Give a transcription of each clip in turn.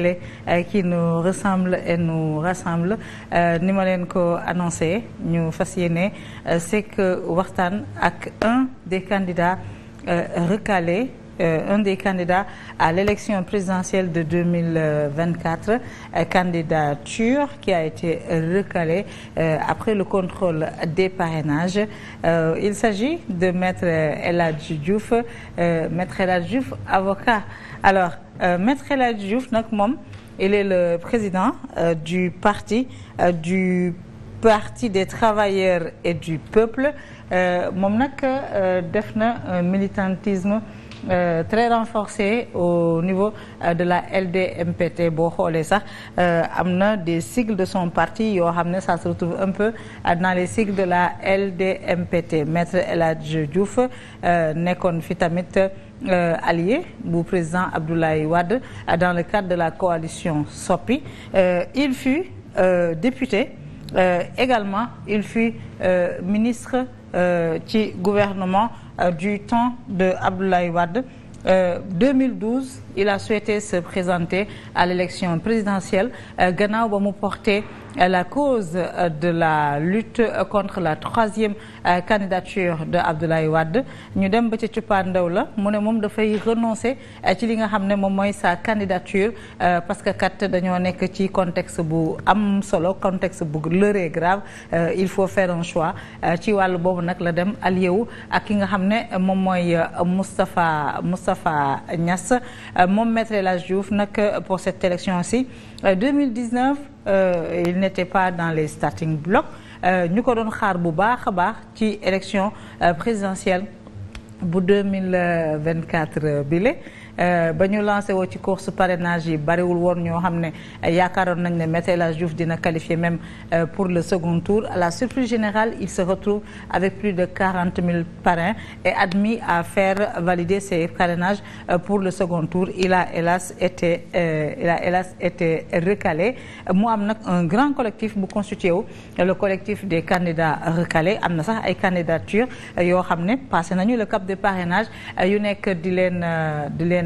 Euh, qui nous ressemble et nous euh, ni ma leen ko annoncé ñu fas yéene euh, c'est waxtaan ak des candidats des candidats à l'élection présidentielle de 2024 candidature qui a été recalée après le contrôle des parrainages il s'agit de maître El Hadji Diouf maître El Hadji Diouf avocat Euh, Maître El Hadji Diouf nag moom il est le président euh, du parti euh, du parti des travailleurs et du peuple moom nag def na un militantisme Euh, très renforcé au niveau de la LDMPT boo xoolee sax am na des sigles de son parti yoo xam ne ça se retrouve un peu dans les sigles de la LDMPT Maître El Hadji Diouf euh, nekkoon fi tamit Euh, allié bu président Abdoulaye Wade dans le cadre de la coalition Sopi euh, il fut euh, député également il fut ministre ci gouvernement du temps de Abdoulaye Wade 2012 il a souhaité se présenter à l'élection présidentielle euh, gannaaw ba mu porter euh, la cause euh, de la lutte contre la troisième candidature de Abdoulaye Wade ñu dem ba ci cuppaandaw la mu ne moom dafay renoncer ci li nga xam ne moom mooy sa candidature parce que kat dañoo nekk ci contexte bu am solo contexte bu lëree grave il faut faire un choix ci wàllu boobu nag la dem allié wu ak ki nga xam ne moom mooy Moustapha Moustapha Niass. Euh, moom maître El Hadji Diouf nag euh, pour cette élection ci 2019 euh, il n'était pas dans les starting blocks euh, ñu ko doon xaar bu baax baax ci élection présidentielle bu 2024 bi le Euh, ba ñu lancé woo ci course parrainage yi bariwul woon ñoo xam ne yaakaaroon nañ ne Maître El Hadji Diouf dina qualifié même euh, pour le second tour la surprise générale il se retrouve avec plus de quarante mille parrains et admis à faire valider ses parrainages euh, pour le second tour il a hélas été il a hélas recalé mu am nag un grand collectif bu constitué wu le collectif des candidats recalés am na sax ay candidature yoo xam ne passé nañu le cap de parrainage yu nekk di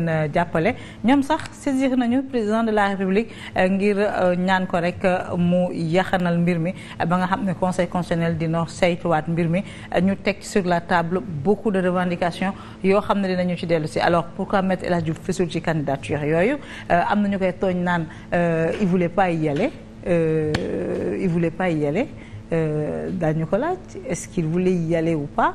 leen euh, jàppale ñoom sax saisir nañu président de la république euh, ngir euh, ñaan ko rek mu yaxanal mbir mi ba nga xam ne conseil constitutionnel dina seytuwaat mbir mi ñu teg sur la table beaucoup de revendications yoo xam ne dinañu ci dellu si alors pourquoi mettre El Hadj Diouf fisul ci candidature yooyu am na ñu koy tooñ naan il voulait pas y aller il voulait pas y aller daañu ko laaj est-ce qu'il voulait y ou pas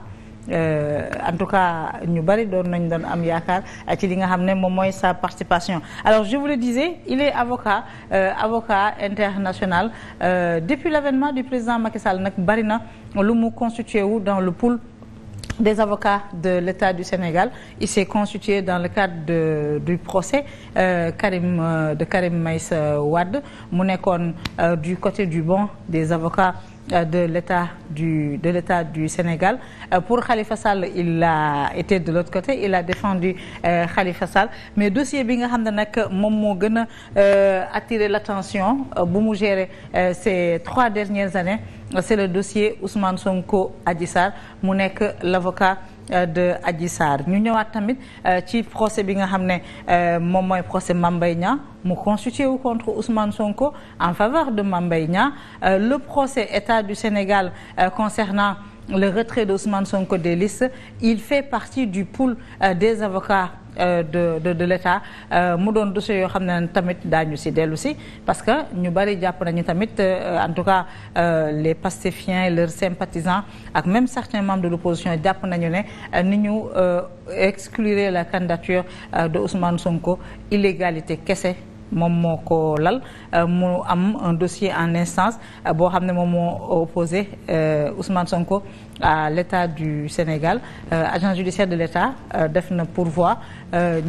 Euh, en tout cas ñu bari doon nañ doon am yaakaar euh, ci li nga xam ne moom mooy sa participation alors je vous le disais il est avocat euh, avocat international depuis l'avènement du président Macky Sall nag bari na lu mu constitué wu dans le pool des avocats de l'État du Sénégal il s'est constitué dans le cadre de du procès euh, Karim euh, de Karim Meïssa Wade mu nekkoon du côté du bon des avocats Euh, de l'État du de l'État du Sénégal euh, pour Khalifa Sall il a été de l'autre côté il a défendu euh, Khalifa Sall mais dossier bi nga xam ne nag moom moo gën a attirer l'attention bu mu gérer ces trois dernières années c'est le dossier Ousmane Sonko Adji Sarr mu nekk l'avocat Euh, de Adji Sarr ñu ñëwaat tamit euh, ci procès bi nga xam ne euh, moom mooy procès Mame Mbaye mu constitué wu contre Ousmane Sonko en faveur de Mame Mbaye Niang le procès État du Sénégal concernant le retrait d'Ousmane Sonko des listes il fait partie du pool euh, des avocats euh, de de de l'État euh, mu doon dossier yoo xam ne tamit daañu si dellu si parce que ñu bëri jàpp nañu tamit en tout cas les pastéfiens leur sympathisants ak même certains membres de l'opposition jàpp nañu ne ni ñu exclurer la candidature de Ousmane Sonko illégalité kese moom moo ko lal euh, mu am un dossier en instance euh, boo xam ne moom moo opposé euh, Ousmane Sonko à l'État du Sénégal euh, agent judiciaire de l'État euh, def na pourvoi euh,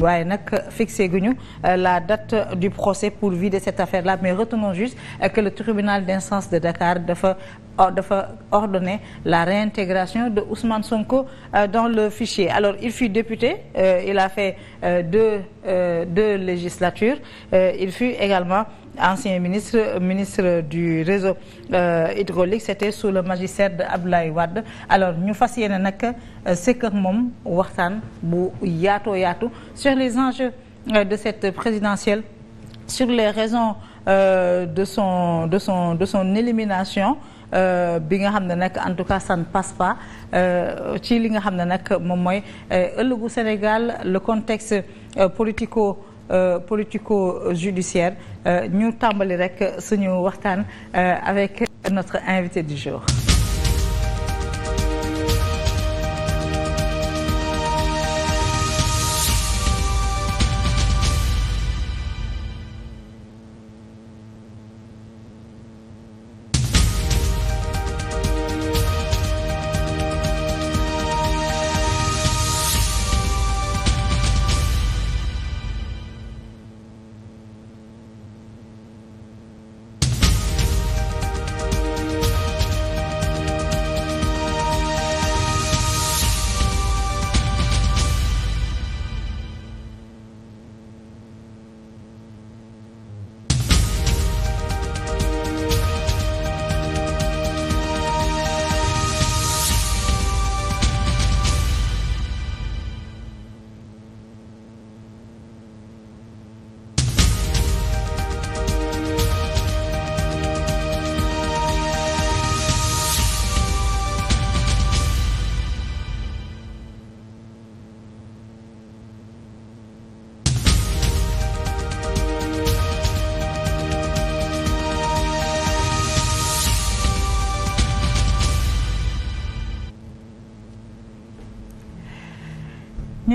waaye nag fixé guñu la date du procès pour vider cette affaire là mais retenons juste que le tribunal d'instance de Dakar dafa dafa ordonner la réintégration de Ousmane Sonko dans le fichier alors il fut député il a fait deux deux législatures il fut également ancien ministre ministre du réseau euh, hydraulique c'était sous le magistère de Abdoulaye Wade alors ñu fas yéene nag euh, sëkk ak moom waxtaan bu yaatoo yaatu sur les enjeux euh, de cette présidentielle sur les raisons de son de son de son élimination bi nga xam ne nag en tout cas ça ne passe ci li nga xam ne nag moom mooy ëllëgu Sénégal le contexte politico Euh, politico judiciaire euh, ñu tàmbali rek suñu waxtaan euh, avec notre invité du jour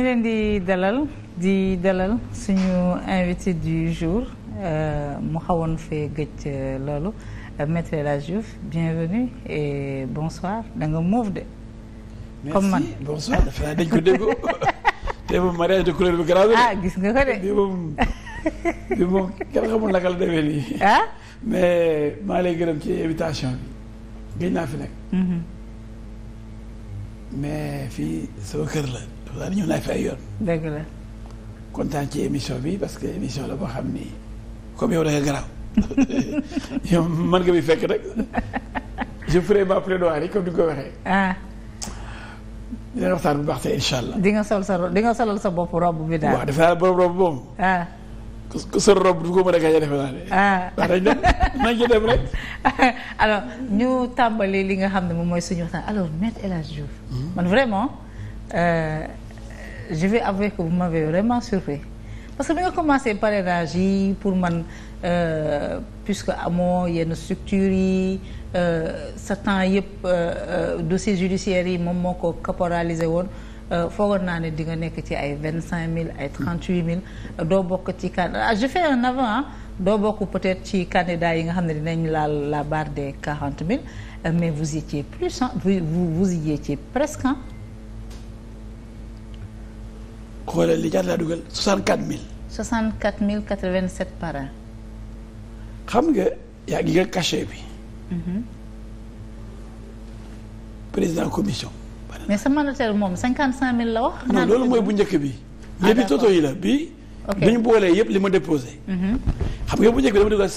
leen di dalal di dalal suñu invité du jour euh, mu xawoon fee gëj euh, loolu la euh, El Hadji Diouf bienvenue et bonsoir da nga muuf de. comme man merci bonsoir defe naa dañ ko déggoo tey moom mariage de couleur bi grave ah gis nga ko de bi moom bi moom kenn xamul naka la demee ah mais maa lay gërëm ci invitation bi naa fi nag. Mm-hmm. mais fii sama kër la. waaw ñu nay fay yoon. dëgg la. kontaan ci émission bi parce que émission la boo xam ni comme yow da nga garaaw yow mën bi fekk rek je ferai ma plaidoirie comme ni ko waxee. Ah. di nga sol sa di nga solal sa bopp robe bi daal. waaw defe naa borom robe ah. ku sol robe du ko mën a gañ a defe naa de. Ah. dem nañ ci dem rek. alors ñu tàmbali li nga xam ne moom mooy suñu waxtaan alors maître El Hadj Diouf. Hmm? man vraiment. Euh, je vais avouer que vous m'avez vraiment surpris parce que bi nga commencé parrainage yi pour man euh, puisque amoo yenn structures yi euh, sa temps yëpp euh, euh, dossier judiciaire yi moom moo ko caporalisé woon foogoon naa ne di nga nekk ci ay vingt cinq mille ay trente huit mille doo bokk ci kan ah, je fais un avant doo bokk peut-être ci candidat yi nga xam ne dinañ laal la barre des quarante mille mais vous y étiez plus vous vous y étiez presque xoolal li ñaata laa dugal 64000. 64000 87 par an. xam nga yaa ngi nga cachet bi. Mhm. président commission. mais sa mandataire moom 55000 la wax. non loolu bu njëkk bi. ah bi toto yi la bi. ok bi ñu boolee li ma déposé. Mhm. xam nga bu njëkk bi dama dugal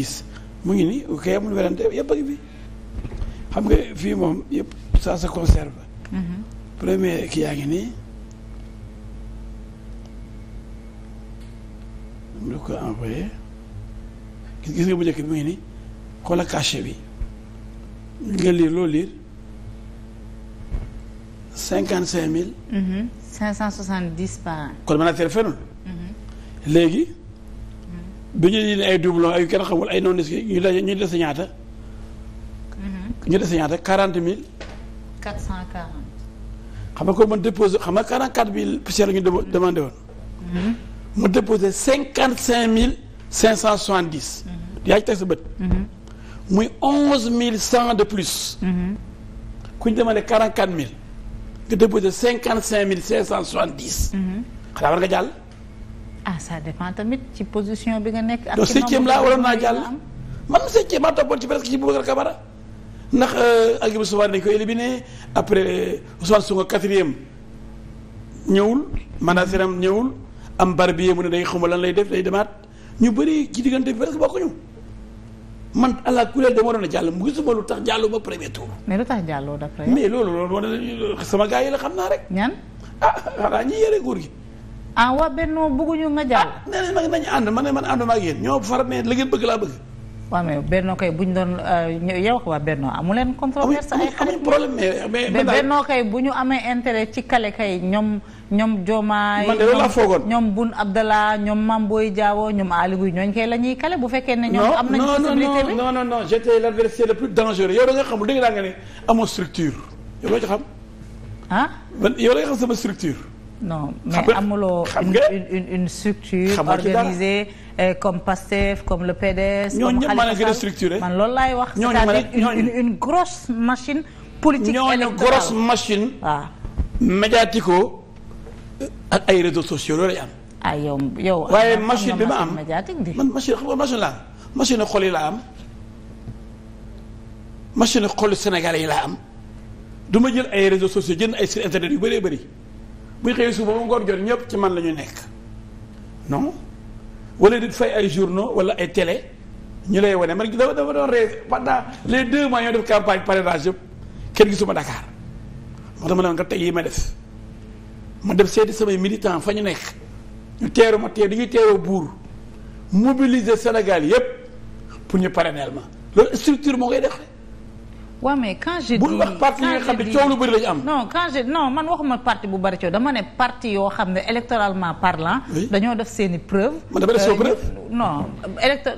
mhm. mu ngi nii ok amul werante yëpp a ngi fi xam nga fii moom yëpp ça se conserve. premier ki yaa ngi nii lu ko envoyé gis gis nga bu njëkk bi mu ngi nii xoola cachet bi nga liir loo liir cinquante cinq mille mm-hmm. cinq cent soixante dix par kon mën a téléphone mm-hmm. léegi mm-hmm. bi ñu indi ay doublon ay kenn xamul ay non disque ñu des ñu des ñaata ñu des ñaata quarante mille quatre cent quarante xam na ko man déposé xam nga 44 000 poussières la ñu demandé woon. Mm-hmm. mu déposé 55 570. Mm-hmm. yaa ngi teg sa bët. Mm-hmm. muy 11 100 de plus. ku ñu demandé 44 000. nga déposé 55 570. xanaa war nga jàll. ah ça dépend tamit ci position bi nga nekk. ak ci laa waroon naa jàll. man septième maa toppoon ci presque ci Boubacar Camara. ndax ak Ibou Soumaré dañ ko éliminé après Ousmane Sonko quatrième ñëwul mandaataram ñëwul am barbier mu ne day xamul lan lay def day demaat ñu bëri ci diggante bi presque bokkuñu man allah kuleel dama doon a jàll mu gisuma lu tax jàllu ba premier tour. mais lu tax jàlloo d'après mais loolu loolu wane sama gars yi la xam naa rek. ñan ah xanaa ñi yore nguur gi. ah waa Benno bëgguñu nga jàll. Ah, nee nañ ma nañu ànd man ne man ànduma ak yéen ñoo far mais la ngeen bëgg laa bëgg. waaw mais Benno kay bu ñu doon euh, yow ak waa Benno amu leen controverse ay ah xarit problème bu ñu amee intérêt ci kale kay ñoom ñoom Diomaye man de loolu laa foogoon ñoom Boun Abdallah ñoom Mame Boye Diao ñoom Aly Ngouille ñooñu kay la ñuy kale bu fekkee ne ñoom am nañu personnalité bi non non non j'étais l'adversaire le plus dangereux yow da xamul dégg naa amuloo une une structure organisée Eh, comme PASTEF comme le PDS. comme Khalifa Sall man loolu laay wax. c'est-à-dire une une grosse machine. politique électorale ñooñu grosse machine. waaw ah. médiatico euh, ak ay réseaux sociaux loolu ah, ma am man machine xam nga xol yi laa am machine xol Sénégal am du jël ay réseaux sociaux jënd ay site internet yu bëree bëri bu ñu xëyee suba ba ngoon jot ñëpp ci man lañu nekk non. wala di fay ay journaux wala ay télé ñu lay wane man dafa dafa doon ree pendant les deux mois ñoo def campagne parrainage yëpp kenn gisuma Dakar moo tax ma ne nga tey yi ma def ma def seeti samay militants fa ñu nekk ñu teeru ma di ñu teeroo buur mobiliser Sénégal yëpp pour ñu parrainel ma loolu structure moo koy def waaw mais quand je dis bul wax parti yi nga xam lu bëri lañu am. non quand je non man waxuma parti bu bëri coow dama ne parti yoo xam ne électoralement parlant. dañoo def seen i preuve. man dama def sama euh, preuve. non électo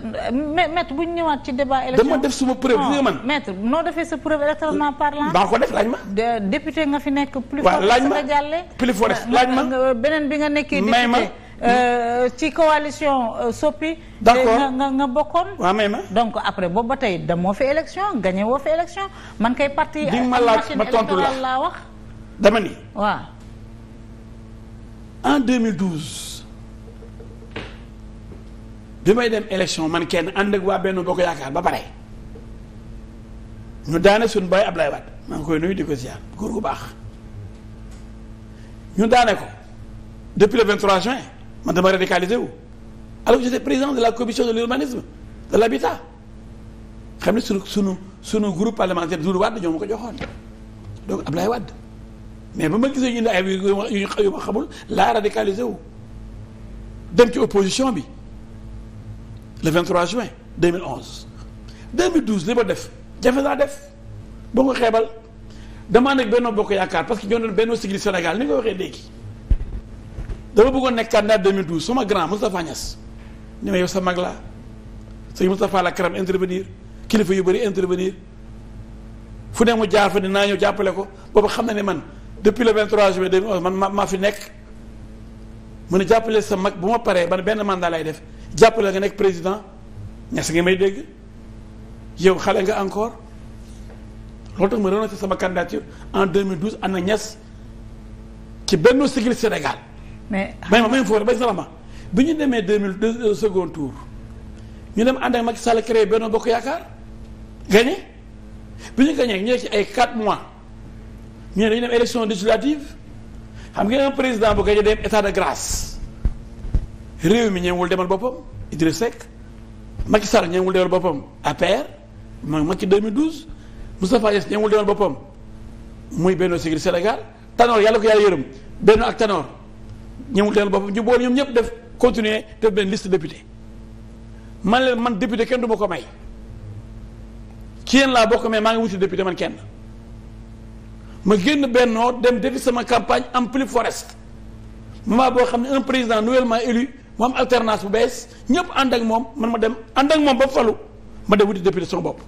maître bu ñu ñëwaat ci débat. élection dama def suma preuve gis nga man. maître noo defee sa preuve électoralement euh, parlant. baa ko def laaj ma. député nga fi nekk. waaw laaj ma plus fort sa jàlle. plus fort laaj ma euh, beneen bi nga nekkee député. Euh, ci coalition euh, Sopi. d'accord eh, nga nga bokkoon. waaw may ma donc après boobu ba tey demoo fi élection gagné woo fi élection man kay parti. ma euh, laaj ma tontu la laa wax. dama ni. waaw. en 2012 bi may dem élection man kenn ànd ak waa benn boo ko yaakaar ba pare ñu daane suñu baay Ablaye Wade maa ngi koy nuyu di ko ziar góor gu baax ñu daane ko depuis le 23 juin. man dama radicalisé wu alors président de la commission de l'urbanisme de l'habitat xam ne sunu sunu sunu groupe parlementaire Doudou Wade ñoo ma ko joxoon donc Ablaye Wade mais ba ma gisee ñu ne ay yu yu ma xamul laa radicalisé wu dem ci opposition bi le 23 juin 2011 2012 li ma def jafe naa def boo ko xeebal damaa nekk Benno Bokk Yaakaar parce que ñoo doon Benno Siggil Sénégal ni nga waxee léegi. dama bëggoon nekk candidat 2012 suma grand Moustapha Niass ni ma yow sa mag laa sëñ Moustapha la karam intervenir kilifa yu bëri intervenir fu ne mu jaar fa ni naa ñëw jàppale ko boobu xam na ne man depuis le 23 juillet 2011 man ma maa fi nekk mu ne jàppale sa mag bu ma paree ba man benn mandat lay def jàppale nga nekk président Niass nga may dégg yow xale nga encore loolu tax ma renoncé sama candidature en 2012 ana Niass ci benn sigil Sénégal. mais bay ma may foore bay salama bi ñu demee deux mille deux second tour ñu dem ànd ak Macky Sall créé Benno Bokk Yaakaar gagné bi ñu gagné ñu nekk ci ay quatre mois ñu ne dañu dem élection législative xam ngeen un président bu gagné dem état de grâce réew mi ñeewul demal boppam Idrissa Seck Macky Sall ñeewul demal boppam APR mooy Macky 2012 Moustapha Niasse ñeewul demal boppam muy Benno Siggil Sénégal Tanor yàlla ko yàlla yërëm benn ak Tanor. ñëwuteel boppam ñu boole ñoom ñëpp def continuer def benn liste député man leen man député kenn du ma ko may ci yéen laa bokk mee maa ngi wuti député man kenn ma génn bennoo dem defi sama campagne am plus forest moment boo xam ne un président nouvellement élu mu am alternance bu bees ñëpp ànd ak moom man ma dem ànd ak moom ba falu ma dem wuti député sama bopp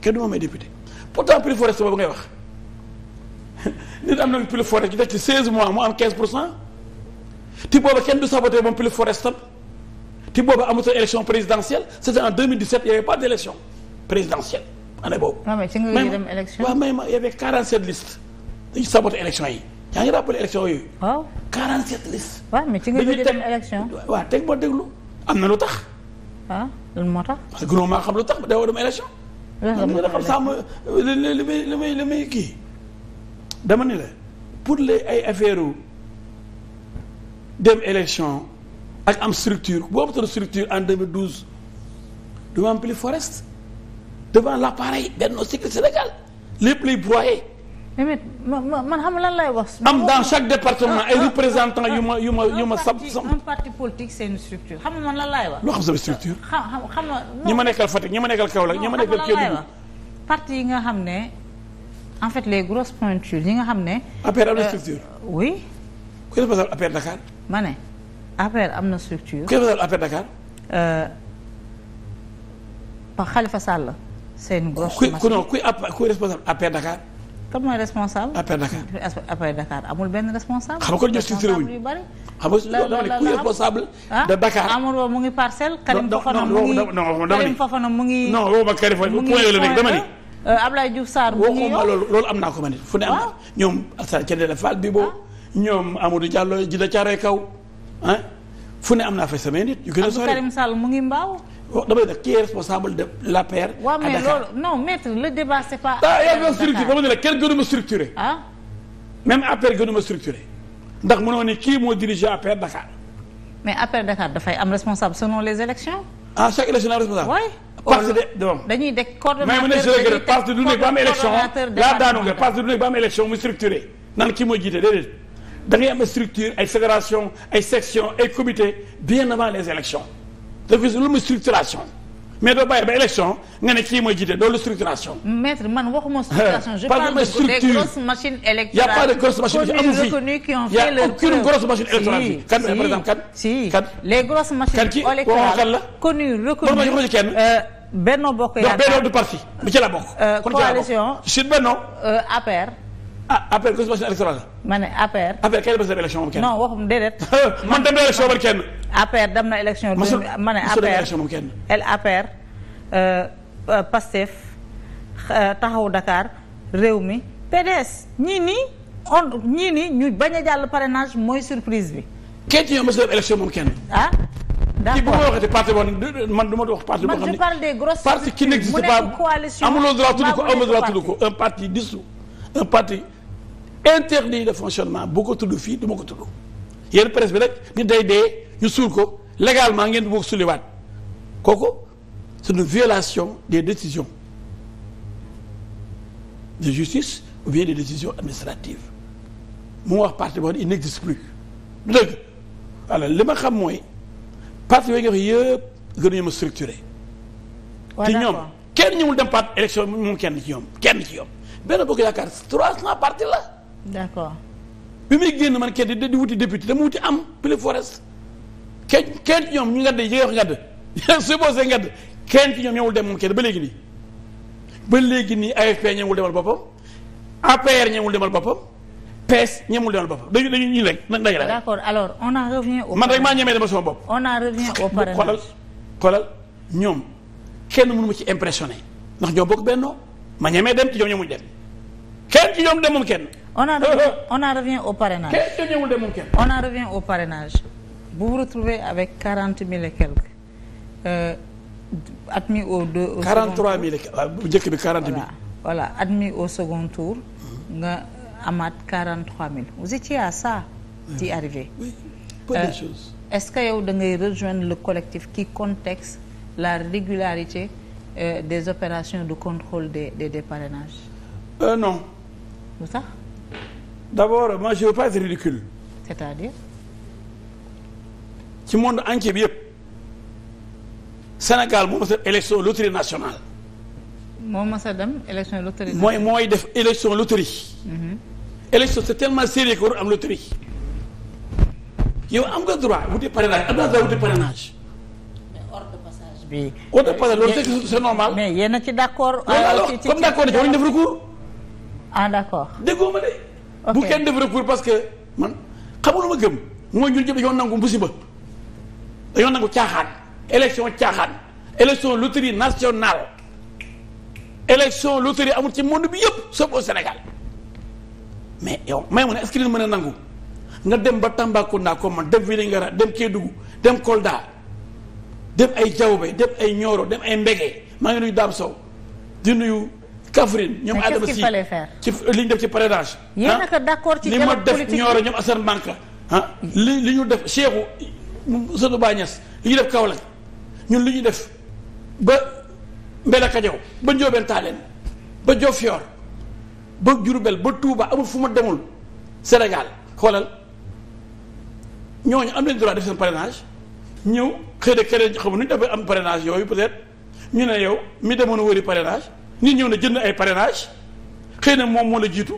kenn du ma may député pourtant plus forest boobu ngay wax nit am na plus forest ñu mois mu am pour cent. ti booba kenn du saboté moom plus forestal ti booba amatul élection présidentielle c'était en 2017 il y avait pas d'élection présidentielle année boobu. waaw mais ci nga dem élection mais ma y avait 47 listes dañu saboté élection yi. yaa ngi rappelé élection yooyu. waaw 47 listes. waaw mais ci nga dem élection waaw teg boo déglu am na lu tax. ah loolu moo tax. parce que gënoon maa xam lu tax dawoo dem élection. loolu la xam saa ma li li li muy li muy kii. dama ne la pour les ay affaires dem élection ak am structure boo amatoon structure en 2012 du ma am plus forest devant l'appareil Benno Sénégal lépp lay broyé. mais man xam lan lay wax. am dans chaque département ay représentants yu ma yu ma yu ma. sab un c'est une structure xam nga man lan lay wax. loo xam sa structure. xam xam ñi ma nekkal Fatick ñi ma nekkal Kaolack ñi ma nekkal parti yi nga xam ne en fait les grosses pointures yi nga xam ne. affaire am na euh, structure. oui. ki responsable APR Dakar. ma ne APR am na structure. ki responsable APR Dakar. Euh, pa Khalifa Sall. c'est ku non kuy kuy responsable APR Dakar. kan mooy responsable. APR Dakar APR Dakar amul benn responsable. xam nga kon ñoom si réew mi xam nga dama ne kuy responsable. Ah, de Dakar Amadou Ba mu ngi parcelle. Karim Fofana mu ngi Karim Fofana mu ngi. non waxuma Karim Fofana point yooyu la nekk dama ni. Euh, Abdoulaye mu ngi loolu am naa ko ma fu ne am na ah. ñoom Assane Thiel Fall bi boobu. Ah. ñoom Amadou Diallo ji da caaree kaw ah fu ne am naa fay samay nit. yu gën a sori Karim Sall mu ngi mbaaw. waaw oh, damay nag qui est responsable de la paire. à Dakar waaw mais loolu non maître le débat c'est pas. ah yaa ngi structuré ba ma ne la kenn gënu ma ah? kii moo dirigé affaire Dakar. mais affaire Dakar dafay am responsable selon les élections. ah chaque élection am responsable. oui parti de donc. dañuy dégg coordonnateur dañuy parti du nekk ba am élection mu structuré nan kii moo jiite déedéet. da ngay am structure ay fédération ay section ay comité bien avant les élections donc loolu structuration mais doo bàyyi ba élection nga ne kii mooy jiite loolu structuration. maître man waxuma structuration. je parle de grosses machines électorales. y' pas de grosses machines amu fi y' a grosse machine électorale kan par exemple kan. les grosses machines électorales kan euh, Benno Bokk Yaakaar Benno du parti bu euh, ci la bokk. coalition kon Benno euh, APR. ah APR consultation électorale la. ma ne APR. APR kay la bës dem élection moom kenn. non waxum déedéet. man dem na élection man kenn. APR dem na élection. moom kenn. APR euh, euh, PASTEF euh, taxawu Dakar réew mi PDS ñii nii on ñii nii ñu bañ a jàll parrainage mooy surprise bi. kenn ci ñoom mos dem élection moom kenn. ah d' accord kii bu ma waxee parti boo man du ma wax parti boo man je parle des grosses parti qui n'existe pas amuloo droit tudd ko amuloo droit tudd ko un parti dissous interdit de fonctionnement boo ko tudd fii du ma ko tudd yéen presse bi rek nit day dee ñu suul ko légalement ngeen di bokk suliwaat kooku c'est une violation des décisions de justice ou bien des décisions administratives mu wax parti boo xam ne il n'existe plus du dëgg alors li ma xam mooy parti yooyu nga wax yëpp gënuñu ma structuré te ñoom kenn ñëwul dem part élection moom kenn ci ñoom kenn ci ñoom benn bokk yaakaar trois cent parti la d'accord bi muy génn man kenn di wuti député dama wuti am plus forest kenn kenn ci ñoom ñu ngadd yi nga wax ngadd supposé ngadd kenn ci ñoom ñëwul dem moom kenn ba léegi nii ba léegi nii AFP ñëwul demal boppam APR ñëwul demal boppam demal boppam dañu dañu ñu rek nag dajale. d'accord alors on en revient au. man rek maa ñemee dama sama bopp. on en revient ñoom kenn mënu ci impressionné ndax ñoo bokk bennoo ma ñemee dem ci ñoom ñoo muñ dem kenn ci ñoom demul kenn. on en revient on au parrainage. on en revient au parrainage bu vous retrouvez avec quarante mille et quelques euh, admis au deux. au quarante trois mille euh, bu njëkk bi admis au second tour. nga amat quarante trois mille vous étiez à ça. d'y arriver. Euh, est-ce que yow da ngay rejoindre le collectif qui contexte la régularité euh, des opérations de contrôle des des, des parrainages. Euh, non. lu tax. d'abord moi je veux pas être ridicule c'est-à-dire ci monde entier bi yëpp Sénégal moo ma sa élection loterie nationale moo ma sa dem élection loterie mooy mooy def élection loterie mhm. élection c'est tellement sérieux que war am loterie yow am nga droit wuti parrainage am nga droit wuti parrainage bi ordre de passage loolu mais yéen a ci d'accord. ci euh, ci ci comme d'accord def recours. ah d'accord. déggoo ma de. bu kenn def recours parce que man xamuluma gëm mooy ñun ñëpp dañoo nangu musiba dañoo nangu caaxaan élection caaxaan élection loterie nationale élection loterie amul ci monde bi yëpp sauf Sénégal mais yow mais mu ne est mën a nangu nga dem ba Tambacounda comme man dem Vélingara dem Kédougou dem koldaa dem ay Diaobé dem ay Nioro dem ay Mbégué maa ngi nuyu Dame Sow di nuyu Kaffrine ñoom Adama si ci li ñu def ci parrainage. yéen ah? a d'accord ci li ma def Nioro ñoom Assane Banka ah? li li ñu def Cheikhou Sadou Ba Niass li ñu def Kaolack ñun li ñu def ba Mbela Kajaw ba Ndiobène Talen ba Diofior ba Diourbel ba Touba amul fu ma demul Sénégal xoolal ñu am nañ droit def seen parrainage ñëw xëy na keneen xamu nu ñu def am parrainage yooyu peut-être ñu ne yow mi demoon wëri parrainage. nit ñëw na jënd ay parrainage xëy na moom moo la jiitu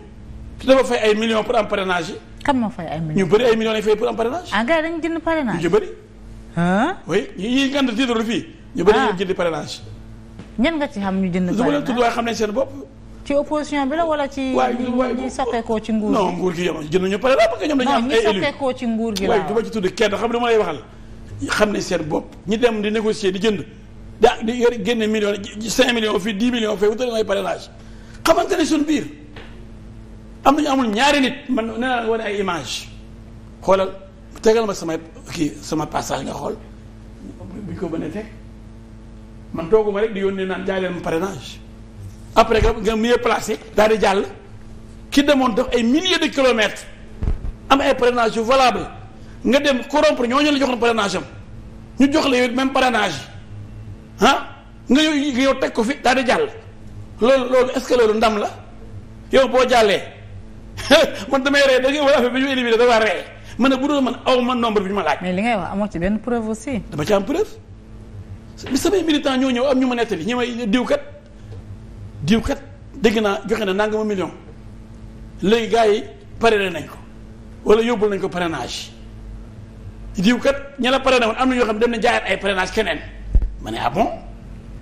te dafa fay ay millions pour am parrainage fay ay ñu bëri ay millions lañ fay pour am parrainage. ah gars dañu jënd parrainage ñu bëri. ah oui yi nga ànd titre fii. ñu bëri ah. ñu jënd parrainage. xam ñu jënd parrainage du ma leen tudd waaye xam bopp. ci opposition bi ci. waay waay ñi soppeekoo ci nguur gi. non nguur gi ci nguur gi la xam ne ma lay waxal xam nañ seen bopp ñu dem di négocier di jënd daa di yore génne million cinq million fii dix million fii wutale ay parrainage xamante ne suñ biir am nañu amul ñaari nit man nee naa wane ay image xoolal tegal ma samay kii sama passage nga xool buñ ko mën a teg man tooguma rek di yónnee naan jaay leen ma parrainage après nga mieux placé daal di jàll ki demoon dox ay milliers de kilomètres am ay parrainage yu valable nga dem corrompre ñooñu la joxoon parrainage am ñu jox la yow même parrainage ah nga yow yow teg ko fi daal di jàll loolu loolu lu ndam la yow boo jàllee man damay ree dangay ngay wala affaire bi ñu ne bu doon man aw ma nombre laaj. mais li ngay wax amoo ci benn preuve aussi. dama ci am preuve bi samay militant ñoo ñëw am ñu ma nettali ñi may diw kat diw kat dégg naa joxe na nangama million léegi gars yi parrainé nañ ko wala yóbbul nañ ko parrainage diw kat ña la parrainé woon am na ñoo xam ne dem na jaayaat ay parrainage keneen. ma ne ah bon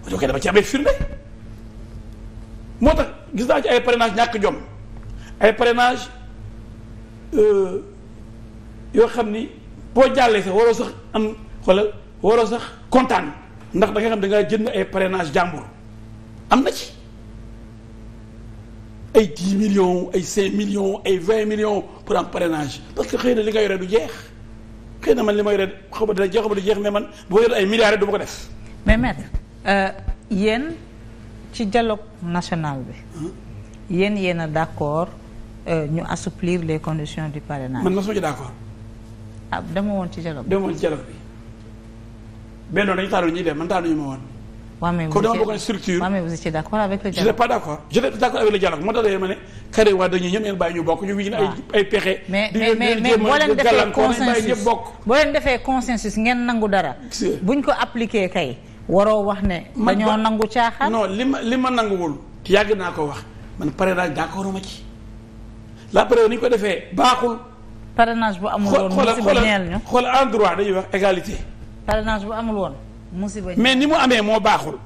ma jokkee ci amee firnde moo tax gis naa ci ay parrainage ñàkk jom ay parrainage euh, yoo xam ni boo jàllee sax waroo sax am wala waroo sax kontaan ndax da nga xam da ngaa jënd ay parrainage jàmbur am na ci ay dix millions ay cinq millions ay vingt millions pour am parenage parce que xëy na li nga yore du jeex xëy na man li ma yore xaw ma dina jeex xaw ma du jeex ne man boo yore ay milliards du ma ko def mais maître euh, yéen ci dialogue national bi yéen yéen a d'accord euh, ñu assouplir les conditions du parrainage. man mosuma ci d'accord. ah dama woon ci dialogue bi. dama woon ci dialogue bi benn dañu taalu ñuy dem man taalu ñu ma woon. waaw mais vous étiez structure. waaw mais vous étiez d'accord avec le dialogue. je n'étais pas d'accord je n'étais d'accord avec le dialogue moo tax da ma ne xëy waa dañuy ñëpp bàyyi ñu bokk ñu wii ay ay pexe. mais mais mais boo leen defee consensus boo leen defee consensus ngeen nangu dara. buñ ko appliquer kay. waroo wax ne. ma dañoo nangu caaxaan. non li ma li ma nanguwul yàgg naa ko wax man parrainage d'accord ma ci la parrainage ni ñu defee baaxul. parrainage bu amul woon musiba ñeel ñu xool en droit wax égalité. parrainage bu amul woon musiba mais ni mu amee moo baaxul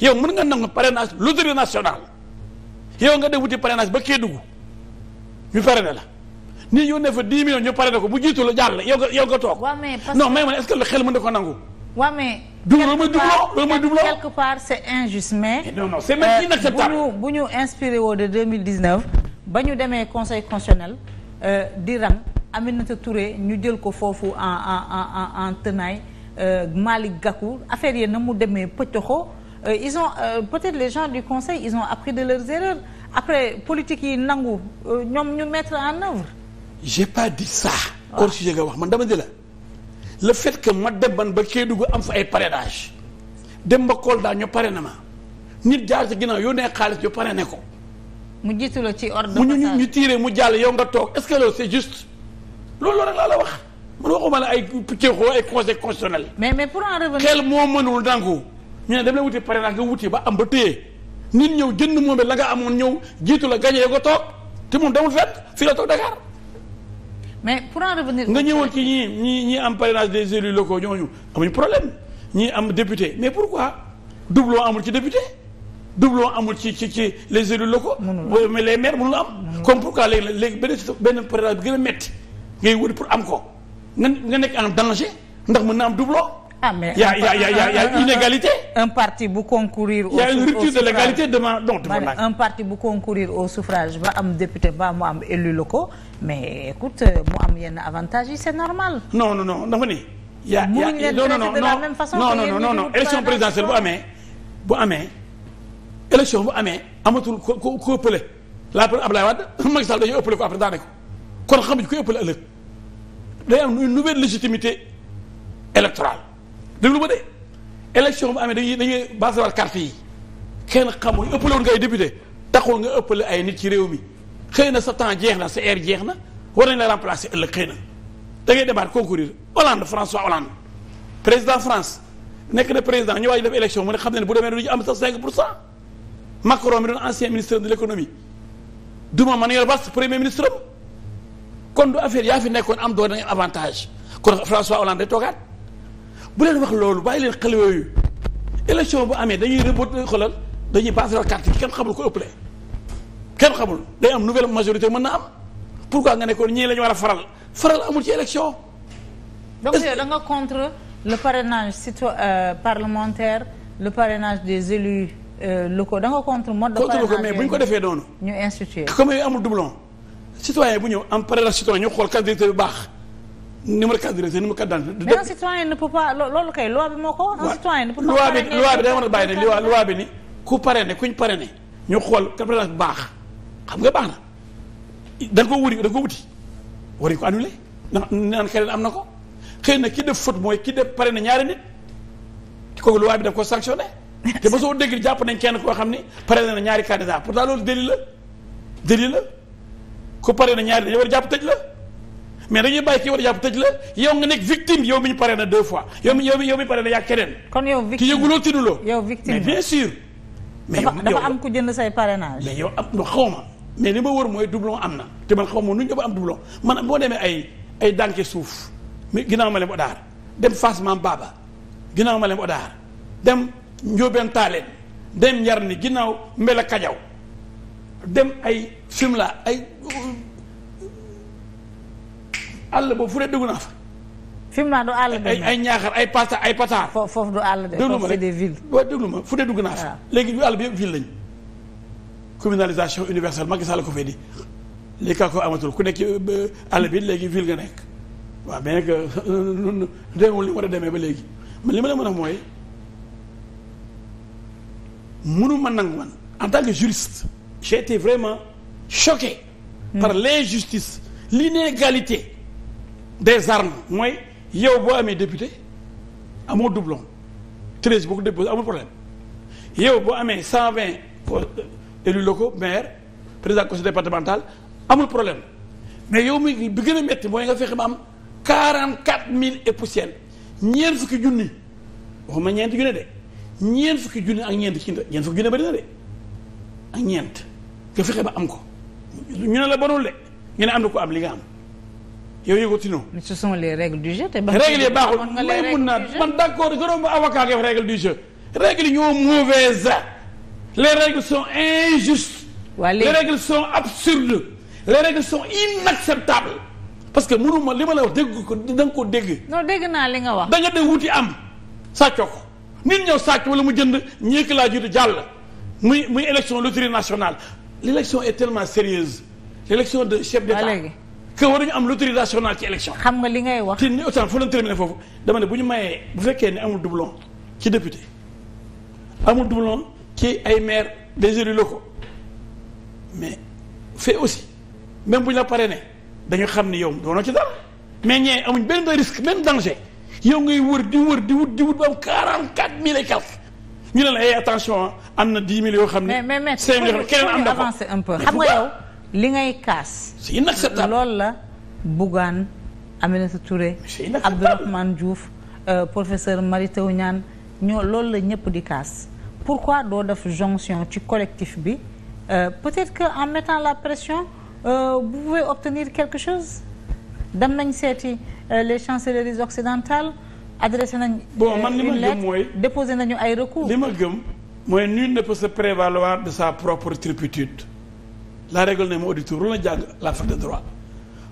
yow mën nga nangu parrainage loterie nationale yow nga def wuti parrainage ba Kédougou ñu parrainé la. nii yónnee fa 10 millions ñu parrainé ko bu jiitu la jàll yow nga yow nga toog. non mais man est-ce xel mën na ko nangu. waa mais. du ma dugloo quelque part c' est injuste mais. non non c' est même euh, inacceptable bu ñu bu ñu inspiré woo de ba ñu demee conseil constitutionnel euh, di rang Aminata Touré ñu jël ko foofu en en en en tenaille euh, Malick Gakou affaire yi na mu demee pëccoxo ils ont peut-être les gens du conseil ils ont appris de leurs erreurs après politique yi nangu ñoom ñu mettre en œuvre. j'ai pas dit ça. hors ah. sujet nga wax man dama di la. le fait que ma dem ban ba Kédougou am fa ay parrainage dem ba Kolda ñu na ma nit jaar ci ginnaaw yónnee xaalis ñu ne ko. mu jiitu la ci ordre mu ñu ñu tiiree mu jàll yow nga toog est-ce que loolu c'est juste la wax man waxuma la ay pucceekoo ay conseil constitutionnel. mais mais pour en revenir xel moo mënul nangu ñu ne dem la wuti parrainage nga wuti ba am ba téye nit ñëw jënd moom la nga amoon ñëw jiitu la gagné nga toog te moom demul fenn fii la toog Dakar. mais pour en revenir nga ñëwoon ci ñi ñi ñi am parrainage des élus locaux ñooñu amuñu problème ñi am député mais pour pourquoi doublon amul ci député doublon amul ci ci les élus locaux. mais les maires mënul am. comme pourquoi léegi léegi benn benn parrainage bi gën a ngay wër pour am ko nga nga nekk en danger ndax mën na am dublo ah mais ya a y' a y' a y' a inégalité. un parti bu concourir. au une rupture de l'égalité demain donc. parti bu concourir au suffrage ba am député ba mu am élu locaux mais écoute euh, mu am yenn avantages yi c'est normal. non non non dafa ni. y' a y' a non non non non non non élection présidentielle bu amee bu amee élection bu amee amatul ko ko ko ëppale la preuve Ablaye Wade Macky Sall dañuy ëppale ko après daane ko kon xamuñ ko ëppale ëllëg day am une nouvelle légitimité électorale. déglu ma de élection bu amee dañuy dañuy basé waat carte yi kenn xamul ëpp woon ngay député taxul nga ëppale ay nit ci réew mi xëy na sa temps jeex na sa air jeex na war nañ la remplacer ëllëg xëy na da ngay demaat concourir Hollande François Hollande président France nekk na président ñu waaj def élection mu ne xam ne bu demee du ñu am sax 5 pour cent Macron mi doon ancien ministre de l' économie Duma Manuel premier ministre am kon du affaire yaa fi nekkoon am doon da ngeen avantage kon François Hollande day toogaat. bu leen wax loolu bàyyi leen xel yooyu élection bu amee dañuy rebot xolal dañuy passer la carte kenn xamul ko ëppale kenn xamul day am nouvelle majorité mën na am pourquoi nga ne kon ñii la ñu war a faral faral amul ci élection. donc da nga contre le parrainage surtout euh, parlementaire le parrainage des élus euh, locaux da nga contre mode de parrainage contre ko mais bu ñu ko defee noonu. ñu institué comme yooyu amul doublon. citoyen bu ñëw am parrainage citoyen ñu xool candidature baax. numéro carte d'identité numéro carte d'identité. mais un citoyen ne peut pas loolu kay loi bi moo ko. un citoyen ne peut pas loi bi loi bi day ne ku parrainé ñu xool carte bu baax xam nga baax na da nga ko ko wuti war ko annulé naan keneen am na ko xëy na ki def faute mooy ki def parrainé ñaari nit kooku loi bi daf ko sanctionné. te soo dégg jàpp nañ kenn koo xam ni parrainé na ñaari candidat pourtant loolu délit la délit la ku parrainé ñaari dañu war jàpp tëj la. mais dañuy bàyyi kii war a jàpp tëj la yow nga nekk victime yow mi ñu paree na deux fois yow mi yow mi yow mi paree na yàgg keneen. kon yow victime ki yëguloo tidduloo. yow mais bien sûr. mais dafa am ku jënd say parrainage. mais yow am na xaw ma mais li ma wër mooy doublon am na te man xaw ma nu ñu ba am doublon man boo demee ay ay dànke suuf mi ginnaaw ma leen odaar dem Fass Maam Baba ginnaaw ma leen odaar dem Njóobeen Taaleen dem Njarni ginnaaw Mbela Kajaw dem ay Fimela àll boobu fu dee déggu naa fa. fi naa du àll de. ay ay ñaaxar ay pata ay pataar. foofu du àll de foofu dee dugg naa fa. Ah. léegi ñu àll bi yëpp ville lañ communalisation universelle Macky Sall ko fay di li ko amatul ku nekk àll bi léegi ville nga nekk waaw mais nag demeewul euh, li ba léegi man ma la mën a mooy man en tant que juriste j'ai vraiment choqué hmm. par l'injustice l'inégalité des armes mooy yow boo amee député amoo doublon treize boo ko déposé amul problème yow boo amee cent vingt euh, élus locaux maire président conseil départemental amul problème mais yow mu bi gën a métti mooy nga fexe ba am quarante quatre mille et poussière ñeent fukki junni waxuma ñeent junni de ñeent fukki junni ak ñeent ci ñeent fukki junni bëri na de ñeent nga fexe ba am ko ñu ne la bonul de ñu ne am na ko am li nga am yow yëgoo tinoo. mais ce sont les règles du jeu te baaxul. règles yi baaxul may mun naa man d'accord gërëm ba avocat nga règle du jeu. règles yi ñoo mauvaise les règles sont injustes. les règles sont absurdes. les règles sont inacceptables. parce que mënu ma li ma la wax dégg ko da nga ko dégg. non dégg naa li nga wax. da nga dem wuti am sàccoo ko nit ñëw sàcc wala mu jënd ñeek laa jiitu jàll. muy muy élection loterie nationale l' élection est tellement sérieuse l' élection de chef d' état. que waruñu am loterie nationale ci élection. xam nga li ngay wax. te ni autant fu leen terminer foofu dama ne bu ñu mayee bu fekkee ne amul doublon ci député amul doublon ci ay maire des élus locaux mais fait aussi même bu ñu la parrainé dañu xam ni yow doonoo ci dara mais ñee amuñ benn risque benn danger yow ngay wër di wër di wut di wut ba am quarante quatre mille et quelques ñu ne la ay eh, attention ah, am na dix mille yoo xam ne. mais mais mais keneen am na ko avancé un peu nga yow. li ngay kaas. c'est inacceptable loolu amee na Aminata Touré. c'est inacceptable Abdourahmane Diouf euh, professeur Mary Teuw ñaan ñoo loolu la ñëpp di kaas. pourquoi doo def jonction ci collectif bi euh, peut-être que en mettant la pression euh, vous pouvez obtenir quelque chose dem nañ seeti euh, les chancelleries occidentales adressé nañ. boo man euh, li ma gëm mooy déposé nañu ay recours. li ma gëm mooy nul ne peut se prévaloir de sa propre turpitude. la règle ne moo di tur la jàng la fac de droit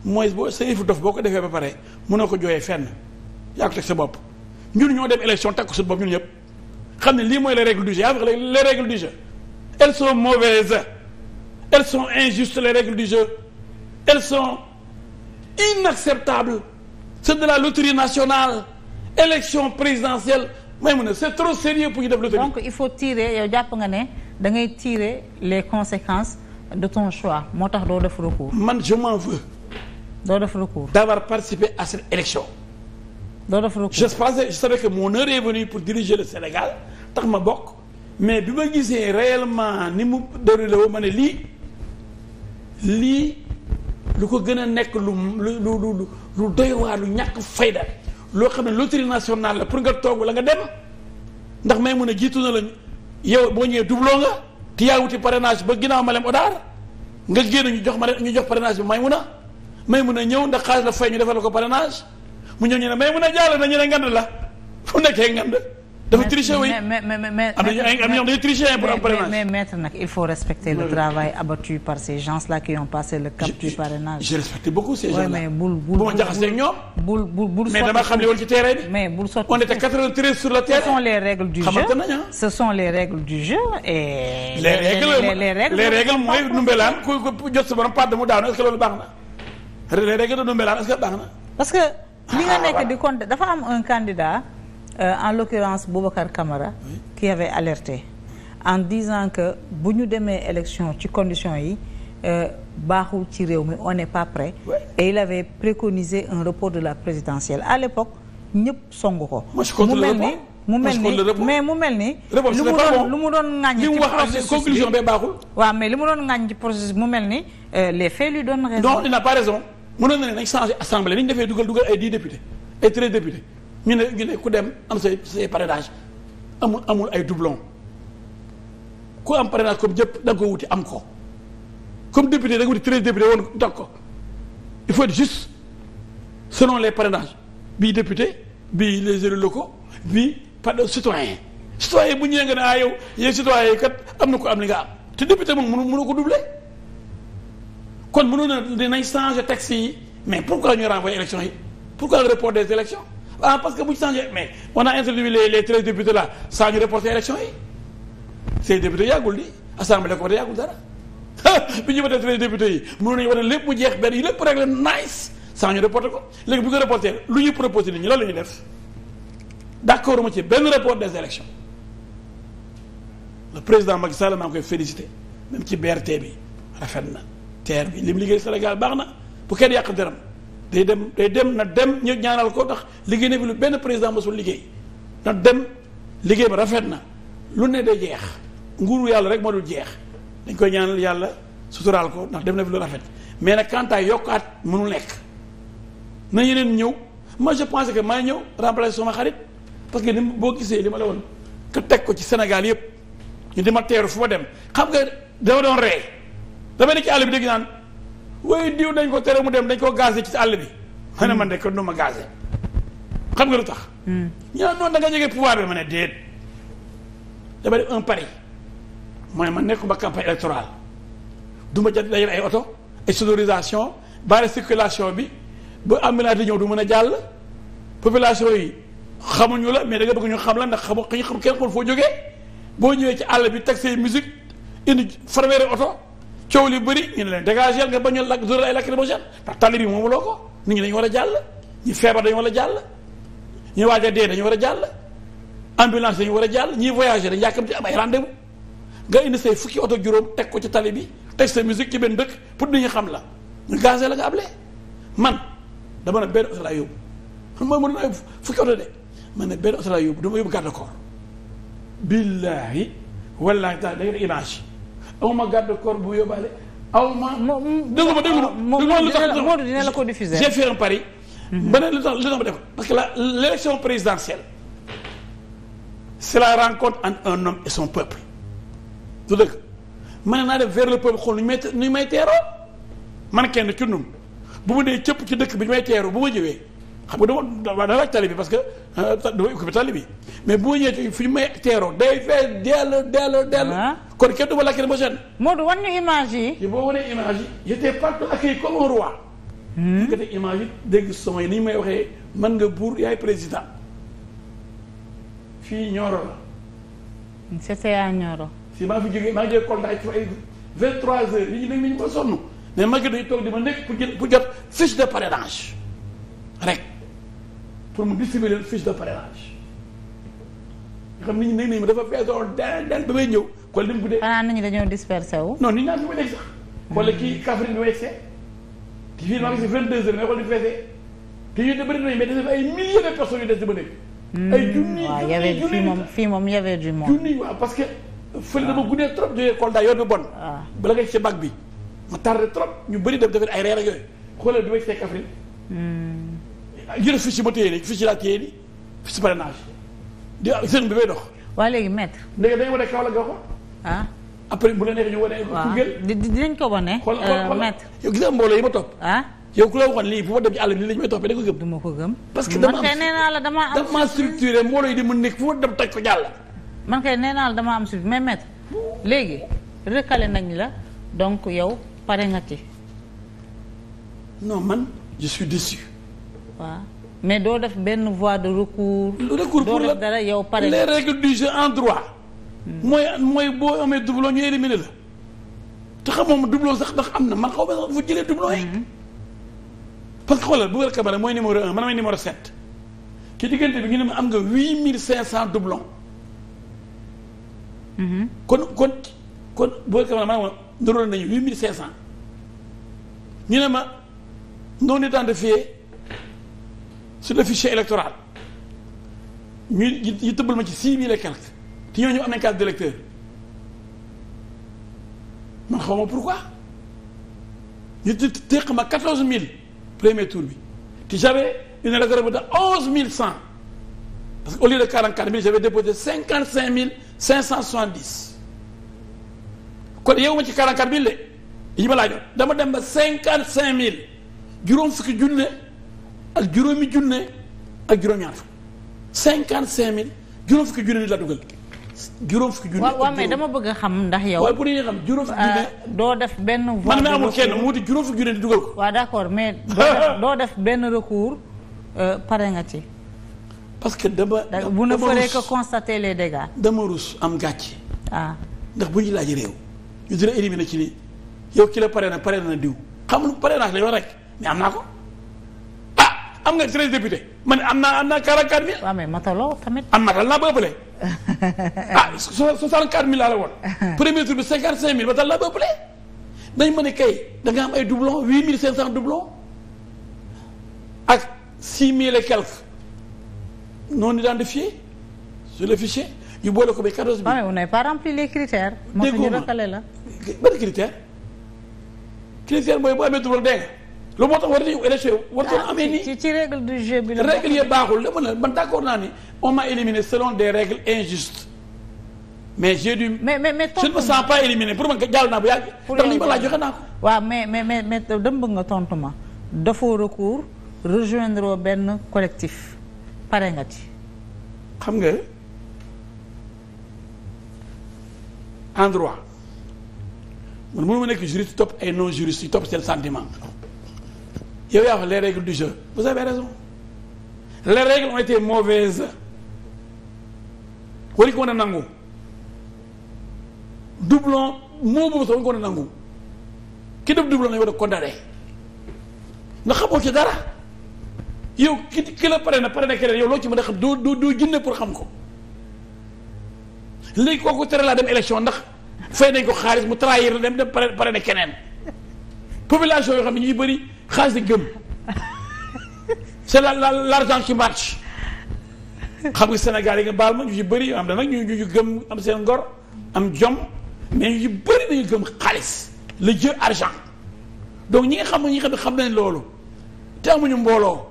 mooy boo sa yëfu dof boo ko defee ba pare mënoo ko jooyee fenn yaa ko teg sa bopp ñun ñoo dem élection takku suñu bopp ñun ñëpp xam ne lii mooy les règles du jeu yaa ngi les règles du jeu elles sont mauvaises elles sont injustes les règles du jeu elles sont inacceptables de la loterie nationale élection présidentielle may mu ne c'est trop sérieux pour ñu def loterie donc il faut tiire yow jàpp nga ne da ngay tirer les conséquences de ton choix moo tax doo def recours. man je m'en veux. doo def recours. d'avoir participé à cette élection. doo def recours je pensais je savais que mon heure venue pour diriger le Sénégal tax ma bokk mais bi ma gisee réellement ni mu la woo ma ne lii lii lu ko gën a nekk lu lu lu lu doy waar lu ñàkk fayda loo xam ne loterie nationale la pour nga toog la nga dem ndax may mun a jiitu na la yow boo ñëwee doublon nga. te yaa wuti parenage ba ginnaaw ma lem odaar nga génn ñu jox ma ñu jox parrainage bi may mun a may mun a ñëw ndax xaalis la fay ñu defal ko parrainage mu ñëw ñu ne may mun a jàll na ñu ne ngand la fu nekkee ngand dafa tricher oui mais mais mais mais. am na ñu am na ñoo xam dañuy tricher pour am parrainage. mais mais maître nag il faut respecter le travail abattu par ces gens là qui ont passé le cap du parrainage. je respecte beaucoup ces gens là mais bul bul bul jaxase ak ñoom. bul bul bul mais dama xam li woon ci terrain bi. mais bul sotti on était 93 sur le terrain. ce sont les règles du jeu xamante nañ ah. ce sont les règles du jeu et. les règles les règles les règles mooy numbelaan ku ku jot sa borom pàdd mu daanu est ce que loolu baax na les règles de numbelaan est ce que baax na. parce que ah, li nga nekk di compte dafa am un candidat. euh, en l'occurrence Boubacar Camara oui. qui alerte alerté en disant que bu ñu demee élection ci condition yi euh, baaxul ci réew mi on n'est pas prêt ouais. et il avait préconisé un report de la présidentielle à l'époque ñëpp song ko mu mel ni mu mel ni mais lu mu doon lu mu doon ŋàññ ci processus conclusion bee baaxul waaw mais li mu doon ŋàññ ci processus mu mel ni euh, le faits lui donnent raison non il n'a pas raison mënoon na ne nañ changer assemblée ni ñu defee dugal dugal ay dix députés ay ñu ne ñu ne ku dem am say say parrainage amul amul ay doublon ku am parrainage comme jëpp da nga ko wuti am ko comme député da nga wuti treize député woon dog ko il faut être juste selon les parrainages bii député bi les élus locaux bii par citoyen citoyen bu ñëwee nga ne ah yow yéen citoyen yi kat am na ko am li nga am te député moom mënu mënu ko doublé kon mënu na dinañ changer texte yi mais pourquoi ñu renvoyer élection yi pourquoi report des élections ah parce que bu ñu changé mais on a introduit les les treize députés là sans ñu reporter élection yi ces députés yàggul di assemblée ko wate yàggul dara bi ñu watee yi lépp mu jeex benn yi lépp réglé nice sans ñu reporter ko léegi bu ñu ko reporter lu ñu proposé nit ñi loolu la ñu def d' accord ma ci benn report des élections la président Macky Sall maa ngi koy félicité même ci BRT bi rafet na terre bi li mu liggéey Sénégal baax na bu kenn yàq deram day dem day dem na dem ñu ñaanal ko ndax liggéey na bi lu benn président mosul liggéey na dem liggéey ba rafet na lu ne day jeex nguur yàlla rek moo dul jeex dañ koy ñaanal yàlla suturaal ko ndax dem na fi lu rafet mais nag quant à yokkaat mënul nekk na ñu leen ñëw ma je pense que maa ñëw remplacer sama xarit parce que ni boo gisee li ma la woon ka teg ko ci Sénégal yëpp ñu di ma teeru fu ma dem xam nga dama doon ree dama ne ci àll bi dëgg naan waaye diw dañ ko tere mu dem dañ ko gazé ci àll bi ma ne man de du ma xam nga lu tax hmm. ñaa noonu da nga jege pouvoir bi ma a déet dama def un pari mooy man nekku ba campagne électorale du ma jot dajal ay oto ay sonorisation bare circulation bi ba ambulance di ñëw du mën a jàll population yi xamuñu la mais da bëgg ñu xam la ndax xamu xañ xam kenn foo jógee boo ñëwee ci àll bi taxi musique indi farweere oto coow li bëri ñu ne leen dégagé nga bañ a lakk dóor ay lacrymogène ndax tali bi moomu loo ko nit ñi dañu war a jàll ñi feebar dañu war a jàll ñi waaj a dee dañu war a jàll ambulance dañu war a jàll ñi voyagé dañu yàkk am ay rendez-vous nga indi see fukki oto juróom teg ko ci tali bi teg sa musique ci benn dëkk pour nit ñi xam la ñu gazé la nga able man dama ne benn oto laa yóbbu mooy mën naa yóbbu fukki oto de man ne benn oto laa yóbbu dama yóbbu garde corps billaahi wallaahi taala da nga image aw ma garde corps bu yóbbaale aw ma. déglu ma déglu la ko diffuser. j'ai fait un pari. Mhm. beneen lu tax lu tax ma def parce que la l'élection présidentielle c'est la rencontre entre un homme et son peuple. du dëgg mën naa def vers le peuple xool nu ñu may nu teeroo man kenn ci ñun bu ma dee cëpp ci dëkk bi ñu may teeroo bu ma jëwee xam nga dama dama laaj tali bi parce que euh, damay occupé tali bi mais boo ma ñëwee fu ñu may teeroo day fee dell dell dell. Ah. kon kenn du ma lakk lacrymogène. Modou wan ñu image yi. te boo wanee image yi j'étais partout accueilli comme un roi. nga hmm. teg image yi dégg son yi ni ñu may waxee man nga buur yaay président fii Nioro la. CCA Nioro. si maa fi jógee maa ngi jógee Kolda ci ay vingt trois heures yi ñu ne ñu ma sonn mais Maguette day toog di ma nekk jot fiche de parrainage rek. pour mu distribuer leen fiche de parrainage nga xam nit ñi nañ nañ ma dafa feesoon daan daan ba may ñëw kon li mu guddee. xanaa nañu dañoo dispersé wu. non nit ñaa ngi fi ba de personnes yu des di ba hmm, moom fii moom y avait du parce que. fële dama guddee trop jógee Kolda yoon bi bon. Ah. bala ngay ci bag bi. ma tardé trop ñu bëri def defar ay reer ak yooyu xoolal bi may see Kaffrine hmm. yore fiche ba téye nii fiche laa nii fiche parrainage di sëñ bi bay dox. waaw léegi maître. léegi dañu wane Kaolack nga ko. ah. après bu la neexee ñu wane. waaw di dinañ ko wane. maître euh, xool xool yow gis yi ma topp. ah yow ku la waxoon lii bu ma dem la ñu may toppee da ko gëm. du ma que dama am man kay nee naa la dama am. dama structuré mbooloo yi di mu nekk fu ma dem toj ko jàll. man kay nee naa la dama am suuf mais maître léegi recalé nañ la donc yow pare nga ci. waaw mais doo def benn voie de recours. recours pour la dara yow pare les règles du jeu en droit. Hmm. mooy mooy boo amee doublon ñu éliminé la. te xam moom doublon sax ndax am na man xaw ma sax fu jëlee doublon yi. Hmm. parce que xoolal Boubacar Kamara mooy numéro un man may numéro sept. ci diggante bi ñu ne ma am nga huit mille cinq cent doublon. Hmm. kon kon kon Boubacar Kamara man ma nuróo nañu huit mille cinq cent. ñu ne ma noonu temps de fee. sur le fichier électoral ñu ñu tëbbal ma ci six mille et quelques te ñooñu am nañ carte d'électeur ma xaw ma pourquoi ñu teq ma quatorze mille premier tour bi te j'avais une réserve de onze mille cent parce que au lieu de quarante quatre mille j'avais déposé cinquante cinq mille cinq cent soixante dix kon yow ma ci quarante quatre mille yi ma laajoon dama dem ba cinquante cinq mille juróom fukki junne ak juróomi junne ak juróom-ñaar cinquante cinq mille juróom fukki junne nit la dugal. juróom fukki junne waaw waaw mais dama bëgg a xam ndax yow. waaye bu dee xam juróom fukki junne. Euh, doo def benn. voie de recours man mi amul di dugal ko. waaw d'accord mais doo def benn recours euh, pare nga ci. parce que dama dama vous ne ferez rus am gàcce. ah ndax bu ñu laaj réew. ñu dina éliminer ci lii yow ki la pare na pare na diw xam nga pare naa la yow rek mais am naa ko. am nga treize député man am naa am naa quarante quatre mille. waaw mais mataloo tamit. am matal naa ba ëppale. ah soixante quatre mille laa la woon. premier tour bi cinquante cinq mille matal naa ba dañ ma ne kay da am ay doublons huit mille cinq cent doublons ak six mille et quelques non identifiés sur le fichier ñu boole ko ba quatorze mille. waaw mais on n'a pas rempli les critères. déggoo ma moo tax ñu recalé la. ban critère critère mooy bu amee doublon dégg nga. loolu moo tax war nañu élection war nañu ah, règle du jeu bi la règle baaxul dama man d'accord naa ni on m'a éliminé selon de règles injustes mais j'ai dû. mais mais mais tontu je ne me sens pas éliminé pour man jàll naa bu yàgg. pour yow ma laa joxe naa ko. waaw mais mais mais mais dama nga tontu dafoo recours rejoindre benn collectif pare nga ci. xam nga en droit man mënuma nekk juriste topp ay non juriste topp seen sentiment. yow yaa wax les règles du jeu vous avez raison les règles ont été mauvaises waruñu ko woon a nangu doublon moo boobu sax waruñu ko woon a nangu ki def doublon lañu war a condamné nga xamoo ci dara yow ki ki la pare na pare na keneen yow loo ci mën a xam doo doo doo pour xam ko léegi kooku tere laa dem élection ndax fay nañ ko xaalis mu trahir dem dem pare pare na keneen. population yoo xam ne ñuy bëri xaalis di gëm c'est la la l'argent qui marche xam nga Sénégal yi nga baal ma ñu ci bëri am na nag ñu ñu am seen ngor am jom mais ñu bëri dañu gëm xaalis le jeu argent donc ñi nga xam ne ñi xam ne xam nañ loolu te amuñu mbooloo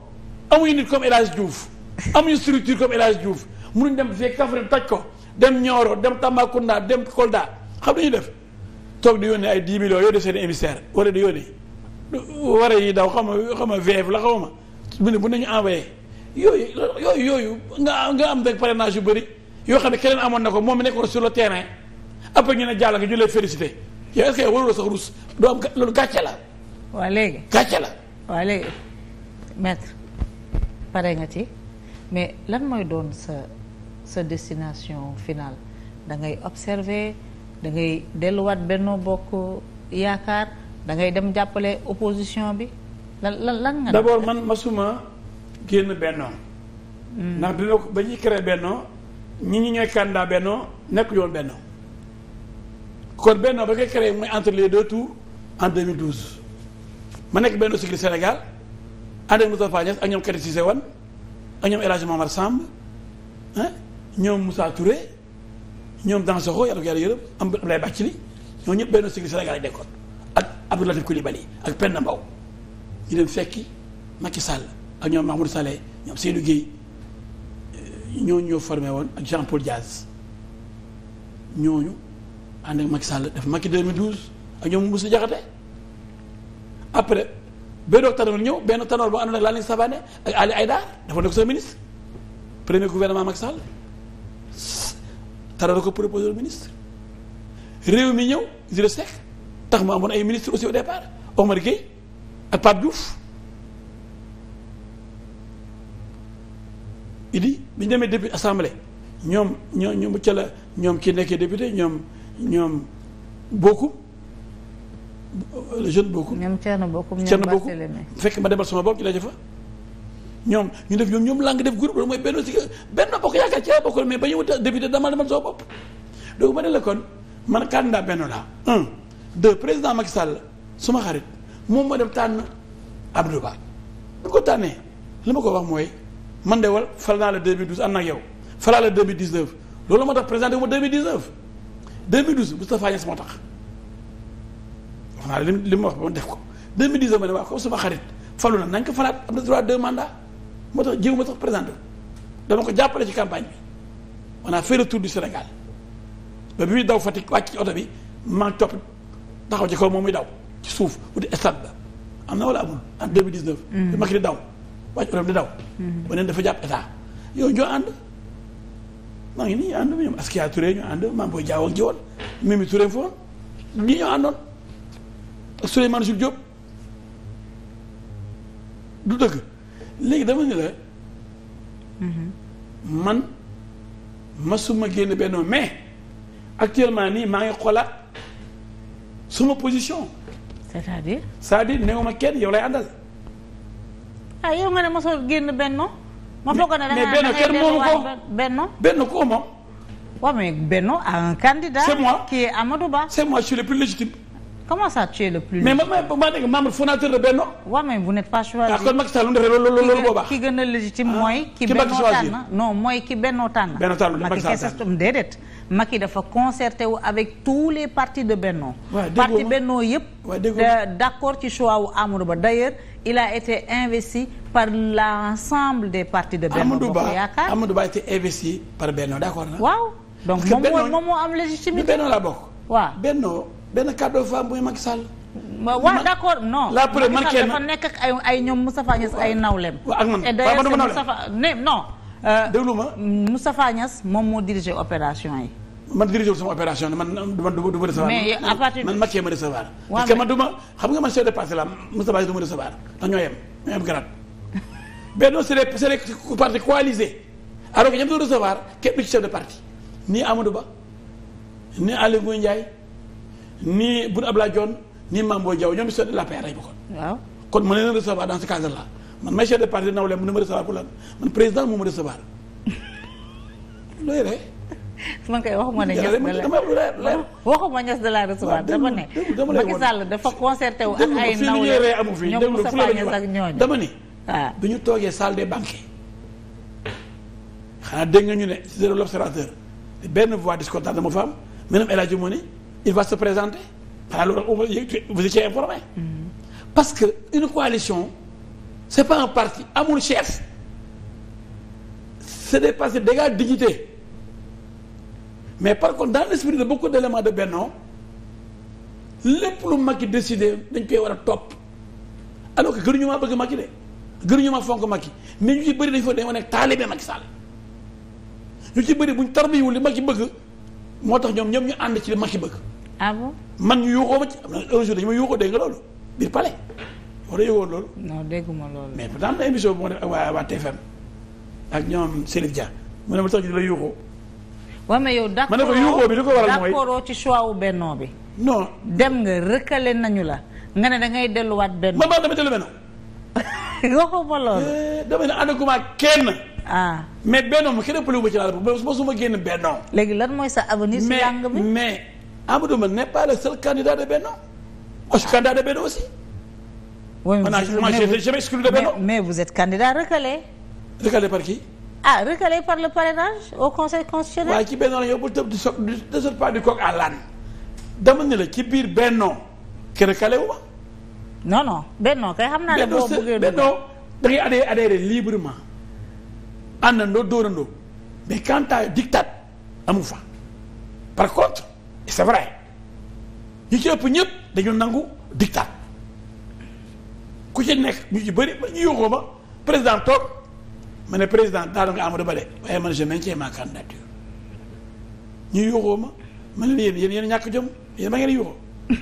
amuñu nit comme El Hadj Diouf amuñu structure comme El Hadj Diouf mënuñ dem fee Kaffrine taj ko dem ñooro dem Tambacounda dem Kolda xam nañu def toog di yónnee ay 10 millions de def seen i émissaire wala di yónnee wara yi daw xam ma xaw ma VF la xaw ma bu ne bu nañu envoyé yooyu yooyu yooyu nga nga am rek parrainage yu bëri yoo xam ne keneen amoon na ko moom nekkoon sur le terrain après ñu ne jàll nga ñu lay félicité yow est-ce que waruloo sax rus doo am loolu gàcce la. waaw léegi gàcce la. waaw léegi maître pare nga ci mais lan mooy doon sa sa destination finale da ngay da ngay delluwaat Benno Bokk Yaakaar da ngay dem jàppale opposition bi lan lan lan nga. d'abord man masuma génn Benno. Mm. ndax dina ko ba ñuy créé Benno ñi ñi ñooy candidat Benno nekk yoon Benno. kon Benno ba ngay créé mooy entre les deux tours en 2012 ma nekk Benno Siggil Sénégal ànd ak Moustapha Niasse ak ñoom Katy Cissé Wane ak ñoom El Hadj Momar Samb ñoom Moussa Touré. ñoom dans ce yàlla ko yàlla yërëm am lay bàcc li ñoo ñëpp benn sigli Sénégal yi dekkoon ak Abdou Latif Coulibaly ak Penda Mbow Sall ak ñoom Mahmoud Saleh ñoom Seydou Guèye euh, ñooñu ñoo formé woon ak Jean Paul Diaz ñooñu ànd ak Macky Sall def Macky 2012 ak ñoom Moussa Diakhaté après benn tanoor ñëw benn tanoor boo àndoon ak Landing Savané ak Ali Aïdar dafa nekk sa ministre premier gouvernement Macky Sall dara da ko proposé au ministre réew mi ñëw Idrissa Seck tax mu amoon ay ministre aussi au départ Omar Gueye ak Pape Diouf idi bi ñu demee député assemblée ñoom ñoo ñoom ca la ñoom ki nekkee député ñoom ñoom bokkum le jeune bokkum. ñoom Thierno bokkum ñoom Barthélémy fekk ma demal sama bopp ci la ñoom ñu def ñoom ñoom làng def groupe loolu mooy benn si benn bokk yaakaar ci la bokk mais ba ñu wut député dama demal soo bopp donc man candidat benn laa un deux président Macky Sall suma xarit moom moo dem tànn Abdou Ba bu ko tànnee li ma ko wax mooy man de wal fal naa la 2012 ànd ak yow falaa la 2019 loolu moo tax présenté wu ma 2019 2012 Moustapha Niass moo tax wax naa la li li ma wax ba def ko 2019 ma ne waaw comme suma xarit falu na nañ ko falaat am na droit deux mandats. moo tax jiw ma sax présenté dama ko jàppale ci campagne bi on a fait le tour du Sénégal ba bi muy daw Fatick wàcc oto bi maa topp taxaw ci kaw moom muy daw ci suuf wuti stade ba am na wala amul en deux mille dix neuf. te mm. di daw wàcc oto bi di daw. ba mm. neen dafa jàpp état yow ñoo ànd maa ngi nii ànd ñoom Askia Touré ñoo ànd maa ngi jaaw ak jiwoon Mimi Touré foofu ñi ñoo àndoon ak Souleymane Jules Diop du dëgg. léegi dama ni la. Mm-hmm. man masuma génn bennoo mais actuellement nii maa ngi xoolaat suma position. c'est-à-dire. c'est-à-dire néew ma kenn yow lay àndal. ah yow nga ne mosoo génn bennoo. ma foog ne da ngaa da ngay génn waay bennoo mais benn koo moom. waaw mais Benno a un candidat. c'est moi qui est Amadou Ba. c'est moi je suis le plus légitime. comment ça tu es le plus. mais man maa maa nekk membre fondateur de Benno. waaw mais vous n'êtes pas choisi. ah kon Macky Sall lu mu defee ki gën a légitime ah. mooy. ki Benno tànn non mooy ki Benno tànn. Benno tànn Macky kese déedéet. Macky dafa concerté wu avec tous les partis de Benno. waaw parti Benno yëpp. d'accord ci choix wu Amadou Ba d'ailleurs il a été investi par l'ensemble des partis de Benno Bokk Yaakaar Amadou Ba a été investi par Benno d'accord na. waaw donc moom moo moom moo am légitimité. Benno la bokk waaw Benno. benn cadre fa am mooy Macky Sall. ma waaw d'accord non. la preuve man kenn dafa nekk ak ay ay ñoom Moustapha Niass ay nawleem. waaw ak man waaw man Moustapha ne non. Euh, déglu ma moom moo dirigé opération yi. man dirigé sama opération man man du ma recevoir. mais à partir man Mathieu xam nga man chef de parti la Moustapha du ma recevoir ndax ñoo yem ñoo yem grade. benn c'est des c'est des partis coalisés alors que du recevoir kenn du chef de parti nii Amadou Ba ni Aly Ngouille Ndiaye. ni Boun Abdallah Dionne ni Mame Boye Diao ñoom ils sont de l'APR ay bokkoon. waaw kon mën na leen recevoir dans ce cadre là man may chef de nawle mu ne ma recevoir pour ma recevoir looy rek. man kay waxuma ne ñas de la waxuma ñas de la recevoir dama ne. Macky Sall dafa concerté ak ay nawle ñoom Moussa Fañe ak ñooñu dama ne. waaw bi ñu toogee salle des banquets xanaa dégg nga ñu ne ci l' observateur benn voix discordante dama fa am maanaam El Hadj moo ne. il va se présenter xanaa loolu vous mm-hmm. parce que une coalition c'est parti amul chef c'est des partis dégâts dignité mais par contre dans l'esprit de beaucoup d'éléments de Benno lépp lu Macky décidé dañ koy war a topp alors que ñu maa bëgg Macky de gënuñu maa fonk yi mais ñu ci bëri dañ fa dañoo nekk taalibe Macky Sall ñu ci bëri buñ tarbiwul li Macky bëgg moo tax ñoom ñoom ñu ànd ci li Macky bëgg ah man ñu yuuxoo ma ci un jour dañu ma yuuxoo dégg nga loolu biir palais war a yëgoon loolu. émission bu ma def ak waa waa TFM ak ñoom Serigne Dia mu ne ma tax ñu la yuuxoo. waaw mais yow ma ko yuuxoo bi ko waral mooy ci choix wu bennoo bi. non dem nga rëkkale nañu la nga ne da ngay delluwaat benn. man maa dama dellu benn. waxuma loolu. Eh, dama ne ànd kuma kenn. ah mais bennoo mu kenn ëppale wu ma ci bu ba su ma génn bennoo. léegi lan mooy sa avenir. si làng bi mais mais. Amadou Ba n'est pas le seul candidat de Benno. Moi, je suis candidat de Benno aussi. a, moi, vous, êtes candidat recalé. recalé par qui. ah recalé par le parrainage au conseil constitutionnel. waaye ci Benno la bul tëb di so du desal pas du coq biir Benno ki recalé wu ma. non non Benno kay xam naa ne boo bëggee Benno da ngay adhéré adhéré librement àndandoo dóorandoo mais diktat amu par contre. c'est vrai ñi ci ëpp ñëpp dañu nangu diktat ku ci nekk ñu ci bëri ñu yuuxoo ba président toog ma ne président daanu nga Amadou Ba de waaye man je maintiens ma candidature ñu yuuxoo ma ma ne leen yéen yéen ñàkk jom yéen ba ngeen yuuxoo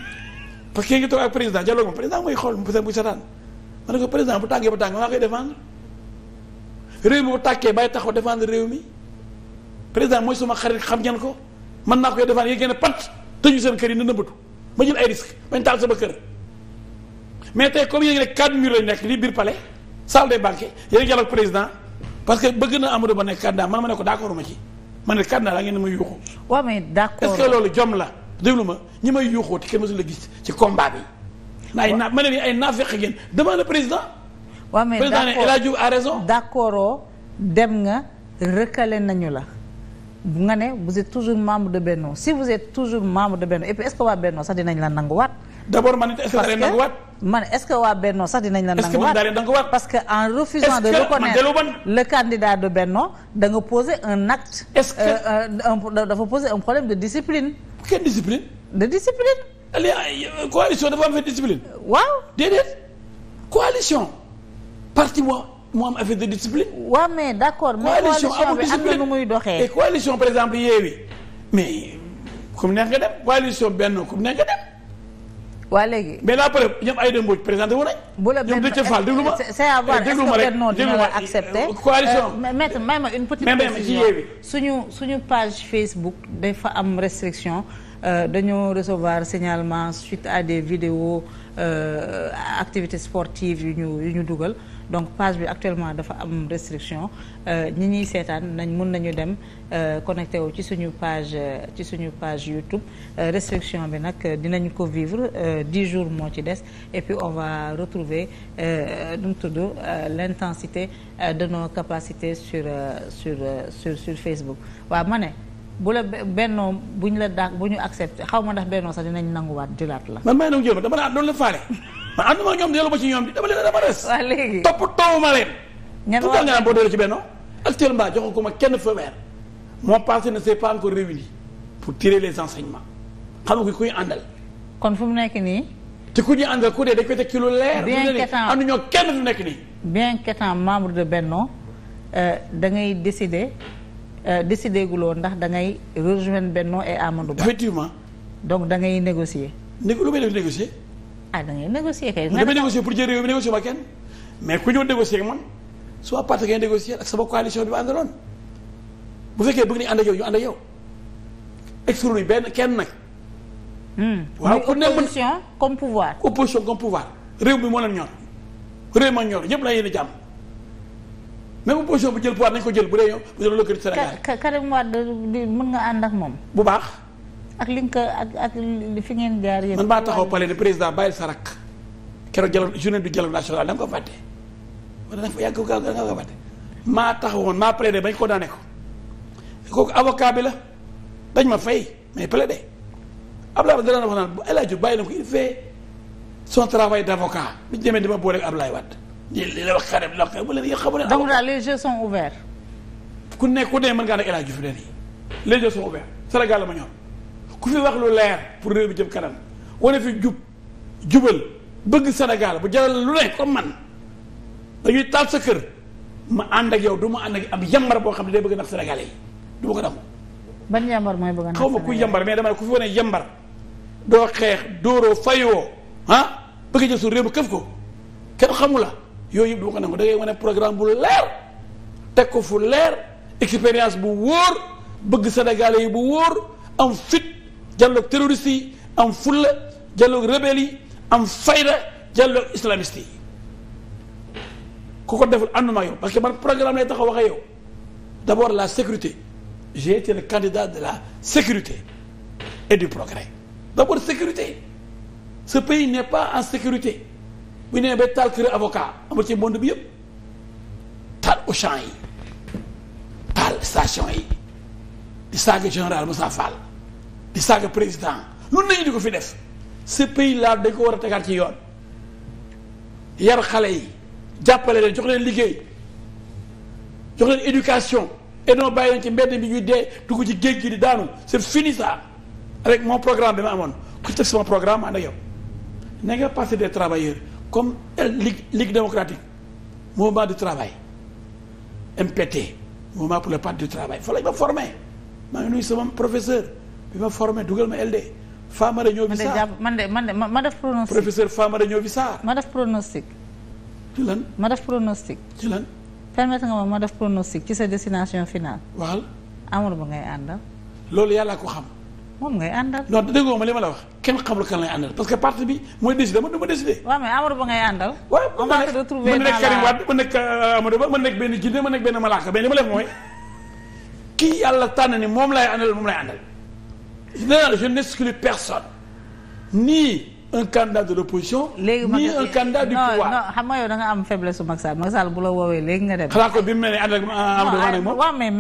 parce que ngi toog ak président dialogue ma président mooy xool peut-être muy sataan ma ne ko président bu tàngee ba tàng maa koy défendre réew mi bu tàkkee bàyyi taxaw défendre réew mi président mooy suma xarit xam ngeen ko mën naa koy defaan yéen génne pat tëju seen kër yi na nëbbatu ba jël ay risque bañ taal sama kër mais tey comme yéen rek quatre murs nekk lii biir palais salle des banquets yéen dialogue président parce que bëgg na Amadou Ba nekk candidat man ma ne ko d' accord ma ci man ne candidat laa ngeen ne ma yuuxu. waaw mais d' accord est ce loolu jom la déglu ma ñi may yuuxoo te kenn mësul la gis ci combat bi. waaw naa ma ne nii ay naafeq ngeen demande président. président ne El Hadj Diouf a d' accord dem nga recalé nañu la. bu nga ne vous êtes toujours membre de Benno si vous êtes toujours membre de Benno et puis est-ce que waa nanguwaat. d'abord man est-ce nanguwaat. man est-ce que waa Benno nanguwaat parce que en refusant de reconnaître le candidat de Benno da poser un acte. est euh, euh, dafa poser un problème de discipline. quelle discipline. de discipline. Euh, coalition dafa am fait discipline. waaw déedéet coalition mu am affaire de discipline. waaw mais d'accord mais coalition bi am na nu muy doxee et coalition par exemple Yewwi mais ku mu neex nga dem coalition benn ku mu neex nga dem. waa léegi mais la preuve ñoom Aïda Mbodj présenté wu nañ. bu la benn c'est à voir eh, est-ce que Benno dina la accepté. Eh, coalition euh, maître may ma une petite précision suñu suñu page Facebook dafa am restriction euh, dañoo recevoir signalement suite à des vidéos euh, activités sportives yu ñu yu ñu dugal. donc page bi actuellement dafa am restriction euh, ñi ñuy seetaan nañ mun nañu dem euh, connecté wu ci suñu page euh, ci suñu page YouTube restriction bi nag dinañ ko vivre dix jours moo ci des et puis on va retrouver nu mu tudd l'intensité de nos capacités sur sur sur sur Facebook waa ma ne bu la bennoo bu ñu la daan bu ñu accepté xaw ma ndax bennoo sax dinañ nanguwaat jëlaat la. man maa ngi doon dama la doon la faale. man ànduma ñoom dellu ma ci ñoom bi dama leen dama res. waaw léegi topp toowuma leen. ñan nga naan boo dellu ci benno actuellement joxu ko ma kenn femelle. mon passé na s'est pas encore réuni pour tirer les enseignements xam nga ku ñu àndal. kon fu mu nekk nii. te ku ñuy àndal ku dee dañ koy teg ci lu leer. bien que temps ànd ñoo kenn du nekk nii. bien que temps membre de Benno euh, da ngay décider euh, décider guloo ndax da ngay rejoindre Benno et Amadou Ba. donc da ngay négocier. négo lu may ah da ngay négocier kay. damay négocier pour jël réew mi négocier ba kenn mais ku ñëw négocier man soit parti ngay négocier ak sama coalition bi ma àndaloon bu fekkee bëgg nañu ànd ak yow ñu ànd ak yow exclure benn kenn nag. waaw ku nekk opposition comme pouvoir. opposition comme pouvoir réew mi moo leen ñor réew ma ñor ñëpp la yéen a jàmm même opposition bu jël pouvoir nañ ko jël bu dee yow bu dee localité Sénégal. Karim Wade mën nga ànd ak moom. bu baax. ak li nga ak li fi ngeen jaar yéen. man maa taxaw pale ne président bàyyil sarak keroog dialogue journée du dialogue national da ko fàtte wala da nga fa yàgg gaaw da nga ko fàtte maa taxawoon maa ma fay mais plaidé naan bu El bàyyi na ko il fait son travail d' avocat bi ñu demee di ma boole ak Abdoulaye Wade li la wax la wax bu leen yéen xamu ne. daal les jeux sont Sénégal la ma ñor. ku fi wax lu leer pour réew mi jëm kanam wane fi jub jubal bëgg Sénégal bu jaral lu ne comme man dañuy taal sa kër ma ànd ak yow du ma ànd ak yambar boo xam ne day bëgg nag Sénégalais yi du ma ko nangu. ban yambar mooy bëgg kuy yambar mais dama ne ku fi wane xeex dóoroo fayoo ah, bëgg jël su ko xamu la yooyu yëpp da ngay wane programme bu leer teg ko fu leer expérience bu wóor bëgg Sénégalais yi bu wóor am fit. dialogue terroriste yi am fulla dialogue rebelle yi am fayda dialogue islamiste ku ko deful ànduma yow parce que man programme lay taxaw waxee yow d'abord la sécurité j'ai été le candidat de la sécurité et du progrès d'abord sécurité ce pays n'est pas en sécurité bu ñu nee ba taal kër avocat amul ci monde bi yëpp taal Auchan yi taal station yi di saaga général Moussa Fall di saaga président lu nañu di ko fi def ce pays là dañ ko war a tegaat ci yoon yar xale yi jàppale leen jox leen liggéey jox leen éducation et non bàyyi leen ci mbedd bi ñuy dee dugg ci géej gi di daanu c'est fini ça avec mon programme bi ma amoon ku ci sama programme ànd ak yow na nga passer des travailleurs comme ligue ligue démocratique mouvement du travail MPT mouvement pour le parti du travail fa lañ ma formé maa ngi nuyu sama professeur bi ma formé dugal ma LD. Famara ñoo bi Sarr man de man de ma def pronostic. professeur Famara ñoo bi Sarr. ma def pronostic. ci lan ma def pronostic. ci lan. permettre nga ma ma def pronostic ci sa destination finale. waaw. amul ba ngay àndal. loolu yàlla ko xam. moom ngay àndal. non déggoo ma li ma la wax kenn xamul kan lay àndal parce que parti bi mooy décidé man du ma décidé. waaw euh, nekk benn jinne mën nekk benn malaaka mais li ma def mooy kii yàlla tànn ni moom lay àndal moom lay àndal. je n'exclus personne ni un candidat de l'opposition ni un candidat du pouvoir non xam nga yow da nga am faiblesse su Macky Sall Macky bu la woowee léegi nga dem xanaa ko bi mu mel ne ànd ak euh, Amadou ah, Mané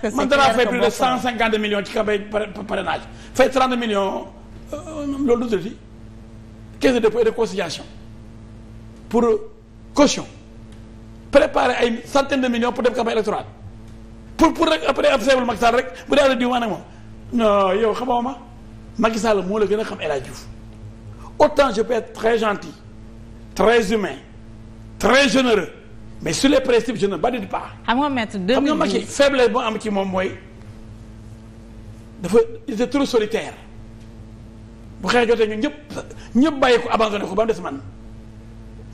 que man danaa fay plus de cent cinquante millions ci campagne parrainage fay trente millions euh, loolu du tuuti caisse de dépôt et de conciliation pour euh, caution préparer ay centaine de millions pour dem campagne électorale pour pour rek après ab seebul Macky Sall rek bu dee ànd diw maa ne moom non yow xamoo ma Macky Sall moo la gën a xam El Hadj Diouf autant je peux être très gentil très humain très généreux mais su les principes je ne badine pas. xam ah, nga maître 2012 xam nga Macky am ci moom mooy dafa bu xëy jotee ñun ñëpp ñëpp bàyyi ko abandonné ko ba des man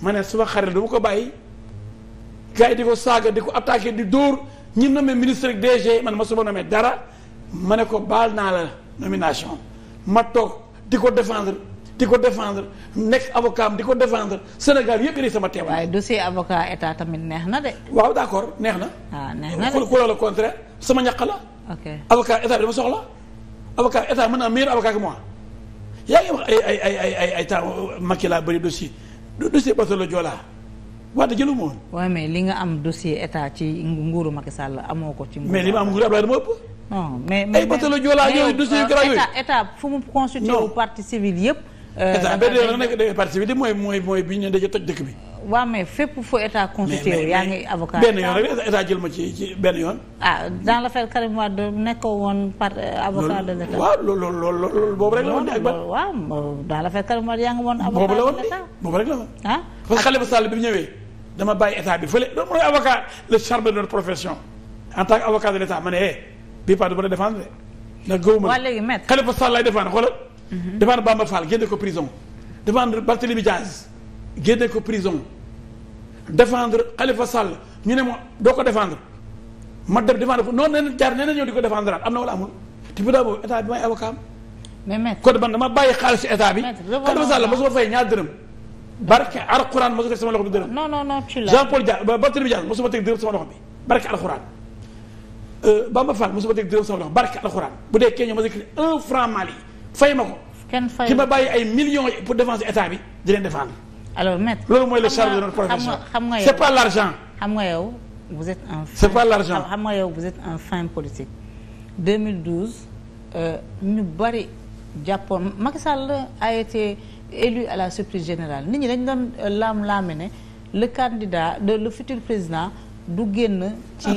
ma ne suma xarit du ko bàyyi gars yi di ko saaga di ko attaqué di dóor ñi nommé ministre DG man ma suma nommé dara. ma ne ko baal naa la nomination ma toog di ko défendre di ko défendre nekk avocat am di ko défendre Sénégal yëpp sama teew. waaye dossier avocat état tamit neex na de. waaw d' accord neex na. waaw ah, neex na de ku la contraire sama ñaq la. ok avocat état bi dama soxla. avocat état mën naa meilleur avocat que moi yaa ngi wax ay ay ay ay ay ay temps Macky laa bëri dossier dossier bateau la Joola waa da jëlu ma woon. waaw mais li nga am dossier état ci nguuru Macky Sall amoo ko ci. nguuru mais li ma am nguuru Abdoulaye dama ëpp. non mais mais ay batalo Joola yooyu du suñu garaaw yooyu état état fu mu consulté wu partie civile yëpp. Euh, état benn yoon la nekk partie civile mooy mooy mooy bi ñu daje toj dëkk bi. waaw mais fépp foo état consulté wu yaa ngi avocat benn yoon rek état jël ma ci ci benn yoon. ah dans l'affaire Karim Wade nekkoo woon par euh, avocat de l'état. waaw loolu loolu loolu loolu boobu rek la woon. ak ban waaw dans l'affaire Karim Wade yaa ngi woon. avocat de l'état boobu rek la woon. ah parce que Khalifa Sall bi mu ñëwee dama bàyyi état bi fële loolu mooy avocat le charme de notre profession en tant qu'avocat de l'état ma ne eh, bii pas du mën a défendre de. ndax gëwuma waaw léegi maître Khalifa Sall lay défendre xoolal. Mhm. défendre Bamba Fall génne ko prison. défendre Barthélémy Diaz génne ko prison. défendre Khalifa Sall ñu ne ma doo ko défendre ma dem défendre ko noonu nee jaar nee na ñëw di ko défendre am na wala amul te bu daa boobu bi may avocat kon man dama bàyyi xaalisu état bi. maître revoilà Khalifa Sall mosuma fay ñaar dërëm. barke alxuraan mosuma teg sama loxo bi dërëm. non non non tu l'as Jean Paul Diaz Barthélémy dërëm sama loxo Euh, Bamba Fall mosuma dégg dërëm sama loxo barke alxuraan bu dee Kenya ma dégg un franc Mali fay ma ko. kenn fay ki ma bàyyi ay millions pour défendre état bi di leen défendre. alo maître loolu mooy le charme de notre profession xam nga c'est pas l'argent xam nga yow vous êtes un. c'est pas l'argent xam nga yow vous êtes un fin politique. 2012 euh, ñu bari jàppoon Macky Sall a été élu à la surprise générale nit ñi dañ doon euh, laam-laame ne le candidat de le futur président. du génn ci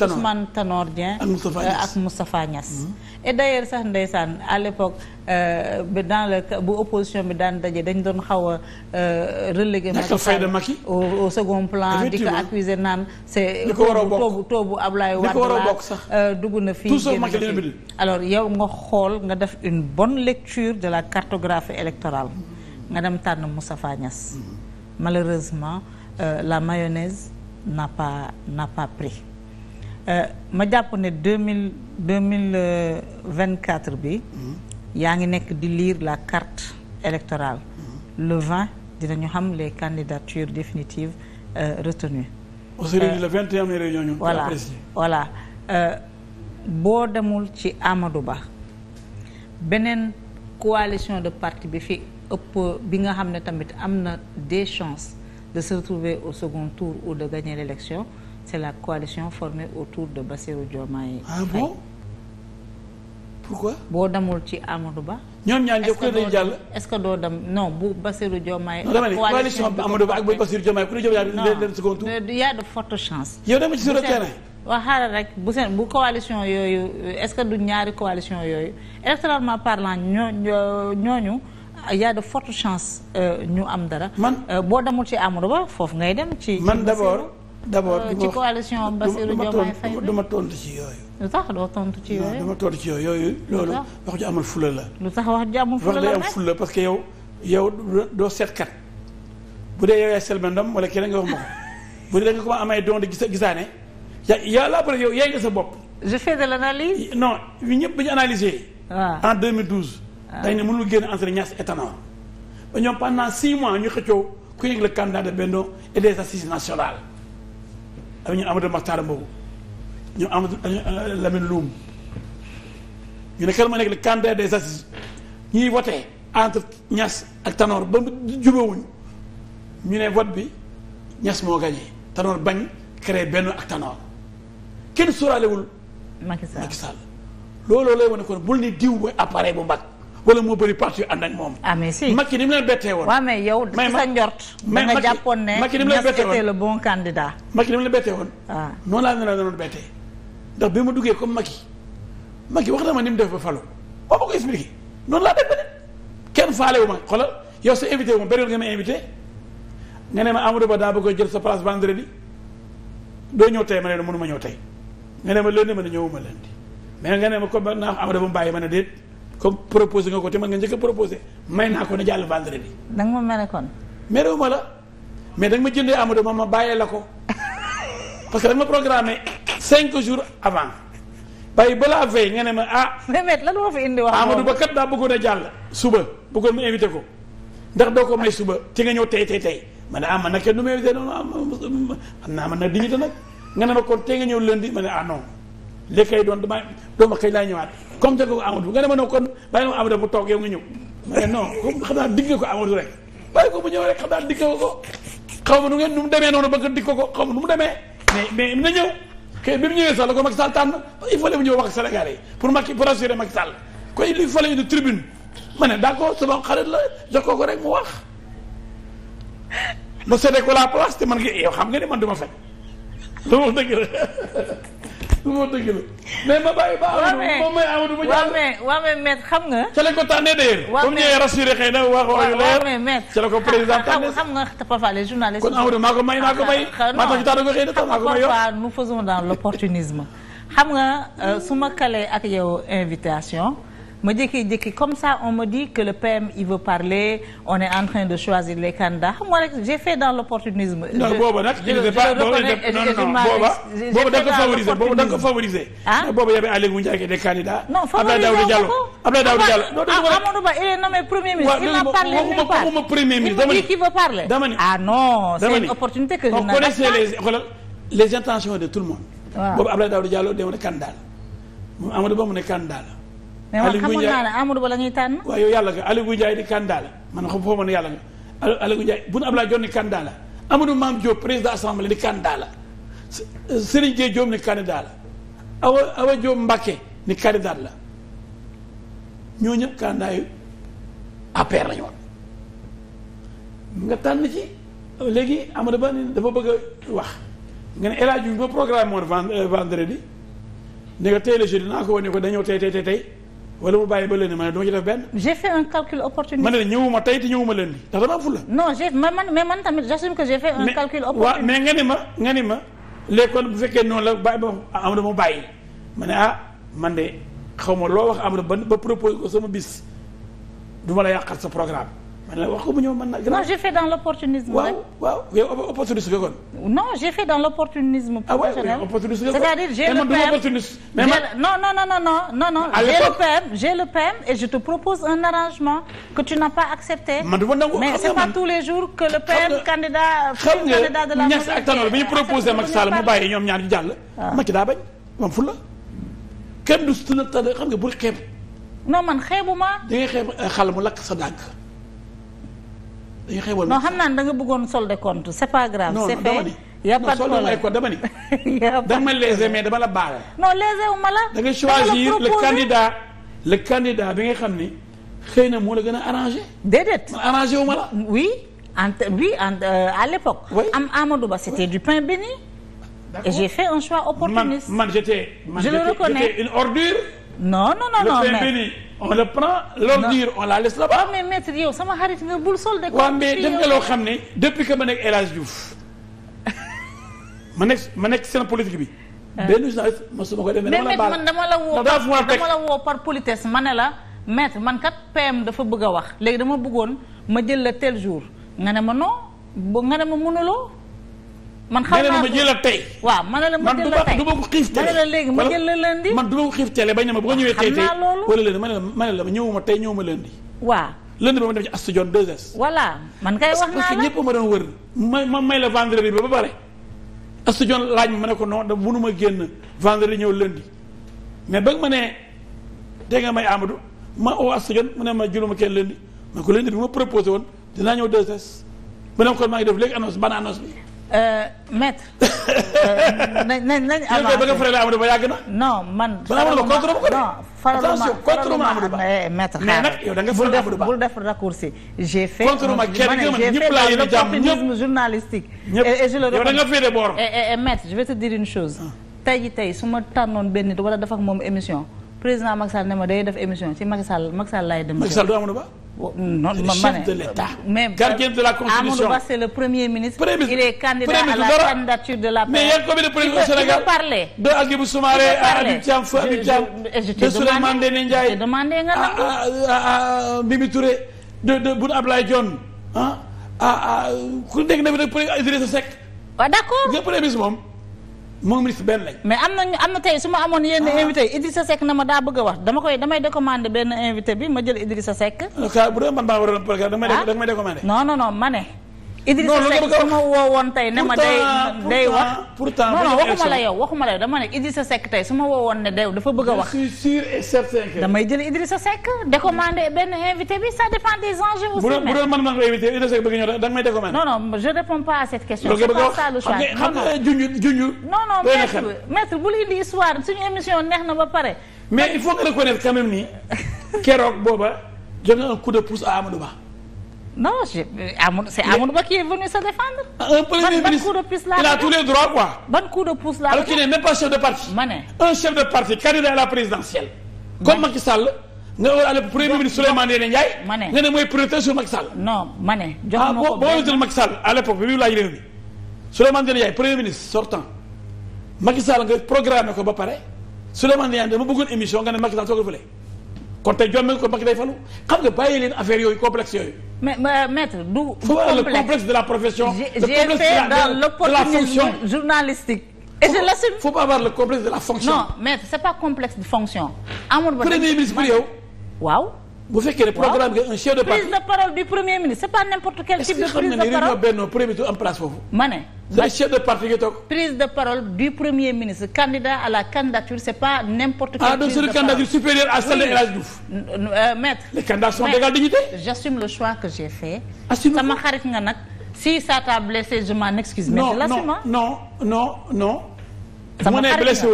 Ousmane Tanor Dieng ak Moustapha euh, Niass mm-hmm. et sax ndeysaan à l'époque euh, bi dans le bu opposition bi daan daje dañ doon xaw a euh, relégué Macky Sall au second plan di ko accuser naan c'est toobu toobu Ablaye Wade dugg na fii alors yow nga xool nga def une bonne lecture de la cartographie électorale nga dem tànn Moustapha Niass mm-hmm. malheureusement la mayonnaise napa napa n'a pas euh, ma jàpp ne deux mille deux mille euh, vingt quatre bi. yaa ngi nekk di liir la carte électorale. le vingt dinañu xam les candidatures définitives euh, retenues. au sérieux le vingt et un réunion voilà voilà boo demul ci Amadou Ba beneen coalition de partie bi fi ëpp bi nga xam ne tamit am na des chances. de se retrouver au second tour ou de gagner l'élection c'est la coalition formée autour de Bassirou Diomaye ah bon pourquoi. boo damul ci Amadou Ba. ñoom ñaar ñëpp ku ne doo dem non bu Bassirou Diomaye. coalition bi Amadou Ba ak bu Bassirou Diomaye a de fortes bu seen yooyu est-ce que du ñaari coalition yooyu électoralement parlant ñoo ñooñu. y a de fortes chances euh, ñu am dara. man euh, boo demul ci Amadou Ba foofu ngay dem. ci man d'abord d'abord euh, ci coalition Bassirou Diomaye Faye du ma tontu ci yooyu. lu tax doo tontu ci yooyu. ma tontu ci yooyu yooyu. loolu wax ju amal fula la. lu tax wax ju amul fula la wax day am fula parce que yow yow doo seetkat bu dee yow yaay selbe ndam wala keneen nga wax ma bu dee da nga ko amee don de gis gisaane ya yàlla après yow yaay nga sa bopp. je fais de l'analyse. non ñëpp ba ñu analysé. waaw ah. en dañ ne mënul génn Ancet Niass étonnant ba ñoom pendant six mois ñu xëccoo ku nekk le candidat de Benno et des assises nationales avec ñu Amadou Makhtar Mbow ñu Amadou euh, euh, Lamine Loum ñu ne kan ma nekk le candidat des assises ñuy voté entre Niass ak Tanor ba jubóowuñu ñu ne vote bi Niass moo gagné Tanor bañ créé Benno ak Tanor kenn sóoraalewul Macky Sall Macky Sall looloo lay wane kon bul ni diw mooy appareil bu mag wala moo bëri parti yu ànd ak moom. ah mais si ni mu leen bettee woon. waaw mais yow ci sa njort. mais Macky da nga jàppoon ne Niass était le bon candidat. Macky ni mu leen bettee woon. waaw ah. noonu laa ne la doon bettee ndax bi ma duggee comme Macky Macky wax na ma ni mu def ba falu moo ma ko expliqué noonu laa def ba kenn faale wu ma xoolal yow sa invité wu ma bëri nga ma invité nga ne ma Amadou Ba daa bëgg jël sa place vendredi doo ñëw tey ma ne la mënuma ñëw tey nga ne ma lundi ma ne ñëwuma lundi mais nga ne ma comme naa Amadou Ba mu bàyyi ma ne déet comme proposé nga ko te man nga njëkk a proposé may naa ko ne jàll vendredi. da nga ma mere kon. la mais da ma jëndee Amadou ma ma bàyyee la ko parce que da nga ma programmé cinq jours avant bàyyi balaa veille nga ne ma ah. Mehmet lan moo fi indi wax Amadou ba kat daa bëggoon a jàll. suba bëggoon mu invité ko ndax doo ko may suba ci nga ñëw tey tey tey ma ne ah man nag kenn du ma invité noonu ah xam naa man nag dignité nag nga ne ma kon tey nga ñëw lundi ma ne ah non. léegi kay doon damaa doon wax kay laay ñëwaat comme te ko Amadou nga ne ma non kon bàyyi ma Amadou bu toog yow nga ñëw ma ne xam ko Amadou rek bàyyi ko ñëw rek xam naa digg nga xaw ma nu ngeen nu mu demee noonu ba nga digg ko ko xaw ma mu demee mais na ñëw kay bi mu ñëwee sax la ko Macky Sall tànn il faut mu ñëw wax ak pour Macky pour assurer Macky Sall koy il faut une ne d'accord sama xarit la jox ko ko rek mu wax ma seetee ko la place te man nga yow xam nga ne man du ma fekk loolu dëgg la du ma dëgg la ba Amadou moom mooy Amadou ba jàll. waaw mais waaw mais xam nga. ca lañ ko tànnee d'ailleurs. waaw mais comme ñëwee rassuré xëy na wax wax yu leer. ca la nga parfois les may maa ko may. Ah, ah, ah, maa tax ko xëy na tax maa ko may parfois nous faisons xam nga euh, su ma kalee ak yow invitation. ma jékki-jékki comme ça on me dit que le PM il veut parler on est en train de choisir les candidats xam nga rek j'ai fait dans l'opportunisme non booba nag il n'est pas non non booba booba da nga ko favoriser booba da nga ko favoriser ah booba non favoriser Abdoulaye Daouda Diallo Abdoulaye Daouda ah, Diallo non ah, Amadou premier ministre il n'a parlé nulle part waxuma premier ministre dama ni qui veut parler dama ni ah non c'est une opportunité que je n'ai de tout le monde ah. booba Abdoulaye Daouda Diallo demoon na candidat moom Amadou Ba candidat la mais man xamoon Ba la ñuy tànn. waaw yow yàlla nga Aliou Ngouye Ndiaye di candidat la man xam foo mën yàlla nga Aliou Ngouye Ndiaye Boun Abdallah Dionne di candidat la Amadou Mame Diop président assemblée di candidat la Serigne Gueye Diop ni candidat la Awa Awa Diop Mbacké ni candidat la ñoo ñëpp candidat yu APR la ñu nga tànn ci léegi Amadou Ba dafa bëgg a wax nga ne El Hadj bi ma programme woon euh, vendredi ne nga tey le jeudi ko wane ko dañoo tey tey tey wala mu bàyyi ba lundi ma ne dama ci def benn. j'ai fait un calcul opportuniste. ma ne ñëwuma tey te ñëwuma lundi ndax dama am fula. non j'ai man mais man tamit j'assume que j'ai fait un calcul opportuniste waaw mais nga ni ma nga ni ma léegi bu fekkee noonu la bàyyi ba Amadou mu bàyyi ma ne ah man de xaw ma loo wax Amadou ba ba proposé ko sama bis duma la yàqal sa programme. man la wax ko mu ñëw man nag. non j'ai fait dans l'opportunisme rek waaw waaw yow opportuniste nga kon. non j'ai fait dans l'opportunisme ah professionnel ah opportuniste nga c'est-à-dire j'ai le PM mais man non non non non non non j'ai le PM j'ai le PM et je te propose un arrangement que tu n'as pas accepté. man du ma nangu mais c'est pas tous les jours que le PM candidat xam nga Niass ak Tanor bi ñu proposé Macky Sall mu bàyyi ñoom ñaar ñu jàll. waaw ah. Macky daa bañ moom fu la kenn du si la xam nga bul xeeb. non man xeebu ma. da ngay xeeb xal mu lakk sa dàgg. dañu xewal non xam naa da nga bëggoon solde compte c'est pas grave. c'est fait a pas de problème non dama ni. dama ma léser dama la baal. non léser wu la. da nga choisir le candidat le candidat bi nga xam ni xëy na moo la gën a arrangé. déedéet man arrangé wu ma la. oui en oui en euh, l'époque. am Amadou Ba c'était du pain béni. et j'ai fait un choix opportuniste. man je le reconnais une ordure. non non non non on le prend l'ordure on la laisse là-bas. mais maître yow sama xarit nga bul sol de. waaw mais def nga loo xam ne depuis que ma nekk El Hadj ma nekk ma nekk seen politique bi. Euh. benn journaliste mosuma ko demee. dama man dama la woo dama la par politesse ma ne la maître man kat PM dafa bëgg a wax léegi dama bëggoon ma jël la tel jour nga ne ma non nga ne ma mënuloo. man xam naa ma jël la tey waaw man la ma jël la tey man du ma ko xiif télé la léegi ma jël la lundi man du ma ko xiif télé bañ na ma bu ko ñëwee tey tey wala lundi ma ne la ma ne la ñëwuma tey ma dem ci Astou Dione 2S voilà man kay wax ñëpp ma doon may ma may ba ba pare Astou laaj ma ma ne ko non da mënuma génn vendredi ñëw lundi mais bëgg ma ne dégg nga may Amadou ma oo Astou Dione mu ne ma jëluma kenn lundi ma ko lundi proposé woon dinaa ñëw 2S mu ne ma kon ngi def léegi annonce ban annonce bi Euh, maître. Euh, nañ nañ nañ avancé ba nga faral Amadou Ba yàgg na. non man. faraluma ba contre ma ko de. non faraluma faraluma Amadou Ba eh, maître mais nag yow bul def raccourci. j'ai fait contre ma kenn nga mën ñëpp laa yéene jàmm ñëpp journalistique. et je le yow boor. et eh, et eh, maître te dire une chose. Ah. tey ji tey su ma tànnoon benn nit wala dafa ak moom émission président Macky Sall ne ma day def émission ci Macky Sall Macky Sall dem. Macky Sall du Ba. non man chef de l'État. mais gardien de la constitution Amadou Ba c'est le premier ministre. il est candidat à la candidature de la. mais yéen combien de président Sénégal de Hadjibou Soumaré à Habib Thiam Feu Habib Thiam. de Souleymane Ndéné Ndiaye à ah, ah, ah, Mimi de de Boun Abdoulaye Dione ah ah ku nekk na fi nag président Idrissa Seck. waaw d'accord. premier ministre moom ministre benn mais am nañu am na tey su ma amoon yenn ah. invité yi Idrissa Seck na ma daa bëgg a wax dama koy damay décommandé benn invité bi ma jël Idrissa Seck. saa ah, bu doon man maa ah. ma ne. Idrissa Seck su ma woo woon tey ne ma day day wax pourtant non non waxuma la yow waxuma la yow dama ne Idrissa Seck tey su ma woo woon ne day dafa bëgg a wax. je damay jël Idrissa Seck décommandé benn invité bi ça dépend des enjeux aussi. bu doon man maa ngi invité Idrissa Seck bëgg ñëw da nga may décommandé. non non je pas à cette question. c'est pas ça le choix xam nga junj junj. histoire suñu émission neex na ba pare. mais il faut que reconnaître quand booba joxe un de pouce à Amadou Ba. non je euh, Amadou c'est Amadou Ba qui est venu se défendre. un premier ministre ban coup de pouce laa il a tous les droits quoi. ban coup de parti. ma ne de parti candidat à la présidentielle. comme Macky Sall. nga euh, war ministre Souleymane Ndéné Ndiaye. ma ne nga ne mooy priorité sur Macky Sall. non ah, ma ne. jox ma ko boo boo jël Macky Sall à l'époque bi mu laaj réew mi Souleymane Ndéné ministre sortant Macky Sall nga ko ba pare Souleymane Ndéné Ndiaye dama bëggoon émission nga ne Macky Sall soo kon tey jommi ko Macky day falu xam nga bàyyi leen affaire yooyu complexe yooyu. mais maître du. du de la profession. le complexe de la fonction journalistique. et je l'assume. faut pas avoir le complexe de la fonction. non maître c'est pas complexe de fonction. amoon ba premier ministre yow. waaw. bu fekkee ne programme nga un chef de parti. prise de parole du premier ministre c'est pas n'importe quel type de parole du premier ministre candidat à la candidature c'est pas n'importe quelle. ah donc c'est candidature supérieure à celle de El euh, maître. les candidats sont d'égale dignité. j'assume le choix que j'ai fait. assume sama xarit nga nag si ça t'a blessé je m'en excuse. non non non. sama xarit mu ne blessé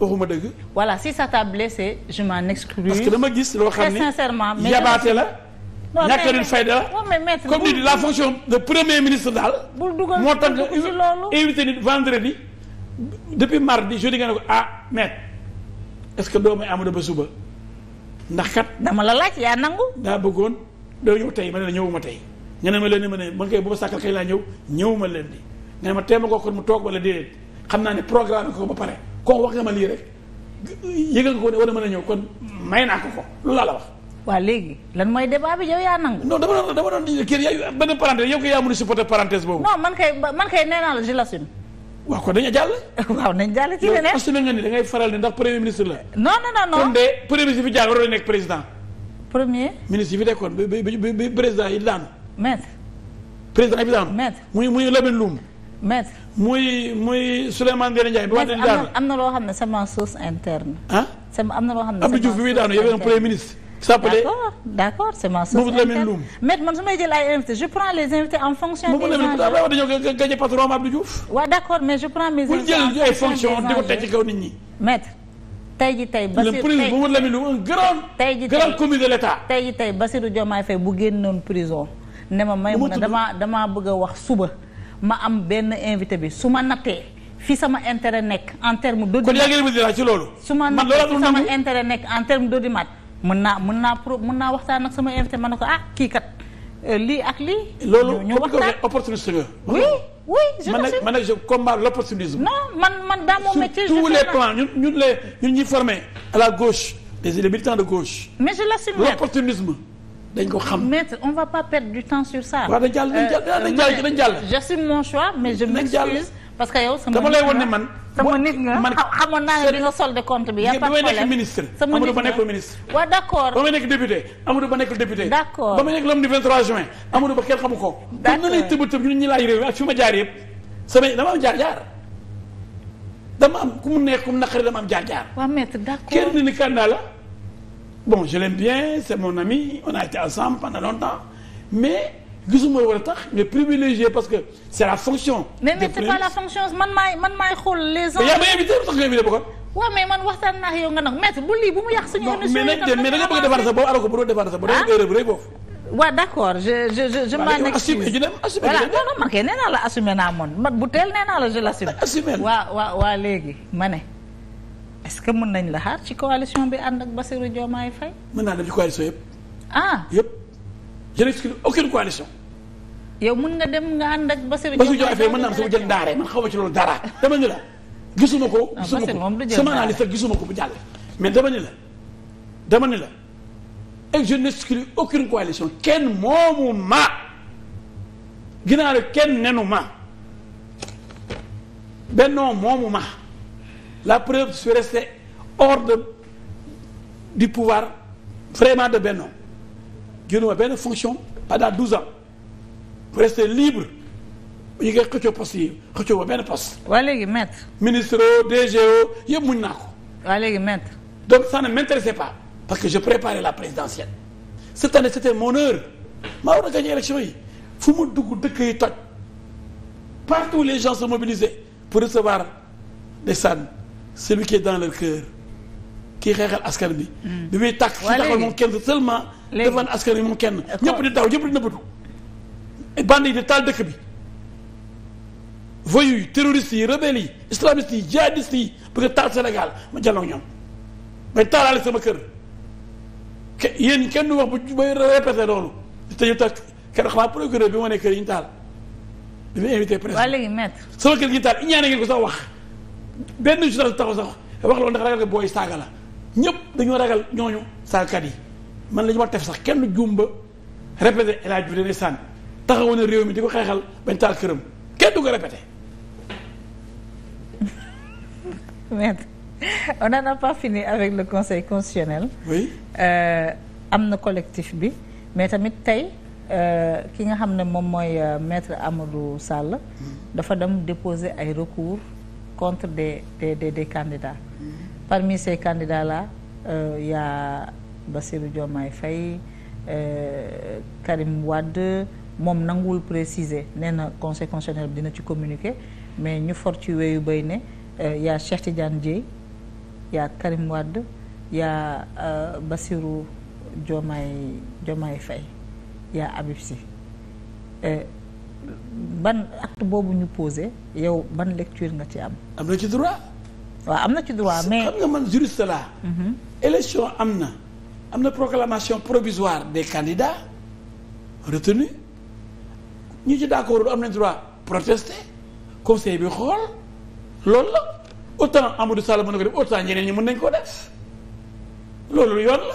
wu ma dëgg. voilà si ça t'a blessé je m'en dama gis loo xam ni très sincèrement mais yabaate la. non mais ñàkk fayda la comme ni la fonction de premier ministre daal. bul dugal moo tax invité nit vendredi. depuis mardi jeudi nga ne ko ah maître est-ce que doo may Amadou ba suba ndax kat. dama la laaj yaa nangu. daa bëggoon doo ñëw tey ma ne la ñëwuma tey nga ma leen ma ne man kay bu ma sàkkal laa ñëw ñëwuma leen di nga ma tee ma ko mu toog wala déedéet. xam naa ne programme ko ba pare kon wax nga ma lii rek yëgal nga ko ne war mën a ñëw kon may naa ko ko loolu laa la wax. waa léegi lan mooy débat bi yow yaa nangu. non dama doon dama doon di kii yaa benn parenthèse yow kay yaa mun a supporter parenthèse boobu. non man kay man kay nee la je l'assume. kon dañu jàll. waaw nañ jàll ci leneen. assume nga ni da ngay faral ni ndax premier ministre la. non non non kon de premier ministre bi jaar waroon nekk président. premier. ministre yi fi nekkoon bi bi bi président maître muy muy Souleymane Ndéné Ndiaye. bi wane daanu am na loo xam ne sama source interne. ah sama am na loo xam ne. Abdou Diouf bi muy daanu yow un premier ministre. s'appelait d'accord d'accord c'est ma source interne maître man su may jël ay invités je prends les invités en fonction. des enjeux moom la dañoo gagné patron Abdou Diouf. waaw d'accord mais je prends mes. invités en fonction des jël ay fonctions di ko teg ci kaw nit ñi. maître tey ji tey. Bassirou tey le président Lamine Loum un grand. tey ji tey grand commis de l'État. tey ji tey Bassirou Diomaye Faye bu génnoon prison ne ma may mun a damaa damaa bëgg a wax suba ma am benn invité bi su ma nattee fi sama intérêt nekk en terme d'audimat kon yaa ngi limité ci loolu su ma nattee fi sama intérêt nekk en terme d'audimat mën naa mën naa pro mën naa waxtaan ak sama invité ma ne ko ah kii kat euh, lii ak lii loolu ñu waxtaan opportuniste nga oui oui je man nag man nag je l'opportunisme non man man dans mon métier sur les plans ñun ñun les ñun ñuy la gauche les militants de gauche mais je l'assume l'opportunisme dañ ko xam maître on va pas perdre du temps sur ça. waaw dañ jàll dañ jàll dañ euh, jàll dañ euh, jàll. j'assume mon choix mais je m'excuse parce que yow sama nit nga lay won ne man. sama nit nga naa ne bi nga solde compte bi. y' a pas de may nekk ministre. sama nit nga Amadou Ba ministre. waaw d' ba may nekk député Amadou Ba nekkul député. d' accord ba may nekk l'homme du 23 juin Amadou Ba kenn xamu ko. d' accord kon nan tëb a tëb ñun ñi laaj ak fi ma jaar yëpp sama dama am am jaar jaar. waaw maître la bon je l'aime bien c'est mon ami on a été ensemble pendant longtemps mais gisuma war a tax privilégié parce que c'est la fonction. mais mais man maay man maay xool les. ans mais yaa may invité tax nga invité ba man waxtaan naa yow nga nag maître bu lii bu mu yàq suñu. émission yi tam mais da nga bëgg a defar sa bopp alors que bu doon defar sa bopp da nga erreur bu rëy foofu. je je je je m'en excuse voilà non non man kay nee naa la assumé naa ma ne. parce que mën nañ la xaar ci coalition bi ànd ak Bassirou Diomaye fay mën naa dem ci coalition yëpp. ah yëpp je n'exclus aucune coalition. yow mën nga dem nga ànd ak Bassirou Diomaye Faye mën naa am sama jël ndaare man xaw ma ci loolu dara dama ñu la. gisuma ko ah, gisuma ko sama analyse sax gisuma ko bu jàll. mais dama ni la dama ni la et je n'exclus aucune coalition kenn moomu ma ginnaaw rek kenn nenu ma bennoo moomu ma. la preuve je suis resté hors du pouvoir vraiment de Benno génnuma benn fonction pendant douze ans pour rester libre ñu ngi xëccoo poste yi xëccoo ba benn poste. waa léegi maître. ministre DGO yëpp muñ naa ko. waa léegi maître. donc ça ne m'intéressait pas parce que je préparais la présidentielle cette année c'était mon heure maa war élection yi fu mu dugg dëkk yi toj partout les gens se mobilisaient pour recevoir des sànni. celui qui est dans leur cœur kii xeexal askan bi hmm. bi muy tàkk ci taxal moom kenn seulement defan askan mu moom kenn ñëpp di taw ñëpp di nëbbatu bande yi di taal dëkk bi voyous yi terroristes yi rebelles yi islamistes yi djihadistes yi bëgg taal Sénégal ma jàlloo ñoom bay taalaale sama kër ke yéen kenn du wax bu bay répété loolu te ñu tax keroog xanaa procureur bi ma ne kër yi ñu taal bi mu invité presse sama kër gi ñu taal iñaane ko sax wax benn journal taxaw sax wax loolu ndax ragal nga booy saaga la ñëpp dañoo ragal ñooñu saagakat yi man la ñu war sax kenn juum ba répété El Hadj bi dañuy sànni taxawoon na réew mi di ko xeexal bañ taal këram kenn du ko répété. mère on n'en a pas fini avec le conseil constitutionnel. Euh, am na collectif bi mais tamit tey. Euh, ki nga xam ne moom mooy euh, maître Amadou sàll mm. dafa dem déposer ay recours contre des des des, des candidats. Parmi ces candidats-là euh, y a Bassirou Diomaye Faye euh, Karim Wade moom nanguwul préciser nee na conseil constitutionnel dina ci communiquer mais ñu for ci weeyu bay ne euh, y a Cheikh Tidiane Dièye y a Karim Wade y a euh, Bassirou Diomaye Diomaye ban acte boobu ñu posé yow ban lecture nga ci am. am na ci droit. waaw am na ci droit mais xam nga man juriste mhm. am na. am na proclamation provisoire des candidats retenus ñu ci d'accord am nañ droit protester conseil bi xool loolu la autant Amadou Sall mën na ko def autant ñeneen ñi mën nañ koo def loolu yoon la.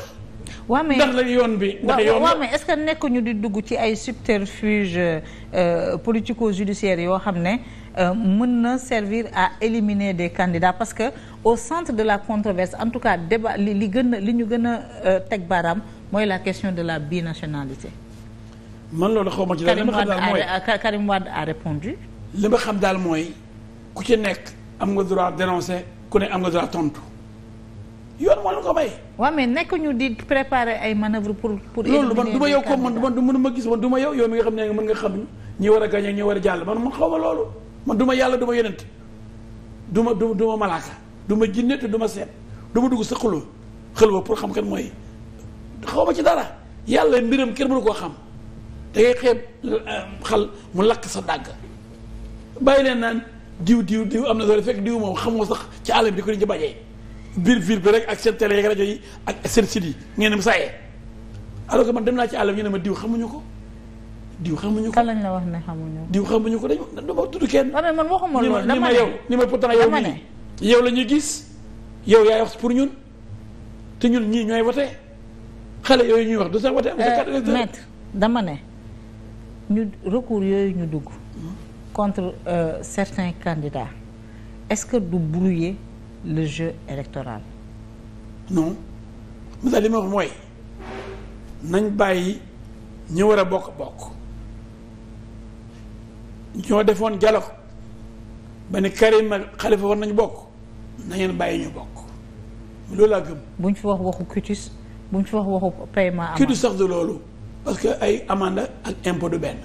waaw mais la yoon bi. ndax yoon waaw mais est nekk ñu di dugg ci ay subterfuge euh, politico-judiciaire yoo xam ne euh, mën na servir à éliminer des candidats parce que au centre de la controverse en tout cas débat li gën a li ñu gën a euh, teg baaraam mooy la question de la binationalité. man loolu xaw ma ci daal li ma xam daal mooy Karim Wade a répondu li ma xam daal mooy ku ci nekk am nga droit dénoncer ku ne am nga droit tontu. yoon moo ñu ko may. waaw mais nekk ñu di préparer ay manœuvres pour pour. loolu man du ma yow comme man man du ma gis man du ma yow yow mi nga xam ne mën nga xam ñi war a gagné ñi war a jàll man man xaw ma loolu man du ma yàlla du ma yonent du ma du ma malaaka du ma jinne te du seet du ma dugg sa xuloo xëlwa pour xam kan mooy xaw ma ci dara yàlla mbiram kenn mënu koo xam da ngay xeeb euh, xal mu lakk sa dàgg bàyyi leen naan diw diw diw am na doole fekk diw moom xamoo sax ci àll bi di ko ni ci bajee biir ville bi rek ak seen télé yeeg rajo yi ak seen site yi ngeen dem saye alors que man dem naa ci àll bi ñu ne ma diw xamuñu ko diw xamuñu ko. kan lañ la wax ne xamuñu ko. diw xamuñu ko dañu dama tudd kenn. waaw man waxuma loolu dama ne yow ni ma pourtant yow nii yow la ñuy gis yow pour ñun te ñun ñii ñooy wote xale yooyu ñuy wax du sax wote am sa carte euh, dama ne ñu recours yooyu ñu dugg. contre euh, certains candidats est-ce que du brouiller. le jeu électoral. non Moussa mooy nañ bàyyi ñi war a bokk bokk ñoo defoon dialogue ba ni Karim ak war nañu bokk na bàyyi ñu bokk loolu laa gëm. bu ñu fi wax waxu cutis bu ñu fi wax waxu paiement. amande cutis sax du loolu parce que ay amande ak impôt du benn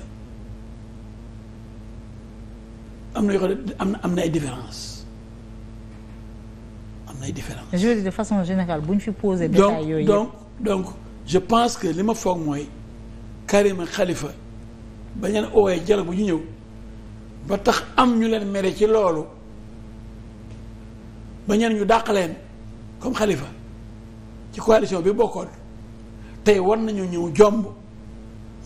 am na yoo am na am na ay différence ay différence façon générale bu ñu fi posé. détail yooyu donc donc je pense que li ma foog mooy Karim xalifa Khalifa ba ñu oowee dialogue bu ñu ñëw ba tax am ñu leen mere ci loolu ba ñeen ñu dàq leen comme xalifa ci coalition bi bokkoon tey war nañu ñëw jomb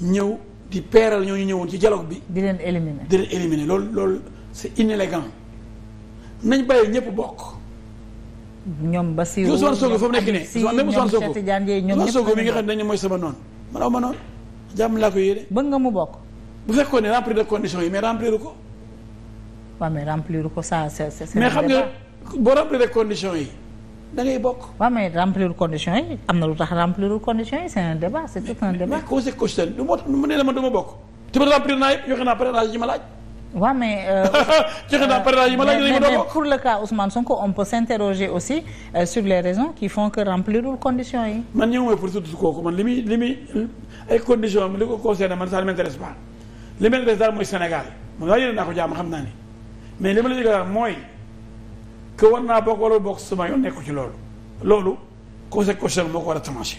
ñëw di peeral ñooñu ñëwoon ci dialogue bi. di leen éliminer di leen éliminer loolu loolu c'est inélégant nañ bàyyi ñëpp bokk. ñoom Bassirou Ousmane Sonko fa mu nekk nii même Ousmane Sonko Ousmane Sonko mi nga xam ne dañu mooy sama noonu man aw ma noonu jàmm laa ko yéene bëgg nga mu bokk bu fekkoon ne remplir de conditions yi mais ko waaw mais remplir ko ça c'est mais xam nga boo remplir de conditions yi da ngay bokk waaw am na lu tax remplir conditions yi c'est un débat tout un débat mais conseil constitutionnel du moo mu nee na ma du ma bokk te ma remplir naa yëpp joxe naa parrainage ji ma laaj waaw mais. Euh, joxe naa par yi ma laaj léegi mais pour le cas Ousmane Sonko on peut s'interroger aussi euh, sur les raisons qui font que remplirul conditions yi. man ñëw mooy pour surtout kooku man li muy li muy ay conditions li ko concerné man li m'intéresse daal man waaye yéen naa ko jaam xam naa ne mais li ma la ñu daal mooy que war naa bokk wala bokk sama yoon nekku ci loolu loolu conseil constitutionnel ko war a tranché.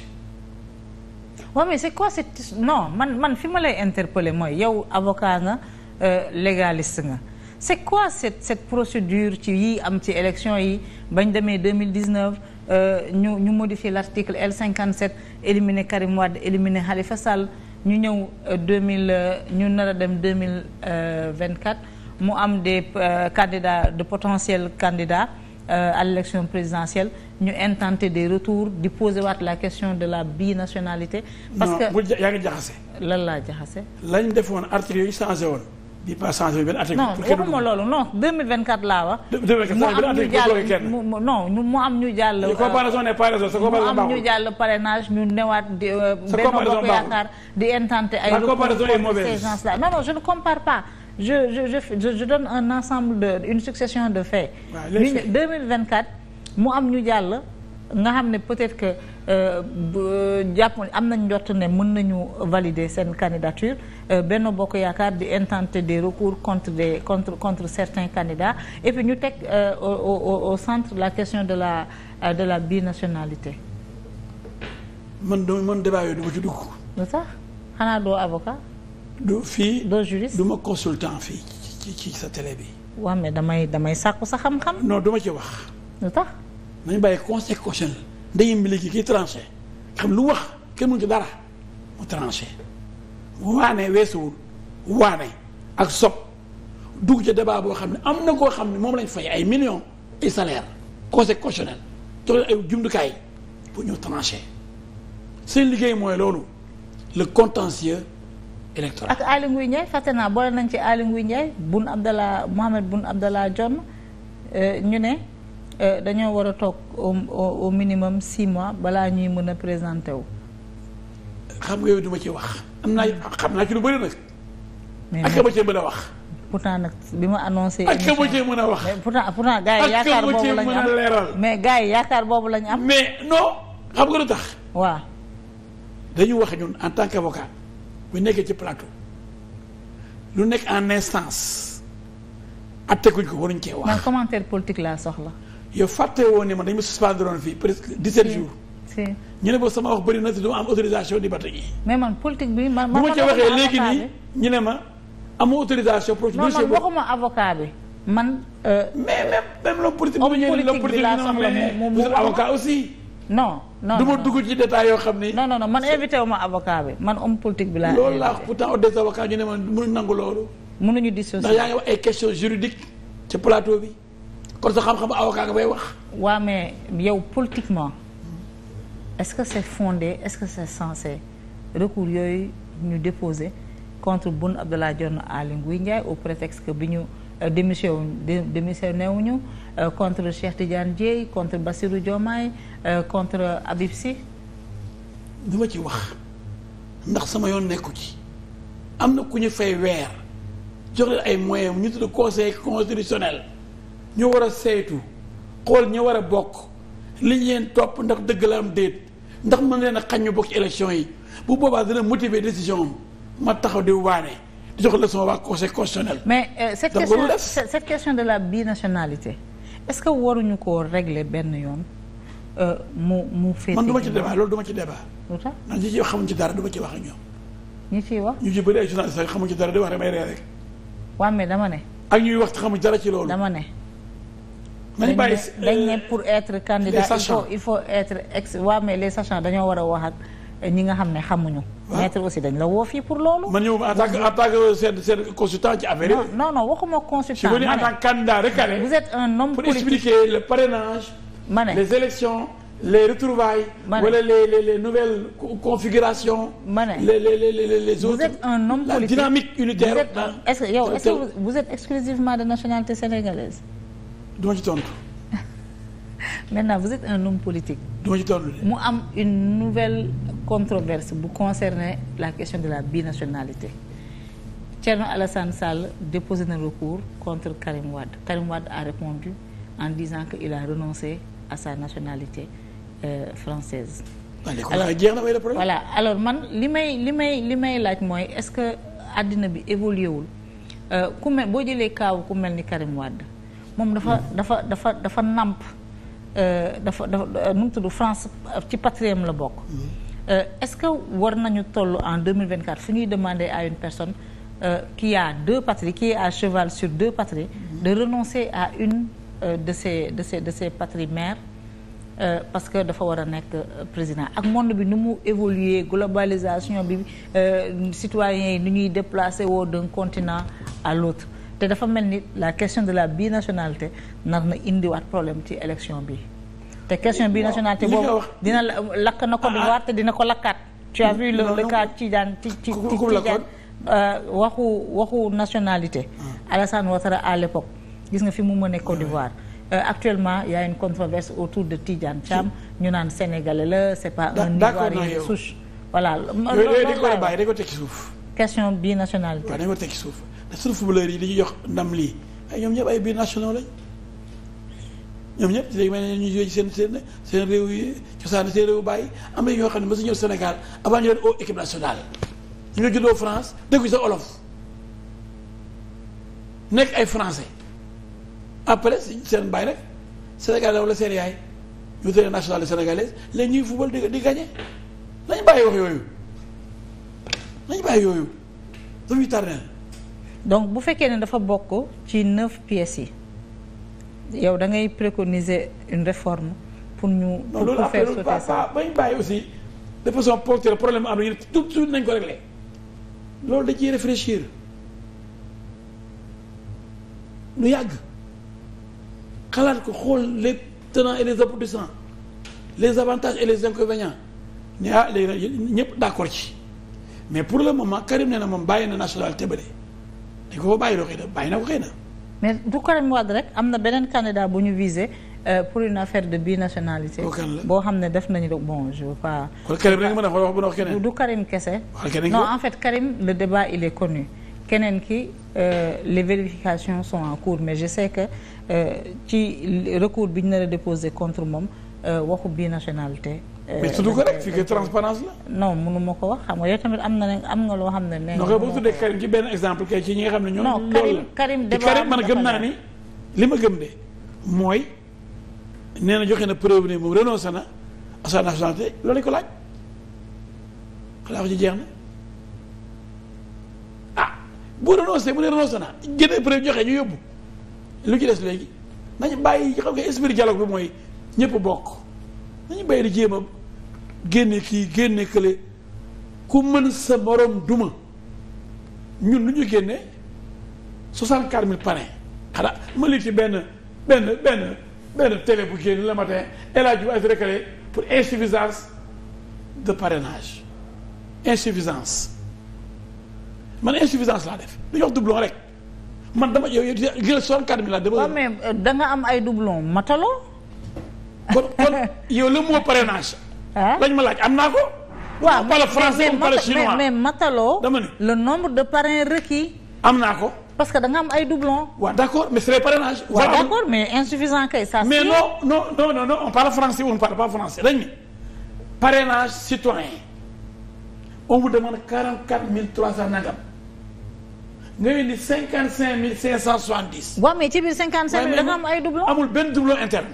non man man fi ma lay interpeller mooy yow avocat nga. Euh, légaliste nga c'est quoi cette cette procédure ci yi am ci élection yi bañ demee 2019 euh, ñu ñu modifier l'article L57 éliminer Karim Wade éliminer Khalifa Sall ñu ñëw 2000 euh, ñu nar a dem 2024 mu am des candidats de potentiels candidats à l'élection présidentielle ñu intenter des retour di poser waat la question de la bi nationalité parce que yaa ngi jaxase. lan laa jaxase. lañ defoon article yooyu changé woon. di pas changé benn article. pour non 2024 laa wax. 2024 non am ñu jàll. li euh, comparaison n'est pas raison sa comparaison am ñu jàll parrainage ñu newaat di. Euh, benn bokk yaakaar di intenté ay. comparaison est mauvaise non je ne compare pas. je je je je donne de une succession de faits. waaw 2024 mu am ñu jàll. nga xam ne peut-être que euh, jàpp am nañ njort ne mën nañu valider seen candidature euh, benn Bokk Yaakaar di intenter des recours contre des contre contre certains candidats et puis ñu teg euh, au au centre la question de la de la binationalité. man du man débat yooyu du ma ci dugg. lu tax xanaa doo avocat. du fii doo juriste du ma consultant fii ci ci sa télé bi. waaw mais damay damay sàkku sa xam-xam. non du ci wax. nañu bàyyi conseil constitutionnel bi léegi kii tranché xam lu wax kenn mu ci dara mu tranché waane weesuwul waane ak sob dugg ci débat boo xam ne am na koo xam ne moom lañ fay ay millions ay salaire conseil ay jumtukaay pour ñu tranché seen liggéey mooy loolu le contentieux électoral. ak Aly Ngouille Ndiaye fàtte naa boole nañ ci Aly Ngouille Ndiaye Boun Abdallah Mohamed Boun Abdallah Dionne euh, ñu ne. Eh, dañoo war a toog au minimum six mois balaa ñuy mën a présenté wu. xam nga yow duma ci wax am naa xam naa ci lu bëri nag. mais ak ma cee mën a wax. pourtant nag bi ma annoncé. ak ma cee mën a wax mais pourtant pourtant gars yi yaakaar boobu lañ am mais gars yi yaakaar boobu lañ am. mais non xam nga lu tax. waa dañu wax ñun en tant qu'avocat bu nekkee ci plateau lu nekk en instance atteguñ ko waruñ cee wax. man commentaire politique laa soxla. yow fàtte woon ne man dañu ma suspendre woon fii presque 17 jours. si ñu ne ba sama wax bëri na si du ma am autorisation di bateau yi. mais man politique bi man man ma ca waxee léegi nii ñu ne ma amoo autorisation. procédure non man waxuma avocat bi. man. Euh, mais même même l'homme politique. homme politique bi laa soxla moom moom avocat aussi. non non du ma dugg ci détail yoo xam ni. non non non man invité wu ma avocat bi man homme politique bi laa. loolu laa pourtant au des avocats ñu ne ma mënuñ nangu loolu. mënuñu dissocier ndax yaa ngi wax ay questions juridiques ci plateau bi. kon sa xam-xamu avocat bay wax. waa mais yow politiquement est-ce que c'est fondé est-ce que c'est censé recours yooyu ñu déposé contre Boun Abdallah Dionne Aly Ngouille Ndiaye au prétexte que bi ñu euh, démission démissionné wuñu euh, contre Cheikh Tidiane Dièye contre Bassirou Diomaye euh, contre Habib Sy. du ma ci wax ndax sama yoon nekku ci am na ku ñu fay weer jox leen ay moyens ñu tudd conseil constitutionnel. ñu war a saytu xool ñu war a bokk li ñeen topp ndax dëgg la am déet ndax mën leen a xañ ñu bokk ci élection yi bu boobaa dana motiver décision am ma taxaw di waane di jox leçon waa conseil constitutionnel. mais euh, cette donc, question de la binationalité est-ce que waruñu koo régler benn yoon. Euh, mu mu féete man du ma ci débat loolu du ci débat. lu tax ndax ñi ci dara du ma ci wax ak ñoom. ñi ciy wax ñu ci bëri ay sax ci dara di wax rek may ree rek. dama ne. ak ñuy wax xamuñ dara ci loolu dama ne. dañ ne euh, pour être candidat il faut il faut être ex waaw dañoo war a wax ak ñi nga xam ne xamuñu. maître aussi dañ la woo fii pour loolu. man ñëw en tant que en tant que seen seen consultant ci affaire en tant que candidat recalé. vous êtes un le parrainage. les élections ma ne wala les ma ne les les les les autres. vous êtes un homme politique la dynamique unitaire. est-ce que exclusivement de nationalité sénégalaise. duma ci tontu. maintenant vous êtes un homme politique. mu am une nouvelle controverse bu concerner la question de la binationalité. Thierno Alassane Sall déposé un recours contre Karim Wade Karim Wade a répondu en disant que il a renoncé à sa nationalité euh, française ah, alors voilà alors man li may li may li may laaj mooy est-ce que addina bi évolué wul euh, ku mel boo jëlee kaaw ku mel ni Karim Wade moom dafa dafa dafa dafa nàmp euh, dafa dafa euh, nu mu France euh, ci quatrième la bokk. Mm-hmm. est-ce que war nañu toll en deux mille vingt quatre fi ñuy demander à une personne qui a deux patries qui est à cheval sur deux patries. Mm-hmm. de renoncer à une de ses de ses de ses patries mères. parce que dafa war a nekk président ak monde bi nu mu évoluer globalisation bi euh, citoyens yi ni ñuy déplacer woo d'un continent à l'autre te dafa mel ni la question de la binationalité nar na indiwaat problème ci élection bi te question binationalité boobu dina la lakk na Côte d'Ivoire ah, ah. te dina ko lakkaat tu as vu le cas Tidjane ci ci Tidjane waxu waxu nationalité ah. Alassane Ouattara à l'époque gis nga fi mu mëne Côte d'Ivoire euh, actuellement y a une controverse autour de Tidjane Thiam ñu naan sénégalais la c'est pas un Ivoirien de souche voilà question binationalité su footballeur yi li ñu yox ndam lii ay ñoom ñëpp ay biir national lañ ñoom ñëpp léegi mel ne seen réew yi cosaan seen réew bàyyi am na ñoo xam ne mësu ñëw Sénégal avant ñu leen au équipe nationale ñu nga juddoo France dégg sa olof nekk ay français après seen bàyyi nag Sénégal wala seen yaay ñu tëddee nationale sénégalaise léegi ñuy football di di gagné bàyyi wax yooyu nañ bàyyi yooyu daf ñuy tardé donc bu fekkee ne dafa bokk ci neuf pièces yi yow da ngay préconiser une réforme pour ñu. loolu pour faire sauter ça bañ aussi de façon ponctuelle problème am na yéen tout de nañ ko réglé loolu da ciy réfléchir lu yàgg xalaat ko xool les tenants et les aboutissants les avantages et les inconvénients ne ah léegi nag ñëpp d'accord ci mais pour le moment Karim nee na moom bàyyi na national ba de. dañ ko fa bàyyi loo xëy na bàyyi na ko xëy mais du Karim Wade rek am na beneen candidat bu ñu visé euh, pour une affaire de binationalité. boo xam ne def nañu bon je veux pas. kon Karim rek mën a wax du Karim kese. non en fait Karim le débat il est connu. keneen ki euh, les vérifications sont en cours mais je sais que euh, ci recours bi ñu ne a déposé contre moom waxu binationalité. mais tudd ko rek fii que transparence la. non mënu ma ko wax xam nga yow tamit am na am nga loo xam ne. nee nga boo tuddee Karim ci benn exemple kay ci ñi nga xam ne ñoom. non Karim Karim man gëm naa ni li ma gëm de mooy nee na joxe na preuve ne moom renoncé na à sa nationalité loolu lañ ko laaj xalaat ji jeex na ah bu renoncé mu ne renoncé na génne preuve joxe ñu yóbbu lu ci des léegi nañu bàyyi xam nga esprit dialogue bi mooy ñëpp bokk nañu bàyyi di génne kii génne kële ku mën sa morom duma ñun lu ñu génne soixante quatre mille parrain xanaa ma lii ci benn benn benn benn télé bu génn le matin El Hadj Ba récalé pour insuffisance de parrainage insuffisance man insuffisance laa def dañuy wax doublon rek man dama yow gën soixante quatre mille laa dama. mais euh, da am ay doublon mataloo. kon kon yow le mot parrainage. lañ ma laaj am naa ko. waaw wala français wala chinois mais mataloo. dama ne le nombre de parrains requis. am naa ko. parce que da nga am ay doublons. waaw d' accord mais c'est les parrainages. waaw d' accord mais insuffisant kay. ça mais non non non non on parle français ou on parle pas français dañ ne parrainage citoyen on vous demande quarante quatre mille trois cent nangam. nga indi cinquante cinq mille cinq cent soixante dix. waaw mais ci biir cinquante cinq mille da nga am ay doublons. amul benn doublon interne.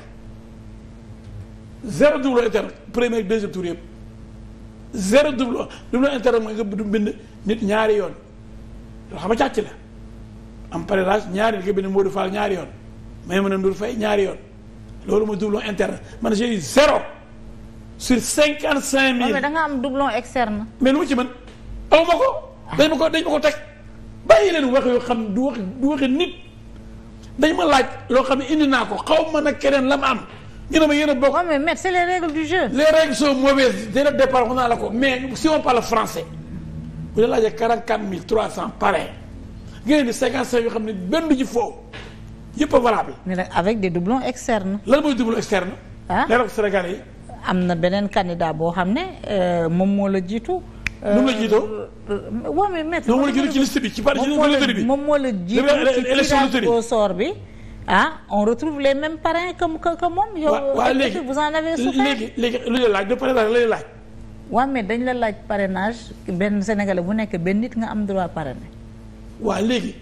zéro doublon interne premier deuxième tour yëpp zéro doublon doublon mooy nga du bind nit ñaari yoon loo xam nga càcc la am parrainage ñaari nga bind Modou Fall ñaari yoon may mën a Ndour Faye ñaari yoon loolu mooy doublon interne man j'ai eu zéro sur cinquante cinq mille. mais da am doublon externe. mais nu ma ci man aw ma ko. dañ ma ko dañ ma ko teg bàyyi leen wax yoo xam du wax du waxi nit dañ ma laaj loo xam ne indi naa ko xaw ma nag keneen la ma am. ñu ne ma a bokk. mais maître c'est les règles du jeu. les règles sont mauvaises dès le départ wax naa la ko mais si on parle français bu ñu laajee quarante quatre mille trois cent parrain ngeen di cinquante cinq yoo xam ne benn du ci foofu yëpp a valable. mais nag avec des doublons externes. lan mooy doublon externe. ah leeral ko Sénégalais yi. am na beneen candidat boo xam ne euh, moom moo la jiitu. nu euh, la jiitoo. Euh, moom moo la jiitu ci liste bi ci parti ci loterie bi moom moo la bi. ah on retrouve les mêmes parrains comme que que moom. yow léegi vous en avez souffert léegi léegi lu la ñu laaj. waaw mais dañ la laaj parrainage benn sénégalais bu nekk benn nit nga am droit parrainer. waaw léegi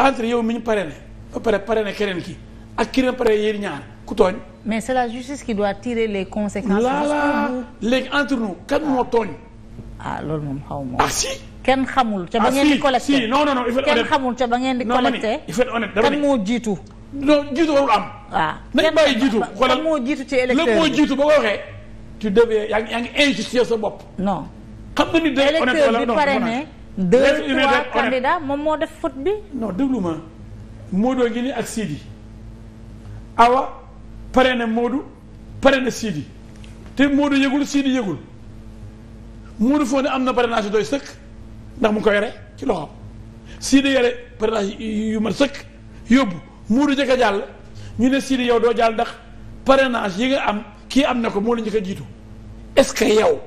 entre yow mi ñu parrainé ba pare parrainé keneen ki ak ki nga parrainé yéen ñaar ku tooñ. mais c'est la justice qui doit tirer les conséquences. la léegi entre nous kan moo tooñ. ah loolu moom xaw ma. ah si. kenn xamul ca ba ah, ngeen di collecté ah si si kenn xamul ca ngeen di. collecté non moo jiitu. non jiitu warul am. waaw ah. nañ bàyyi jiitu. xoolal moo jiitu ci électeur la moo jiitu ba ko waxee. tu devais yaa ngi yaa sa bopp. non xam nga ni. day honnête wala non électeur bi pare ne. deux trois candidats moom moo def faute bi. non déglu ma Modou ngi ni ak Sidi Awa pare na Modou pare na Sidi te Modou yëgul Sidi yëgul Modou foo ne am na parrainage doy sëkk ndax mu ko yore ci loxoom Sidi yore parrainage yu mat sëkk yóbbu. Moodu njëkk a jàll ñu ne Sidi yow doo jàll ndax parrainage yi am kii am na ko moo la njëkk a est-ce que yow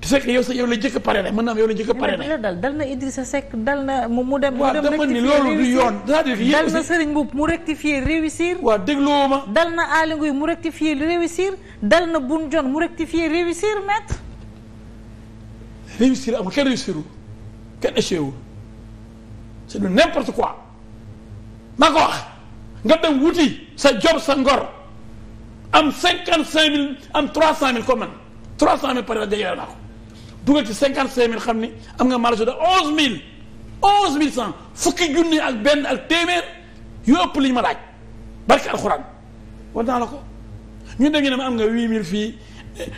tu sais yow la njëkk a parrainé mën naa am la njëkk a dal dal na Idrissa Seck dal na mu mu dem. mu dem rectifier ni loolu du yoon. c'est-à-dire yéen dal na Serigne Mboup mu rectifier réussir. waaw dégloo ma. dal na Aly Ngouille mu rectifier réussir dal na Boun Dionne mu rectifier réussir maître. réussir amul kenn réussirul kenn échoué wul c'est n'importe quoi. maa ko nga dem wuti sa job sa ngor am cinquante cinq mille am trois cent mille comme man trois cent mille par la dajale naa ko dugal ci cinquante cinq mille xam ni am nga marge de onze mille onze mille cent fukki junni ak benn ak téeméer yu ëpp li ñu ma laaj barke alxuraan war naa ko ñu dégg ne ma am nga huit mille fii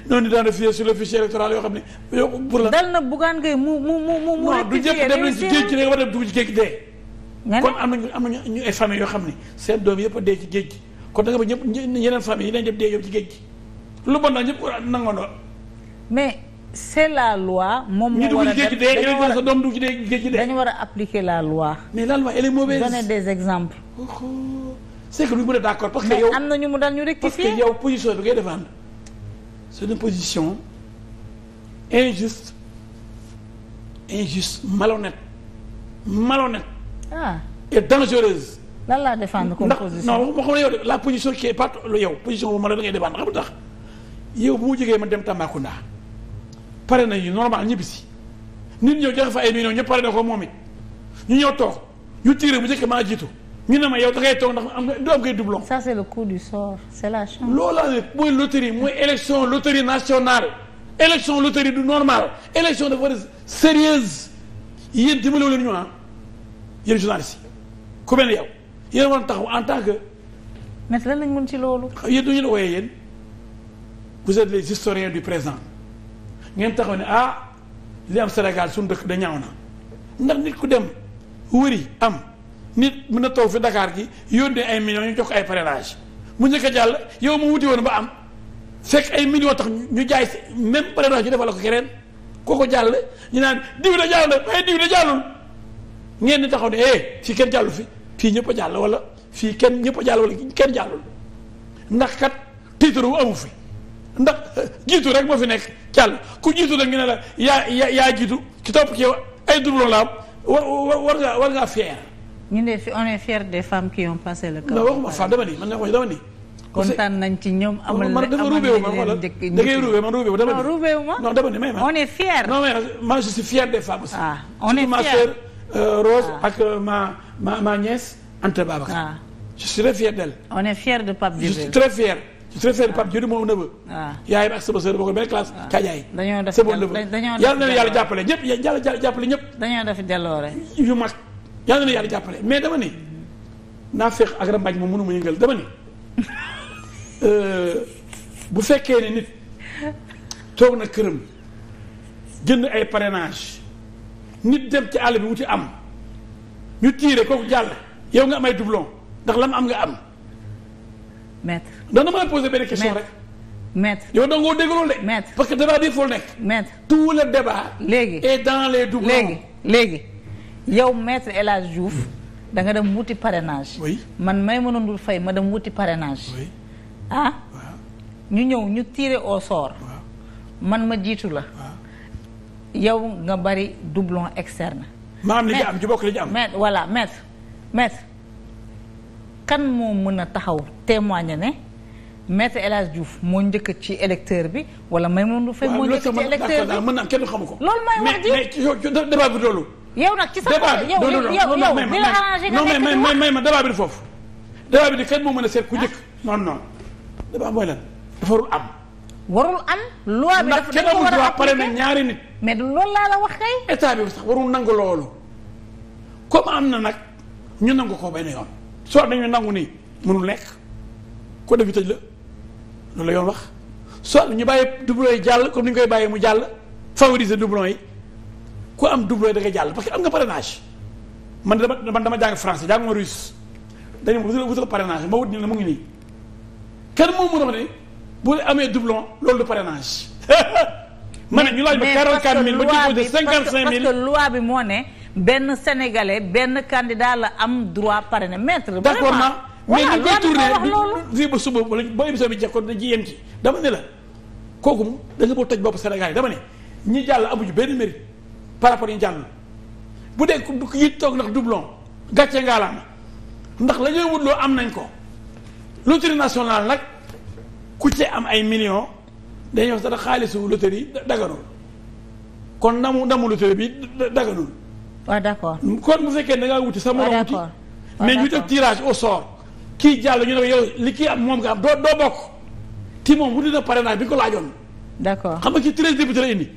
noonu daan fiyee sur le fichier électoral yoo xam ne yow pour la. dal na bugaan ngay mu mu mu mu. rectifier réussir waaw du ñëpp dem nañ ci géej gi da nga war dugg ci géej gi dee. kon am nañu am nañu ñu ay famille yoo xam ne seen doom yëpp a dee ci géej gi kon da nga ba ñëpp yeneen famille yi dañ def dee yëpp ci géej gi lu bon naa ñëpp nangandoo mais c'est la loi moom moo war a def sa doom ci géej gi dee dañu war a appliquer la loi mais la loi elle est mauvaise donner des exemples c'est que lu yow am na ñu mu dal ñu rectifier parce que yow position bi ngay défendre c'est une position injuste injuste malhonnête malhonnête ah est dangereuse. lan laa défendre comme position ndax non ma xam ne yow la position qui est pas yow position bu ma la da ngay défendre xam nga tax yow bu jógee ma dem Tambacounda pare nañu normal ñibbisi si nit ñëw joxe fa ay millions ñëpp pare na ko moom it ñu ñëw toog ñu tiire bu njëkk ma jiitu ñu ne ma yow da ngay toog ndax am nga doo am ngay doublon. ça le coup du sort c'est la ne mooy loterie mooy élection loterie nationale élection loterie du normal élection dafa war a sérieuse leen ñu ah. yéen journaliste yi ku mel ne yow yéen waroon taxaw en tant que. mais lan lañ mën ci loolu. yéen du ñu la wooyee yéen vous êtes les historiens du présent ngeen taxaw ne ah li am Sénégal suñu dëkk da ñaaw na ndax nit ku dem wëri am nit mun na taw fi Dakar gi yónnee ay millions ñu jox ko ay parrainage mu njëkk jàll yow mu wuti woon ba am fekk ay millions tax ñu jaay si même parrainage ñu defal ko keneen kooku jàll ñu naan diw da jàll waaye diw da jàllul. ngeen di taxaw ne eh fii kenn jàllu fi fii ñëpp jàll wala fii kenn ñëpp a jàll wala kenn jàllul ndax kat tiitaru amu fi ndax eh, jiitu rek moo fi nekk jàll ku jiitu da ngi ne la yaa yaa yaa jiitu ci topp ci ay doublon la am war war ngaa war ngaa fier. ñu ne on est fier des femmes qui ont waxuma femme dama ni man wax dama ni. kontaan nañ ci ñoom amal na amal na leen da ngay ruubee man ruubee dama ni. non ruubee wu ma non dama ni may ma. on est fier non mais Euh, Rose ah. ak euh, ma ma ma nièce Anta baaba ah. je suis très fier d'elle. fier de Pape Djibril je suis très fier. je suis très fier de Pape ah. Djibril moom neveu. waaw yaayam ak sama sœur bokk benn classe. waaw Caajaay. dañoo def dañoo yàlla na yàlla jàppale ñëpp dañoo def delloore. yu mag yàlla na yàlla jàppale mais dama ni naa feex ak rambaaj moom mënu ma yëngal dama ni euh, bu fekkee ne nit toog na këram jënd ay parrainage. nit dem ci àll bi wuti am ñu tiire kooku jàll yow nga amay ay ndax lam am nga am. maître non non ma posé benn question rek. maître yow da nga koo déglu de. que débat bi foofu nekk. maître tout le débat. léegi est dans les doublons léegi léegi. yow maître El Hadj Diouf da nga dem wuti parrainage. oui man may ma doon fay ma dem wuti parrainage. ah. ñu ñëw ñu tiire au sort. man ma jiitu la. yow nga bari doublon externe. maam li nga am ci bokk li nga am maître voilà mais maître kan moo mën a taxaw témoigner ne maître El Hadj Diouf moo njëkk ci électeur bi wala may moom du fekk moo njëkk ci mën na kenn xamu ko. loolu may wax ji yow nag ci sa bopp yow yow yow bi du foofu. débat bi di kenn moo mën a seet ku njëkk. non non débat mooy lan dafa am. warul am. loi bi dafa dañ ko war a appliqué na ñaari nit. mais du loolu laa la wax kay. état bi sax warul nangu loolu comme am na nag ñu nangu ko benn yoon soo dañu nangu nii mënul nekk ko def tëj la loolu la yoon wax soo ñu bàyyi doublon yi jàll comme ni ñu koy bàyyi mu jàll favoriser doublon yi ku am doublon yi da nga jàll parce que am nga parrainage man dama man dama jàng français jànguma russe dañu wutal wutal parrainage ma wut nii la mu ngi nii kenn moom bu amee doublon loolu du parrainage. ma ne ñu laaj ba 44 000 ba ci de 55 000 parce que loi moo benn sénégalais benn candidat la am droit parrainer maître. vraiment d'accord naa mais ñu koy tourné fii ba suba wala ba émission bi jekkoon dañ ci yem dama kooku da nga bëgg a toj bopp Sénégal yi dama ne ñi jàll amuñu benn mérite par rapport ñu bu dee ku yi toog ndax doublon gàcce ngaalaama ndax la ñuy wutloo am nañ ko l'autorité nationale nag. ku ci am ay millions dañuy wax sax xaalisu loterie daganul kon ndamu ndamu loterie bi daganul. waaw d'accord kon bu fekkee da ngaa wuti sa morom wuti mais ñu def tirage au sort kii jàll ñu ne yow li kii am moom nga am doo bokk ti moom wuti na parrainage bi ñu ko laajoon. d'accord xam nga kii treize députés la indi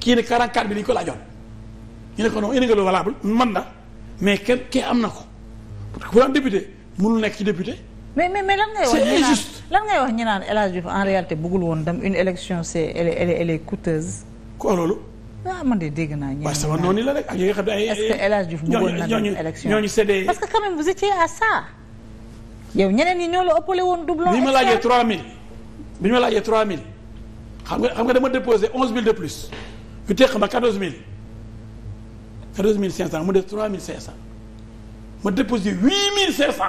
kii ne 44 bi ni ñu ko laajoon ñu ne ko non indi nga lu valable na mais kenn kii am na ko parce que bu daan député nekk ci député. mais mais mais lan ngay wax ñu naan lan ngay wax ñu naan en réalité bëggul woon dem une élection c'est elle est elle est elle loolu. ah man de dégg naa. waaw sama noonu la rek ak yi nga xam ne ay. est-ce que El Hadj Diouf bëggoon na dem élection ñooñu ñooñu parce que quand même vous étiez à ça. yow ñeneen ñi ñoo la ëppale woon doublon. bi ñu ma laajee 3000 bi ñu ma laajee 3000 xam nga xam nga dama déposé 11000 de plus yu teq ma 14000 14500 mu def 3500 ma déposé 8500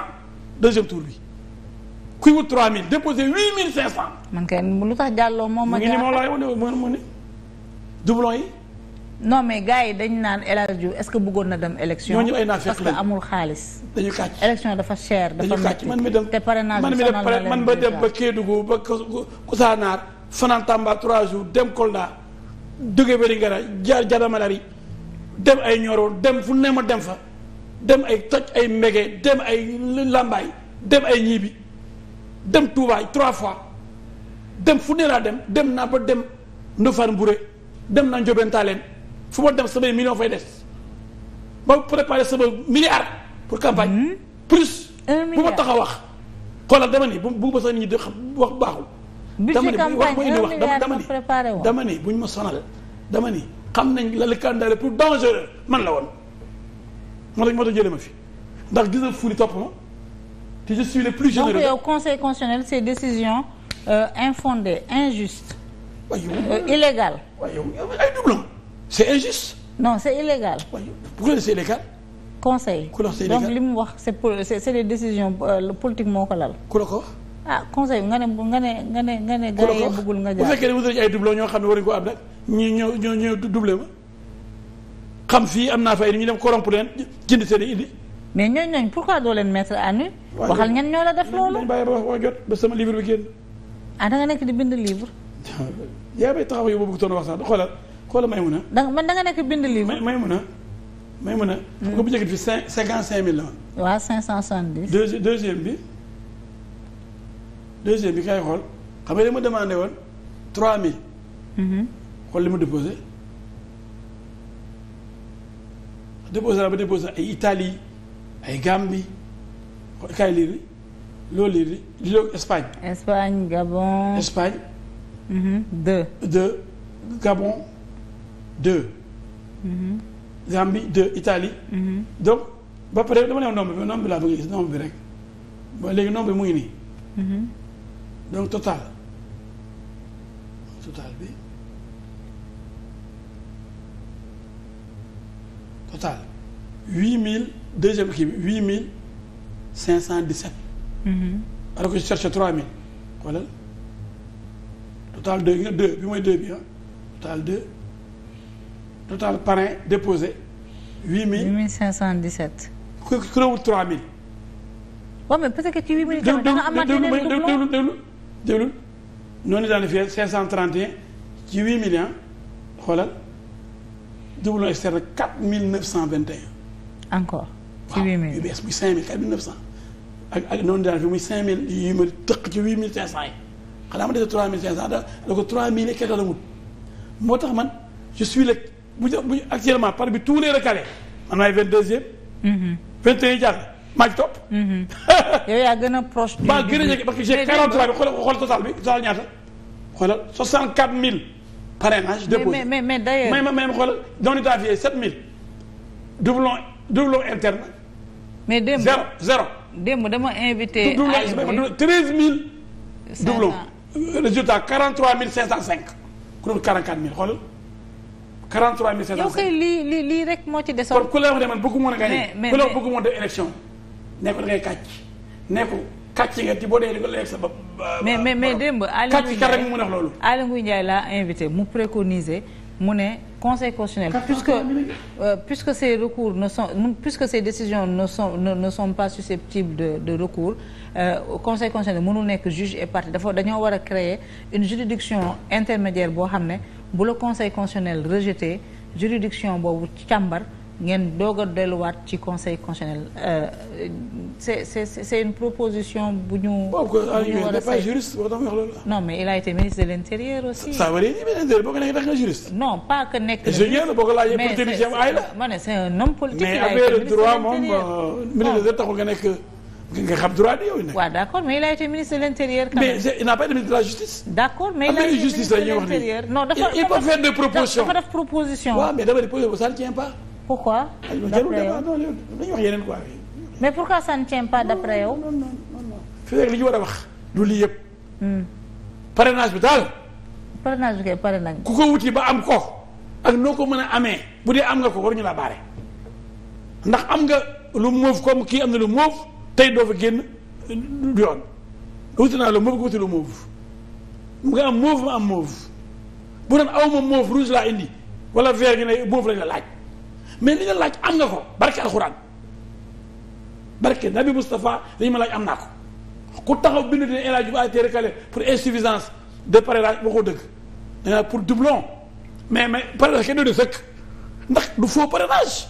deuxième tour bi. kuy wut 3000 déposé 8500. man kay lu tax jàlloo moom ma. jaaxal mu ngi mu yi. non mais gars yi dañ naan El Hadj Diouf est-ce que bëggoon na dem élection ñooñu ay naaf parce que amul xaalis. dañu kàcc élection dafa cher. dafa métti man mi dem te parrainage man mi dem man ba dem ba Kédougou ba Kousanaar fanaan Tamba 3 jours dem Kolda jóge Vélingara jaar Jadamalari dem ay Nioro dem fu ne ma dem fa dem ay toj ay Mbege dem ay Lambaay dem ay Ñiibi. dem Touba trois fois dem fu ne laa dem dem naa ba dem Ndofane Mbouré dem naa Ndiobène Tallène fu ma dem samay million fay des ma préparé sama milliard pour campagne. Hmm. plus bu ma tax a wax. xoolal dama ni bu bu ma sax nit ñi di xam wax baaxul. budget campagne un milliard dama ni dama ni buñ ma sonal dama xam nañ la le candidat le plus dangereux man la woon. moo tax moo tax jëlee ma fi ndax gis na fuuli topp ma. te je le plus généreux. donc euh, yow conseil constitutionnel ces décisions euh, euh ay doublons c'est injuste. non c'est illégal. waaw pourquoi c'est illégal. li mu wax c'est pour c'est des décisions euh, politique moo ko lal. ku la ko. ah conseil nga ne nga ne nga ne nga ne. gars yi bëggul nga jaar bu fekkee ne wutal ay doublons ñoo xam ne waruñu ko am nag ñii ñoo ñoo xam fii am naa fay ñu dem corrompre leen jënd seen i indi. mais ñooñ ñooñ pourquoi doo leen mettre à nu waxal ñan ñoo la def loolu dañ bàyyi ba wax jot ba sama livre bi génn ah da nga nekk di bind livre yaa bay taxaw yow ba bëgg toon wax sax xoolal xoolal may mun a da man da nga nekk bind livre may mun a may mun a xam hmm. nga bu njëkk bi cinquante cinq mille la woon waaw cinq cent soixante-dix deuxième deuxième bi deuxième bi kay xool xam nga li ma demandé woon trois mille mm-hmm. xool li ma déposé déposé naa ba déposé ay Italie ay Gambie kay liir li loo liir li loo Espagne. Espagne Gabon Espagne. Mm-hmm. deux. Gabon deux. Mm-hmm. Gambie deux Italie. Mm-hmm. donc ba pare dama ne nombre bi nombre bi laa bëgg nombre bi rek ba léegi nombre bi mu ngi mhm. total total bi total huit deuxième kii bi huit mille cinq cent dix sept. Mhm. alors que je cherche trois mille xoolal total deux deux bi mooy deux bi ah total deux total parrain déposé huit mille. huit mille cinq cent dix sept. ku ku trois mille. waaw mais peut ci huit mille tamit da nga amaat yeneen doublon déglu déglu déglu déglu noonu daal di fiyee trente et ci huit millions xoolal doublon externe quatre mille neuf cent vingt en un encore. ci 8000 yu bees muy 5000 4900 ak ak noonu daan fi muy 5000 yu ma tëq ci 8500 yi xanaa ma dese 3500 da da ko 3000 et quelque la wut moo tax man je suis le bu ñu actuellement par bi tous les recalés man maay 22e. 21 jàll maa mm-hmm. a proche. maa mais mais mais d'ailleurs may ma may ma xoolal don état fii 7000 doublon doublon interne. mais de zéro zéro. démb dama invité. Aliou treize mille. doublon résultat quarante trois mille cinq cent cinq. ku doon quarante a mille xoolal. 43 500 yow kay lii lii lii rek moo ci desoon. kon ku la wax ne man a gagné. mais mais ku la bëggu ma woon def élection. ne ko da ngay kàcc. ne ko kàcc nga ci boo dee li nga sa bopp. mais mais mais démb Aliou Ndiaye kàcc kat rek mu mën a wax loolu. Aliou Ndiaye laa invité mu préconiser. mu ne conseil constitutionnel puisque euh, puisque ces recours ne sont puisque ces décisions ne sont ne, ne sont pas susceptibles de de recours euh, conseil constitutionnel mënul nekk juge et partie dafa dañoo war a créer une juridiction intermédiaire boo xam ne bu la conseil constitutionnel rejeté juridiction boobu càmbar ngeen doog a delluwaat ci conseil constitutionnel euh, c'est c'est c'est une proposition bu ñu. boobu n'est pas juriste boo tax wax loolu non mais il a été ministre de l'intérieur aussi. ça veut dire ministre boo ko nekkee tax nga juriste. non pas que nekk. ingénieur boo ko laajee politique ay la. ma ne c'est un homme politique. mais affaire droit moom euh, ministre de taxul nga nekk nga xam droit bi yow. waaw d'accord mais il a été ministre de l'intérieur. quand même mais il n'a pas été ministre de la justice. d'accord mais il a été ministre de l'intérieur. non dafa dafa dafa def proposition. waaw mais dafa di proposition ça ne tient pas. pourquoi. d'après yow dañuy wax yeneen quoi. mais pourquoi ça ne tient pas d'après yow. non non non li ñu war a wax du lii yëpp. Hmm. parrainage bi daal. parrainage bi kay pare ku ko wuti ba am ko ak noo ko mën a amee bu dee am nga ko waruñu laa baare ndax am nga lu moof comme kii am na lu moof tey doo fa génn du yoon wuti naa lu moof nga wuti lu moof nga am moof ma am moof bu doon aw ma moof rouge laa indi wala vert ñu moof lañ la laaj. mais li nga laaj am nga ko barke alxuraan barke nabi Moustapha li ñu ma laaj am naa ko ku taxaw bind dina El Hadj Ba a été recalé pour insuffisance de parrainage boo ko dëgg danaa pour doublon mais mais parrainage kenn du sëkk ndax du faux parrainage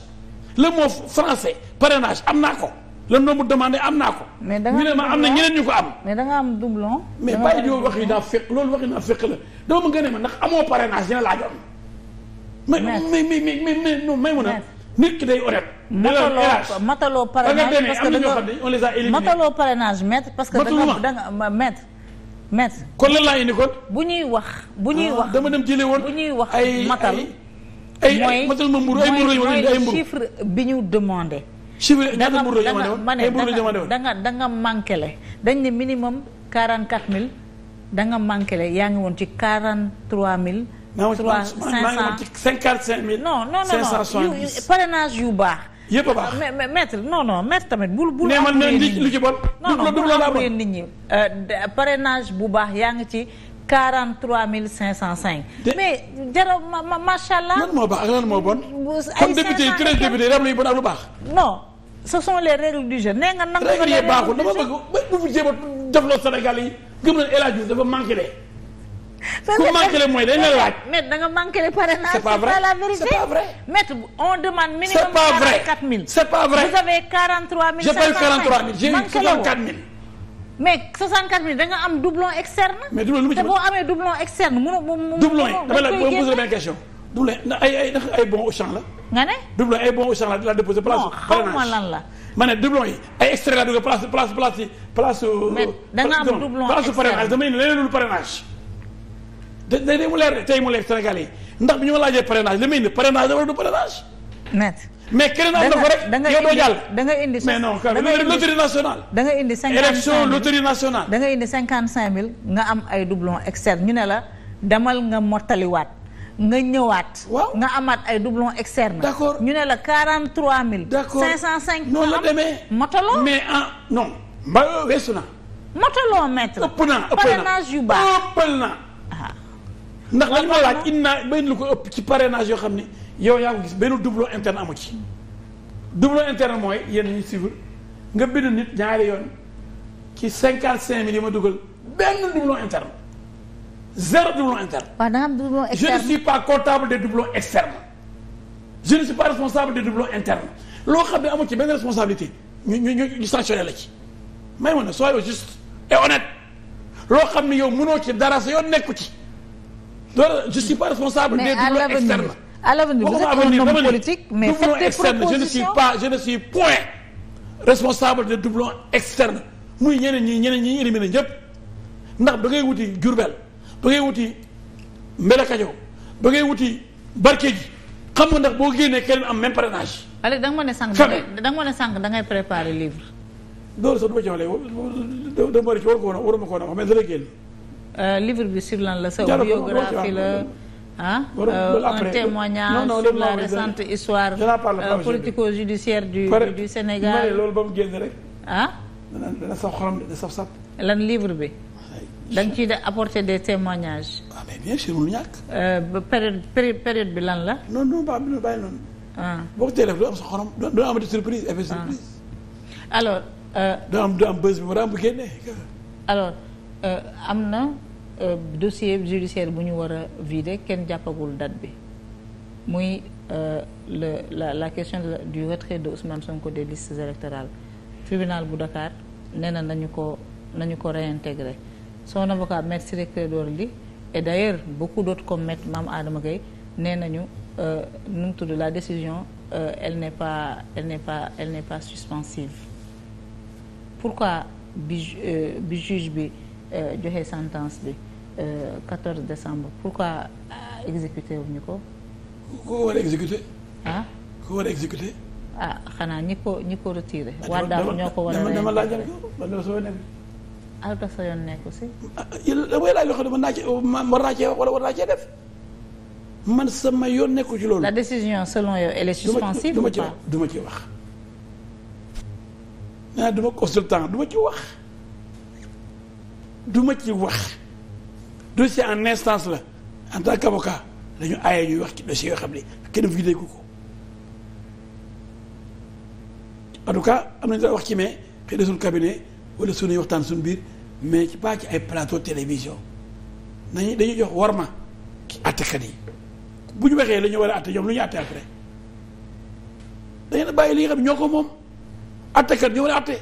le mot français parrainage am naa ko le nombre demandé am naa ko. mais da nga am na ñeneen ñu ko am. mais da nga am doublon. mais bàyyi di wax yi daa fekk loolu wax yi daa fekk la dama gën a ma ndax amoo parrainage dina mais mais mais mais non may mun a. nit ki day honnête. mataloo mataloo parrainage parce que da nga on les a éliminés mataloo parrainage maître parce que da nga da nga maître. maître kon lan laa indi kon. bu ñuy wax bu ñuy wax dama dem jëlee woon bu ñuy wax matal. ay ay matal ma mburu ay mburu lañu ay mburu mooy chiffre bi ñu demandé. chiffre ñaata mburu lañu demandé ay mburu lañu demandé woon da nga da nga manqué le dañ ne minimum 44000 da nga manqué le yaa ngi woon ci 43000. maa ngi woon maa ngi woon non non yu baax. yëpp a baax maître non non maître tamit bul bul. nee euh, bu baax yaa ngi ci. 43 505. mais jarab ma macha allah. lan moo baax ak lan moo bon. comme député yi a député yi am na bon ak lu baax. non sa sont les règles du jeu nee nga nangu. règles yi baaxul dama bëgg bu fi jéem a def loolu Sénégal yi gëm na El Hadj dafa manqué de. ku manqué le mooy le parrainage. c'est pas vrai la vérité. c'est pas vrai maître on demande minimum. quarante-quatre mille c'est pas vrai. vous soixante-quatre mille. mais am doublon externe. mais doublon lu mu ci te doublon externe mënoo mënoo. doublon yi dama ay bon au champ la. nga ne. doublon ay bon la la déposé place. non xaw ma lan la. ma ne doublon yi ay externe la dugg place place place place. mais euh, da am doublon externe place parrainage dama da day mu leer tey mu indi parrainage mais keneen am na ko rek nga indi mais non loterie nationale da nga indi cinquante élection loterie nationale da nga indi cinquante cinq mille am ay doublon externe ñu ne la demal nga mottaliwaat nga ñëwaat waaw nga amaat ay doublon externe d'accord ñu ne la quarante trois mille d'accord cinq cent cinq noonu la demee mais ah non mba weesu na mottaloo maître ëpp na parrainage yu baax ëppal na ndax lañ ma laaj in naa benn lu ko ëpp ci parrainage yoo xam ne yow yaa ko gis benn doublon interne amu ci doublon interne mooy yéen ñu suivre nga bind nit ñaari yoon ci cinquante cinq mille ma dugal benn doublon interne zéro doublon interne. waaw da nga am doublon externe je ne suis pas comptable des doublons externes je ne suis pas responsable des doublons loo xam ne amu ci benn responsabilité ñu ñu ñu ñu sanctionné la ci may ma ne soyez juste et honnête loo xam ne yow mënoo ci dara sa yoon nekku ci. loolu je suis pas responsable. mais à l' avenir à l' avenir vous êtes un homme politique mais faites des propositions je ne suis pas de doublons externes muy ñeneen ñi ñeneen ñi éliminé ñëpp ndax ba ngay wuti Diourbel ba ngay wuti Mbélacadiao ba ngay wuti Barkédji xam nga ndax boo génnee keneen am même parrainage. Aliou da nga ma sànq da nga ma ne sànq da ngay préparer livre. loolu sax du ma ci wax léegi dama war a ci war ko woon a waruma ko woon a wax génn. Euh, livre bi sur lan la sa biographie la ah euh, un témoignage sur la récente histoire euh, politico-judiciaire du Sénégal ba mu génn rek ah dana dana saf xorom dana saf sap lan livre bi da nga de apporter des témoignages ah mais bien période bi lan la non non ba bi bàyyi noonu ah boo du am sa xorom du am surprise effet ah. surprise alors du am du am bés bi mu am bu génnee alors am na Euh, dossier judiciaire bu ñu war a vider kenn jàppagul date bi muy euh, le la la question du retrait de Ousmane Sonko des listes électorales tribunal bu Dakar nee nañu ko nañu ko réintégrer son avocat maître Ciré Clédor Ly et d'ailleurs beaucoup d'autres comme maître Mame Adama Gueye nee nañu euh, nu mu tudd la décision euh, elle n'est pas elle n'est pas elle n'est pas suspensive pourquoi bi bi juge bi joxe sentence bi 14 euh, décembre pourquoi euh, exécuté wuñu ko. ku ko war a exécuté. ah ku war a exécuté. ah xanaa ñi ko ñi ko retiré. Ah, waa daal ñoo ko war a. dama laajal ko man nekk. ah dafa sa ah, naa cee war naa cee wala war naa cee def man sama yoon nekkul ci loolu. la décision selon yow elle ma ci du ma ci wax. ah du ci wax. du ma ci wax. dossier en instance la en tant qu'avocat dañu aaye ñuy wax ci dossier yoo xam ne kenn fi dégg ko en tout cas am nañu daan wax ci mais xëy na suñu cabinet wala suñuy waxtaan biir mais ci pas ci ay plateau télévision nañu dañuy jox warma ci àttekat yi bu ñu waxee la war a àtte ñoom lu ñu àtte après dañu bàyyi li nga xam ñoo ko moom àttekat ñu war a àtte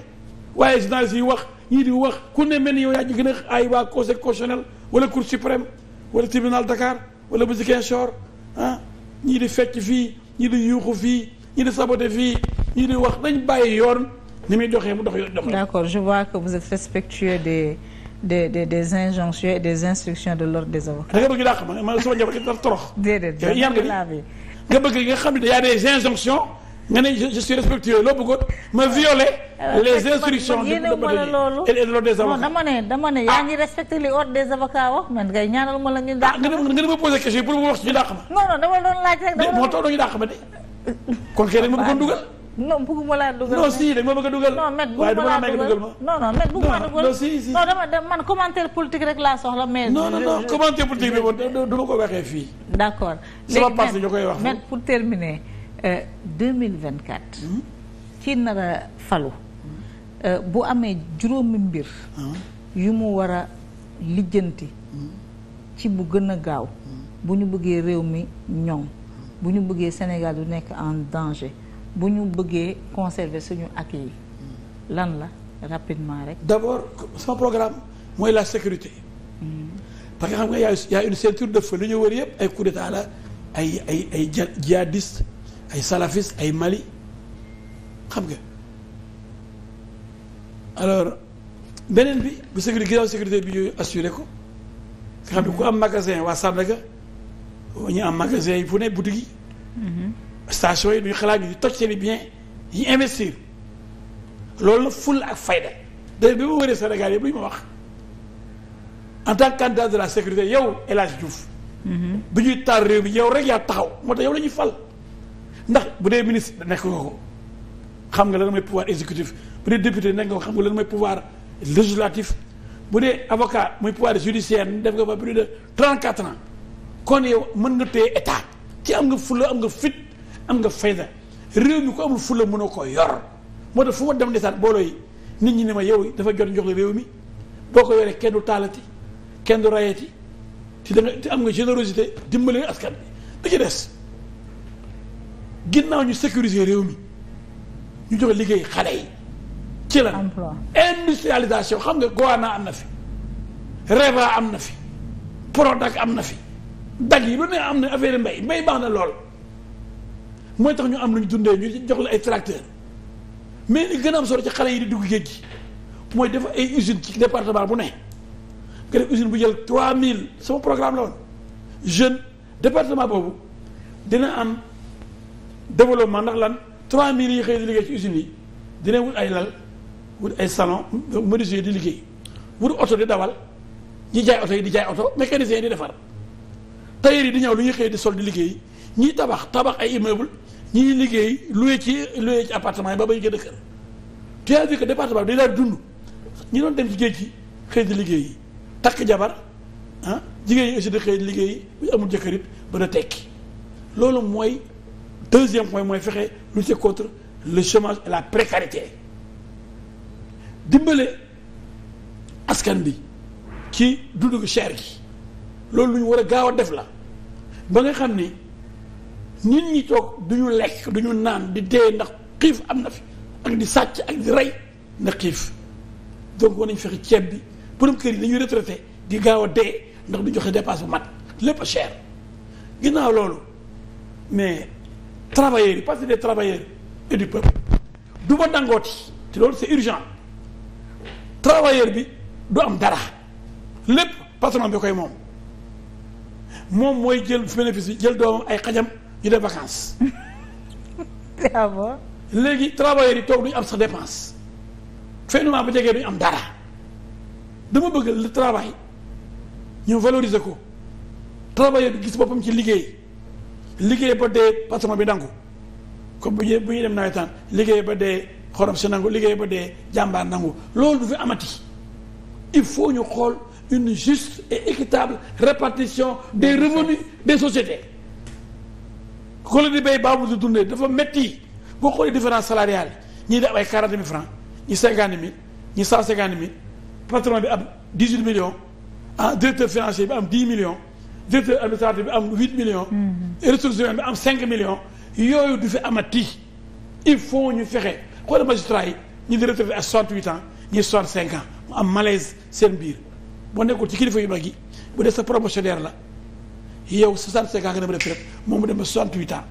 waaye journaliste yi wax ñii di wax ku ne mel ni yow yaa ci gën ay waa conseil constitutionnel wala cour suprême wala tribunal Dakar wala bu Ziguinchor ah ñii di fecc fii ñii di yuuxu fii ñii di saboté fii ñii di wax nañ bàyyi yoon ni muy doxee mu dox yoon dox d'accord je vois que vous êtes respectueux des des des des injonctions et des instructions de l'ordre des avocats. da nga bëgg dàq ma nga bëgg nga xam ne y a des injonctions. nga ne je suis ma violer euh, loolu dama ne dama ne yaa ah. ngi respecté li ordre des avocats wax man ngay ñaanal ma la ñu dàq ah, nga ne ma posé question pour ma wax ñu dàq ma non non dama doon laaj rek moo tax ñu dàq ma de kon kay rek ma laa dugal non si da nga ma bëgg a dugal non met bëgguma laa dugal non met bëgguma laa dugal non si si non dama man commentaire politique rek laa soxla mais non non non commentaire politique bi ma ko waxee met pour terminer Euh, deux mille vingt quatre. Hmm? kii nar a falu. Euh, bu amee juróomi mbir. Hmm? yu mu war a lijjanti. Hmm? ci bu gën a gaaw. bu ñu bëggee réew mi ñoŋ. bu ñu bëggee Sénégal du nekk en danger bu ñu bëggee conserver suñu ak yi. lan la rapidement rek. d'abord sama programme mooy la sécurité. parce que xam nga y a y a une ceinture de feu lu ñu wër yëpp ay coup d'état la ay ay ay jihadistes ay salafis ay Mali xam nga alors beneen bi bu sécurité ginnaaw sécurité bi ñu assuré ko nga xam ne ku am magasin waa Sandaga ñu am magasin yi fu ne boutique yi mhm. station yi duñu xalaat ñu toj seen yi investir loolu la ful ak fayda da bi ma wëree Sénégal yëpp ñu ma wax en tant que candidat de la sécurité yow élage Hadj Diouf mhm. bi ñuy taal réew mi yow rek yaa taxaw moo tax yow la fal ndax bu dee ministre nekk nga ko xam nga lan mooy pouvoir exécutif bu dee député nekk nga ko xam nga lan mooy pouvoir législatif bu dee avocat muy pouvoir judiciaire def nga ba plus de trente quatre ans kon yow mën nga téye état ci am nga fulla am nga fit am nga fayda réew mi ko amul fulla mënoo ko yor moo tax fu ma dem ndeysaan booloo yi nit ñi ne ma yow dafa jot njox la réew mi boo ko yoree kenn du taalati kenn du rayati te da nga am nga générosité dimbale askan bi du ginnaaw ñu sécuriser réew mi ñu joxe liggéey xale yi. ci la industrialisation xam nga Goana am na fi. Reva am na fi. Prodac am na fi. dag yi lu ne am na affaire mbay mbay baax na lool mooy tax ñu am lu ñu dundee ñu jox la ay tracteur mais li gën a am solo ci xale yi di dugg géej gi mooy def ay usine ci département bu ne nga def usine bu jël trois mille sama programme la woon jeune département boobu dina am. développement ndax lan 3000 yi xëy di liggéey ci usines yi dinañ wut ay lal wut ay salon menuisier di liggéey wut oto di dawal ñi jaay oto yi di jaay oto mécanicien yi di defar tailleur yi di ñaw lu ñuy xëy di sol di liggéey ñiy tabax tabax ay immeuble ñiy liggéey loué ci loué ci appartement yi ba ba ñu gën a kër tu as vu que département bi daal dund ñi doon dem ci géej gi xëy di liggéey takk jabar ah jigéen yi di xëy di liggéey amul jëkkër it ba da tekki loolu mooy deuxième point mooy fexe lu contre le chômage et la précarité dimbale askan bi ci dundu gu cher gi loolu lu ñu war a gaaw a def la ba nga xam ni nit ñi toog ñu lekk duñu naan di dee ndax xiif am na fi ak di sàcc ak di rey ndax xiif donc war nañu fexe ceeb bi borom kër yi dañuy retraité di gaaw a dee ndax du joxe dépasse bu mat lépp a cher ginnaaw loolu mais. travailleurs yi parce que des travailleurs et du peuple du ma te loolu c'est urgent travailleur bi du am dara lépp patron bi koy moom moom mooy jël bénéfice bi jël doomam ay xajam ñu def vacances. d'accord ah léegi travailleurs yi toog duñu am sa dépense phénomène bu jegee duñu am dara dama bëgg le ñu valoriser ko travailleur bi gis boppam ci liggéey. liggéey ba dee patron bi nangu comme bu ñuy bu ñuy dem nawetaan liggéey ba dee xorom si nangu liggéey ba dee jàmbaar nangu loolu du fi amati il faut ñu xool une juste et équitable répartition des revenus des sociétés ku la di béy baabu di dundee dafa metti boo xoolee différence salariale ñii di am ay quarante mille francs ñi cinquante mille ñi cent cinquante mille patron bi am dix huit million ah directeur financier bi am dix millions directeur administratif bi am huit millions. Mhm. ressources humaines bi am cinq millions. yooyu du fi amati il faut ñu fexe xoolal magistrat yi ñu di retraité à soixante huit ans ñuy soixante cinq am malaise seen biir boo nekkoo ci kilifa yu mag yi bu dee sa promotionnaire la yow soixante cinq ans nga dem retraite moom dem ba soixante huit ans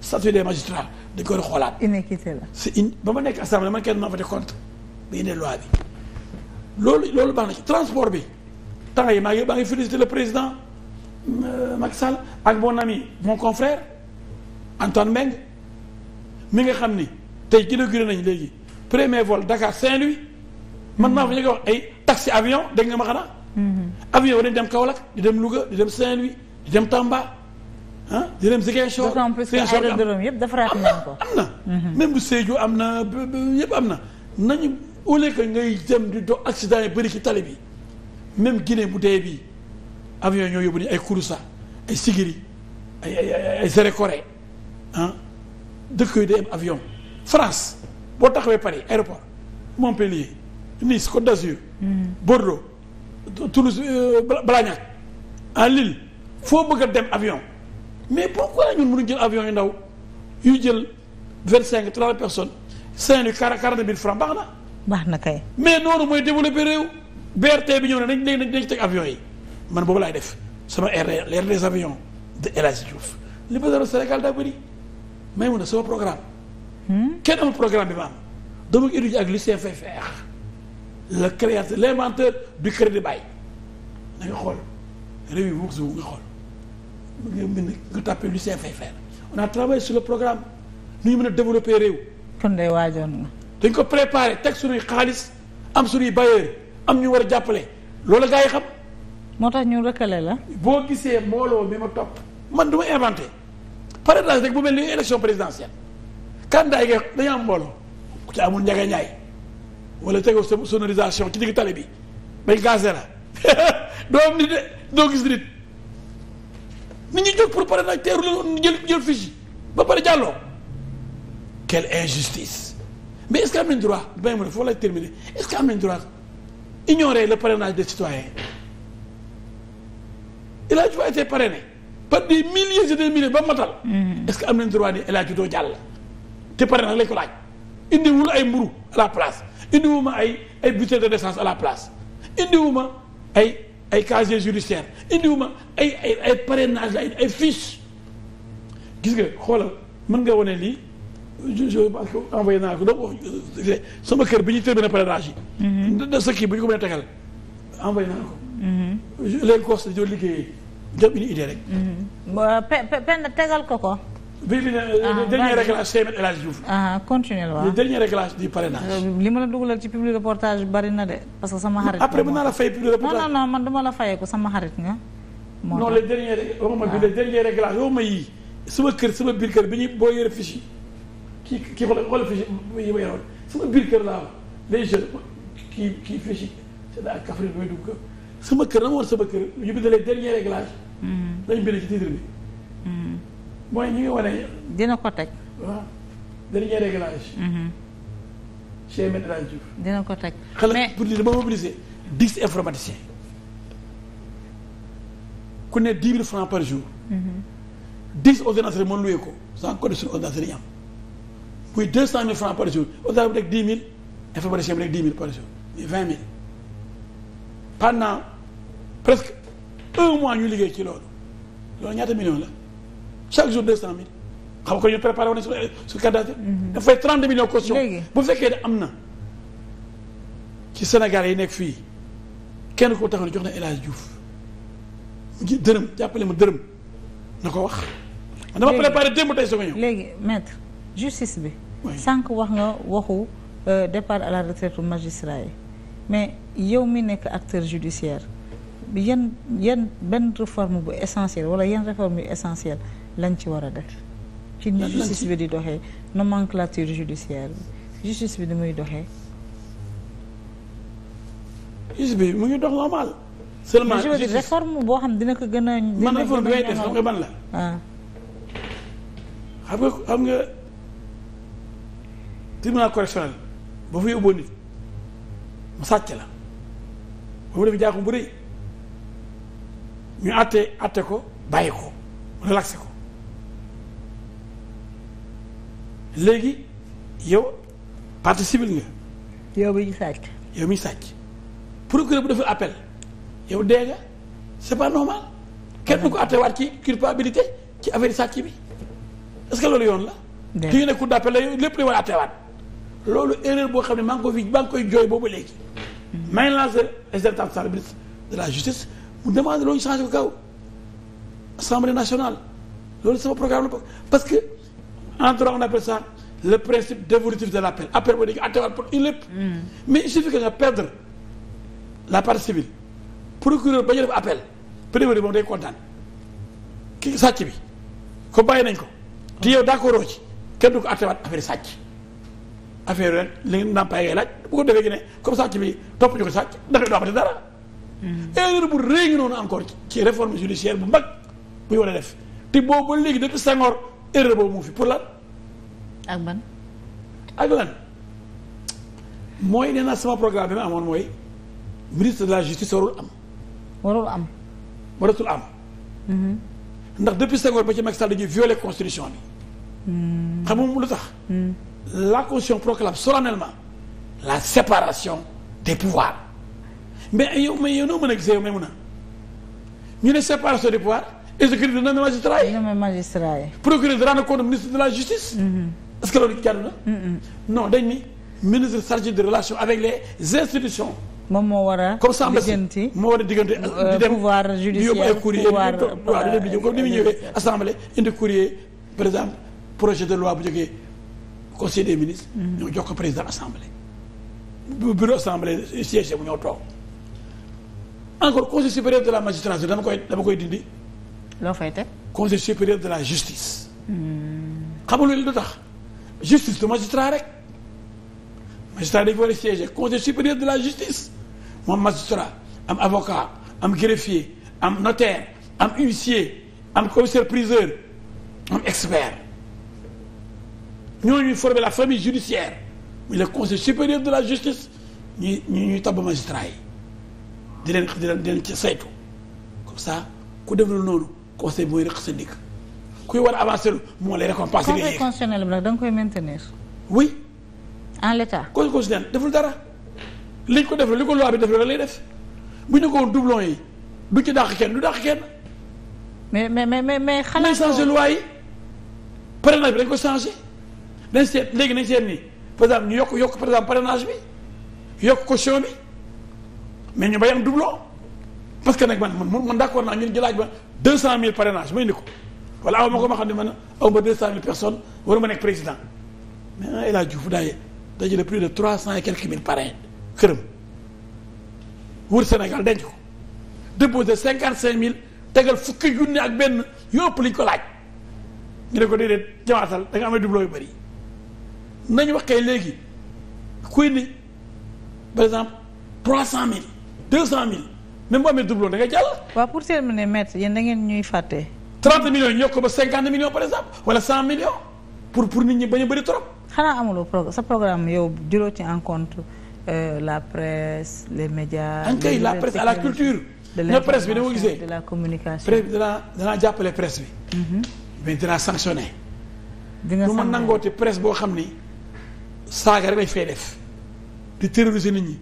statut des magistrats dañ koy xoolaat. inéquité la c'est ba ma nekk assemblée man kenn maa voté contre ba indee loi bi loolu loolu baax na ci bi temps yi maa ngi le président. Euh, Macky Sall ak mon ami mon confrère Antoine Mbengue mi nga xam ni tey inauguré nañ léegi premier vol Dakar Saint-Louis mën naa fa ñu koy wax ay tax taxi avion de nga ma xanaa. Mhm. avion dañ dem Kaolack di dem Louga di dem Saint-Louis di dem Tamba ah di dem Ziguinchor. am na mhm. même bu Sédhiou am na yëpp am na nañu au lieu que ngay dem di do accident yi bëri ci tali bi même Guinée bu dee bii. avion ñoo yóbbu ni ay Kouroussa ay Sigiri ay ay ay Sérékoré ah dëkk yooyu day am avion France boo taxawee Paris aéroport Montpellier Nice Côte d'Azur. Mm. Bordeaux Toulouse euh, Blagnac à ah, Lille foo bëgg a dem avion mais pourquoi ñun mënuñ jël avion yu ndaw yu jël vingt cinq trente personnes cinq mille quarante mille francs baax na. baax na kay. mais noonu mooy développer réew BRT bi ñëw ne nañ léegi nañ teg avion yi. man boobu laay def sama RR l'ère des avions de El Hadji Diouf li ma doon Sénégal daa bëri may mun a sama programme. Hmm? kenn amul programme bi ma am. dama ko étudier ak Lucien Feyfex le créateur l'inventeur du crédit bail da nga xool réew xool nga mën a travaillé sur le programme nu ñu mën a développer réew. kon day waajoon na. dañ ko préparer teg suñuy xaalis am suñuy bailleurs am ñu war a jàppale loolu gaa yi xam. moo tax ñu rëkkale la. boo gisee mbooloo mi ma topp man du ma inventé parrainage rek bu mel ni élection présidentielle candidat yi dañu am mbooloo ku ci amul njaga ñaay wala tegoo sa sonorisation ci digg tali bi bañ gaasee la doo nit de doo gis nit nit ñi jóg pour parrainage teeru la jël jël fiche ba pare jàlloo quelle injustice mais est-ce que am nañ droit may mu ne foofu lay terminer est-ce que am nañ droit ignorer le parrainage des citoyens El Hadj a été parrainé par des milliers et des milliers ba matal. Mm-hmm. est-ce que am nañ droit ni El Hadj doo jàll. te parrainage lañ ko laaj indiwul ay mburu à la place indiwuma ay ay bulletin de naissance à la place indiwuma ay ay casier judiciaire indiwuma ay ay ay parrainage la ay fiche gis nga xoolal mën nga wane lii. je je envoyé naa ko donc euh, sama kër bi ñuy terminé parrainage yi. Mm-hmm. da sa kii bu ñu ko mënee tegal envoyé naa ko. Mm-hmm. les gosses dañoo liggéeyee jox une idée rek. Mm-hmm. pe pe tegal ko ko. bi bi le ah, euh, dernier réglage Sémène El Hadj Diouf. ah continué waaw le dernier réglage du parrainage. Euh, li ma la dugalal ci public reportage bari na de parce que sama xarit. après mën naa la fay public reportage non non non man duma la fayee ko sama xarit nga. moo non le dernier waxuma bi le dernier réglage waxuma yii sama kër sama biir kër bi ñuy boo yore fiche yi kii kii xoolal xoolal fiche yi ma yoroon sama biir kër laa am les jeunes kii kii fiche yi c'est à Kaffrine mooy dugg. sama kër na ma war sama kër ñu bindalee dernier réglage. dañ hmm. bind ci titre bi. Hmm. mooy ñi ngi wane. dina ko teg. waaw dernier réglage. Hmm. chez Maître dina ko teg mais xale pour li dama mobiliser dix informaticiens ku ne dix mille francs par jour. dix ordinateurs mën luye ko sans condition ordinateurs yi am muy deux cent mille francs par jour ordinateur bi rek dix mille mille par jour muy vingt mille pendant. presque un mois ñu liggéey ci loolu loolu ñaata millions la chaque jour deux cent mille xam ko ñu préparé woon nañu su euh, carte d'identité mhm. dafa fay trente millions caution bu fekkee ne am na ci Sénégal yi nekk fii kenn ko taxaw ne jox na El Hadj Diouf mu ngi dërëm jàppale ma dërëm na ko wax man dama préparé démb tey soo ko ñëw léegi maître justice bi sànq wax nga waxu euh, départ à la retraite bu magistrat mais yow mi nekk acteur judiciaire yan yan benn réforme bu essentielle wala yan réforme yu essentielle lañ ci war a def ci ni justice bi di doxee nomenclature judiciaire justice bi di doxee justice bi mu ngi dox normal seulement réforme boo xam dina ko man réforme bi xam nga la ah. xam nga xam correctionnel ba fa yóbboo nit mu sàcc la ba mu def jaaxum bu rëy ñu àtte àtte ko bàyyi ko relaxé ko léegi yow partie civile nga. yow mi ñu sàcc. yow mi ñu sàcc procureur bu deful appel yow dee nga c'est pas normal kenn du ko àttewaat ci culpabilité ci affaire sàcc bi est-ce que loolu yoon la. ki ñu ne cour d'appel la lépp la war a àttewaat loolu erreur boo xam ne maa ngi ko fi maa koy jooy boobu léegi. maa ngi lancé exertant de la justice. mu demandé loolu ñu changé ko gaaw assemblée nationale loolu sama programme la parce que en droit on appelle ça le principe dévolutif de l'appel appel boo dégg attewaat mm. mais il suffit que nga la partie civile ba ñu def appel préveri moom day kontaan ki sàcc bi ko bàyyi nañ ko te yow d'accord oo ci kenn du ko attewaat affaire sàcc affaire ren li ngeen ndàmpaay ngay laaj bu ko defee gi ne comme sàcc bi topp ñu ko sàcc dafay doo amati dara Mm. erreur bu rëy ngi noonu encore ci réforme judiciaire bu mag bu ñu war a def te boobu ba léegi depuis Senghor erreur boobu mu fi pour lan. ak ban. ak lan mooy nee naa sama programme bi ma amoon mooy ministre de la justice warul am. warul am. waratul am. Mm-hmm. ndax depuis Senghor ba ci Macky Sall dañuy violet constitution bi. Mm. xam nga lu tax. Mm. la constitution proclame solennellement la séparation des pouvoirs. mais yow mais yow noo mën a gisee yow may mun a ñu ne séparation des pouvoirs exécutif dina ne magistrat yi. dina ne magistrat yi. ministre de la justice. Mm-hmm. est-ce que loolu jaadu na. non dañ ni ministre chargé de relations avec les institutions. moom moo war a. diggante moo war a diggante euh, di dem pouvoir judiciaire yóbbu di mu euh, ñëwee assemblée indi courrier par exemple projet de loi bu jógee conseil des ministres. Mm-hmm. ñoo jox président assemblée. bu bureau assemblée siège bu ñoo toog. encore conseil supérieur de la magistrature dama koy dama koy dindi. loo fa teg conseil supérieur de la justice. xamul lu tax justice du magistrat rek magistrat dañu war a conseil supérieur de la justice moom magistrat am avocat am greffier am notaire am huissier am commissaire priseur am expert ñooñu former la famille judiciaire muy le conseil supérieur de la justice ñuy ñuy tabb magistrat yi. di leen di leen di leen ca saytu comme ça ku def lu noonu conseil mooy rëq sa ndigg kuy war a avancer lu moo lay récompenser. nga yéeg conseil constitutionnel bi nag da nga koy maintenir. oui. en l'état. conseil deful dara liñ ko def li ko loi bi def la lay def bu ñu ko woon doublon ci dàq kenn du dàq kenn. mais mais mais mais xanaa. nañ changé loi yi parrainage bi dañ ko changé dañ seet léegi nañ seet nii par exemple ñu yokk yokk par exemple parrainage bi yokk caution bi. mais ñu bay am doublon parce que nag man man man d' accord naa ñu ne jëlaat ba 200000 parrainage may ni ko wala aw ma ko ma xam ne man aw ma 200000 personnes waru ma nekk président mais El Hadj Diouf daaye dajale plus de 300 et quelques mille parrain këram wër Sénégal denc ko déposé 55000 tegal fukki junne ak benn yoo ëpp li ñu ko laaj ñu ne ko déedéet jamaatal da nga amee doublon yu bëri nañ waxee léegi kuy ni par deux cent mille même bu amee doublon da ngay jàll. waaw pour terminer maître yéen da ngeen ñuy fàtte. trente millions yi ñu yokk ba cinquante millions par exemple wala cent millions pour pour nit ñi bañ a bëri trop. xanaa amuloo pro sa programme yow jëloo ci en compte euh, la presse les médias. en kay la presse à la culture. de la presse bi da nga gisee de la communication. bi danaa danaa jàppale presse bi. Mm-hmm. mais dinaa sanctionné. dina sanctionné lu ma nangooti presse boo xam ni saaga rek lañ fay def di terroriser nit ñi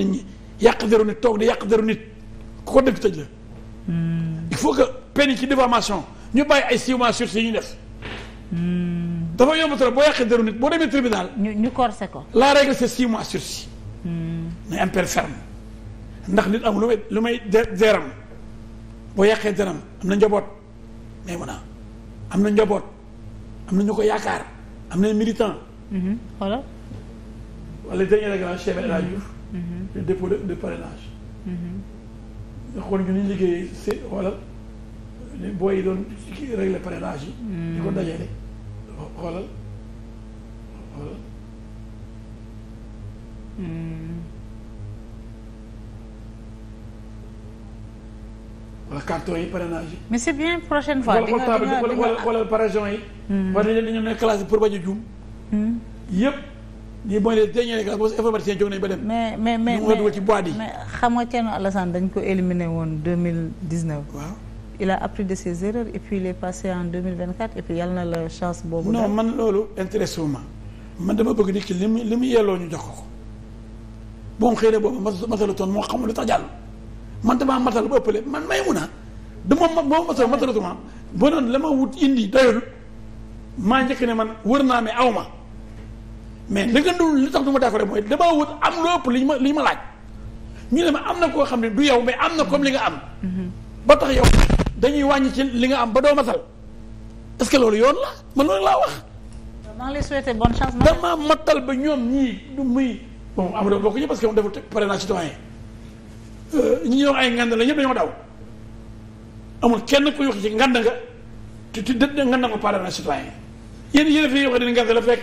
nit ñi. yàq deru nit toog di yàq deru nit ku ko def tëj la. Hmm. il faut que peine yi ci diffamation ñu bàyyi ay six mois sursis yi ñu def. Hmm. dafa yomb trop boo yàqee deru nit boo demee tribunal. ñu ñu corsé ko. la règle c'est six mois sursis. Hmm. mais impair ferme ndax nit am lu may lu may deram boo yàqee deram am na njaboot mais mun a am na njaboot am na ñu ko yaakaar am na militant. voilà. wala dernier grand chef El Hadj Diouf Mm-hmm. le dépôt de parrainage. nga xool ñu ni liggéey si xoolal ni booy yi doon régler parrainage yi. Mm-hmm. di ko dajale xoolal xoolal. wala mm-hmm. carton yi parrainage yi. mais c'est bien prochaine fois. di nga di nga di nga xoolal par région yi. war nañu ne dañoo nekk classe pour bañ a juum. yëpp. lii mooy les dernières réclames informaticiens jóg nañu ba dem. mais mais mais ñu dugal ci boîte yi. mais xam nga Thierno Alassane dañ ko éliminé woon deux mille dix neuf. waaw il a appris de ses erreurs et puis il est passé en deux mille vingt quatre et puis yàlla na la chance boobu. non man loolu intéressé wu ma man dama bëgg nit ki li mu li mu yelloo ñu jox ko ko bon xëy na boobu masalu toon moo xamul lu tax jàll. man damaa matal ba ëppale man may mun a dama ma boo matal matalatuma ba doon la ma wut indi doyul maa njëkk ne man wër naa mais aw ma. mais li nga dul li tax du ma d'accord mooy damaa wut am lu ëpp li ñu ma li ñu ma laaj ñu ne ma am na koo xam ne du yow mais am na comme li nga am. ba tax yow dañuy wàññi ci li nga am ba doo matal est-ce que loolu yoon la man loolu laa wax. maa ngi lay souhaiter bonne matal ba ñoom ñii du muy bon Amadou bokk ñu parce que moom deful parrainage citoyen euh, ñoo ay ngand la ñëpp dañoo daw amul kenn ku wax ci ngand nga te te ngand nga parrainage citoyen yéen yéen a fi wax ne ngand la fekk.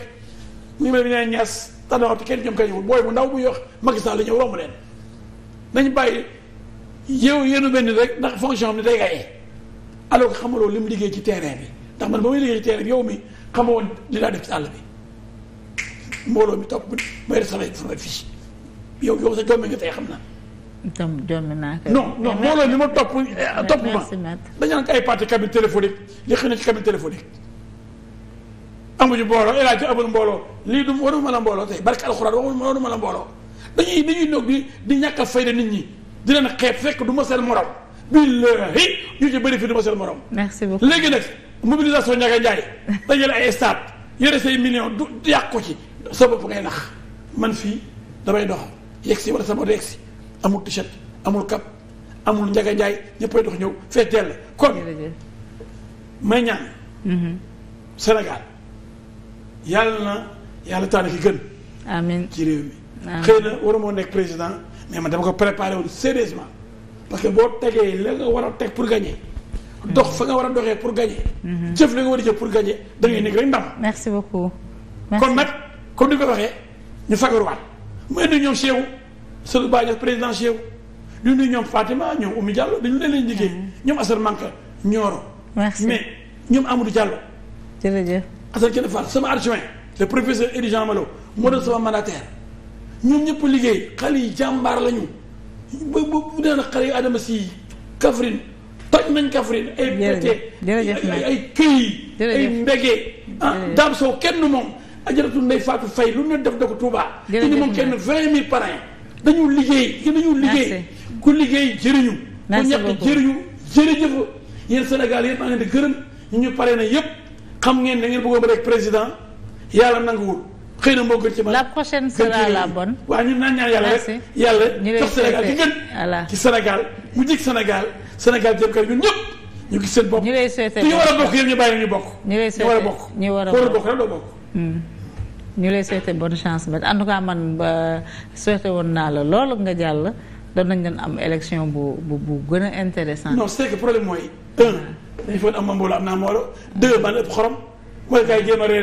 bu ñu mënee dañu naan ñaas tànnawaat kenn ñoom kañu booy bu ndaw mu yox mag Sall la ñëw romb leen nañ bàyyi yow yéenu benn rek ndax fonction am ni day gaye alors que xamaloo li mu liggéey ci terrain bi ndax man ba muy liggéey ci terrain yow mi xamoon li daa def si àll bi mbooloo mi topp may def samay samay fiche yow yow sa jommi nga tey xam na donc jommi naa ko. non non mbooloo mi ma topp eh, topp ma dañu naan ay parti cabine téléphonique li xëy na ci cabine téléphonique amuñu mbooloo El Hadj amul mbooloo lii du waru mën a mbooloo tey barke alxuraan waxul waru mën a mbooloo dañuy dañuy noog di di ñàkk a fayda nit ñi di leen xeeb fekk du ma seen morom billahi ñu a bëri fi du ma seen morom. merci beaucoup léegi nag mobilisation ñaaka njaay dajale ay stade yore say millions du yàq ko ci sa bopp ngay nax man fii damay dox yegg si wala sa bopp yegg si amul t-shirt amul cap amul njaga njaay ñëppay dox ñëw fees dell kon may ñaan mhm. Sénégal yàlla na yàlla tànn ki gën. amiin ci réew mi. xëy na waru moo nekk président mais ma dama ko préparé woon sérieusement parce que boo tegee la nga war a teg pour gagner. dox fa nga war a doxee pour gagner. Mhm. jëf la nga war a jëf pour gagner da ngay nekk rek ndam. merci beaucoup. kon nag kon ni ko waxee ñu fagaruwaat mu indi ñoom Cheikhou Sëñ Ba président Cheikhou ñu nuyu ñoom Fatima ñoom Oumy Diallo dañu leen leen liggéey mhm. ñoom Assane Manka ñooro mais ñoom Amadou Diallo. jërëjëf. Assane Kene Fall sama adjoint le professeur Edy Jean Malo moo doon sama mandataire ñun ñëpp liggéey xale yi jàmbaar la ñu ba bu dee nag xale yu Adama si Kaffrine toj nañ Kaffrine ay pété ay këy ay mbégee ah daam sow kenn moom ajaratu Ndeye Fatou Faye lu ne def da ko Touba indi moom kenn vingt mille parrain dañu liggéey i dañu liggéey ku liggéey jëriñu ku ñàkk jëriñu jërëjëf yéen Sénégal yéen maa ngi leen di gërëm ñu ñu pare na yëpp xam ngeen da ngeen bëggoon ba rek président yàlla nanguwul xëy na moo gën ci man. la prochaine sera la bonne. waaw ñun naan yàlla rek yàlla jox Sénégal di gën ci Sénégal mu jik Sénégal Sénégal jëm kay ñun ñëpp ñu gis seen bopp ñu lay souhaité ñu war a bokk yëpp ñu bàyyi a bokk. ñu lay souhaité ñu war a bokk war a bokk rek doo bokk. Hmm. ñu lay souhaité bonne chance ba en tout cas man ba souhaité woon naa la loolu nga jàll doon nañ leen am élection bu bu bu gën a intéressant. non c'est problème mooy dañu foog am mbooloo am naa mbooloo deux man ëpp xorom mooy kay jéem a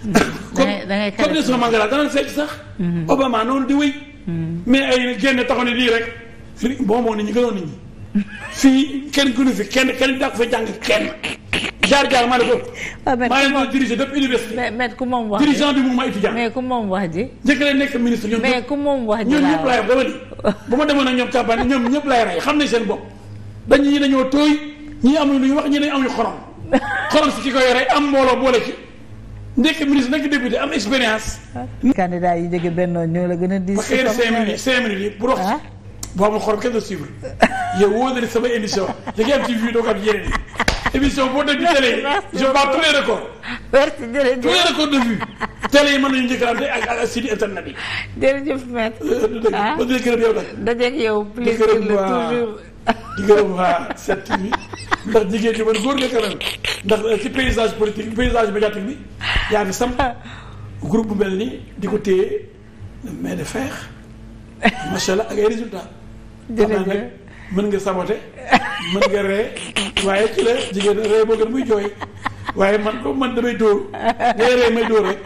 da ngay sax. Mhm. Obama noonu di wéy. Mhm. mais ay génn ne lii rek. bon moo nit ñi gënoon nit ñi fii kenn gënu fi kenn kenn daa ko fa jàng kenn. jaar jaar maa ne ah, ku moom wax ji. njëkk leen nekk ministre ñoom. ku moom wax ji ñëpp laay wax dama ni. bu ma demoon ak ñoom campagne ñoom ñëpp laay rey xam nañ seen bopp. dañ ñi dañoo tooy ñii amuñu lu ñu wax ñii dañu amuñu xorom xorom si ki ko yore am mbooloo boole ci nekk ministre nekk député am expérience. candidat yi jóge Benno ñoo la gën a diis. parce ah? boo amul xorom kenn du suivre émission da am ci vue doo ko am yeneen yi émission boo dem ci télé je bats tous les records. merci jërëjëf de vue. télé yi mën nañu njëkkalante ak ak site internet yi. jërëjëf maître. ah dëgg yow nag. dajeeg toujours. di gërëm waa 7TV ndax jigéen ñi man góor nga kanam ndax euh, ci paysage politique paysage médiatique bi yaa ngi samp groupe bu mel nii di ko téye mais de feex macha ak ay résultats. jërëjëf mën nga sabote mën nga ree waaye ci la jigéen ree boo gën muy jooy waaye man comme man damay dóor ngay ree may dóor rek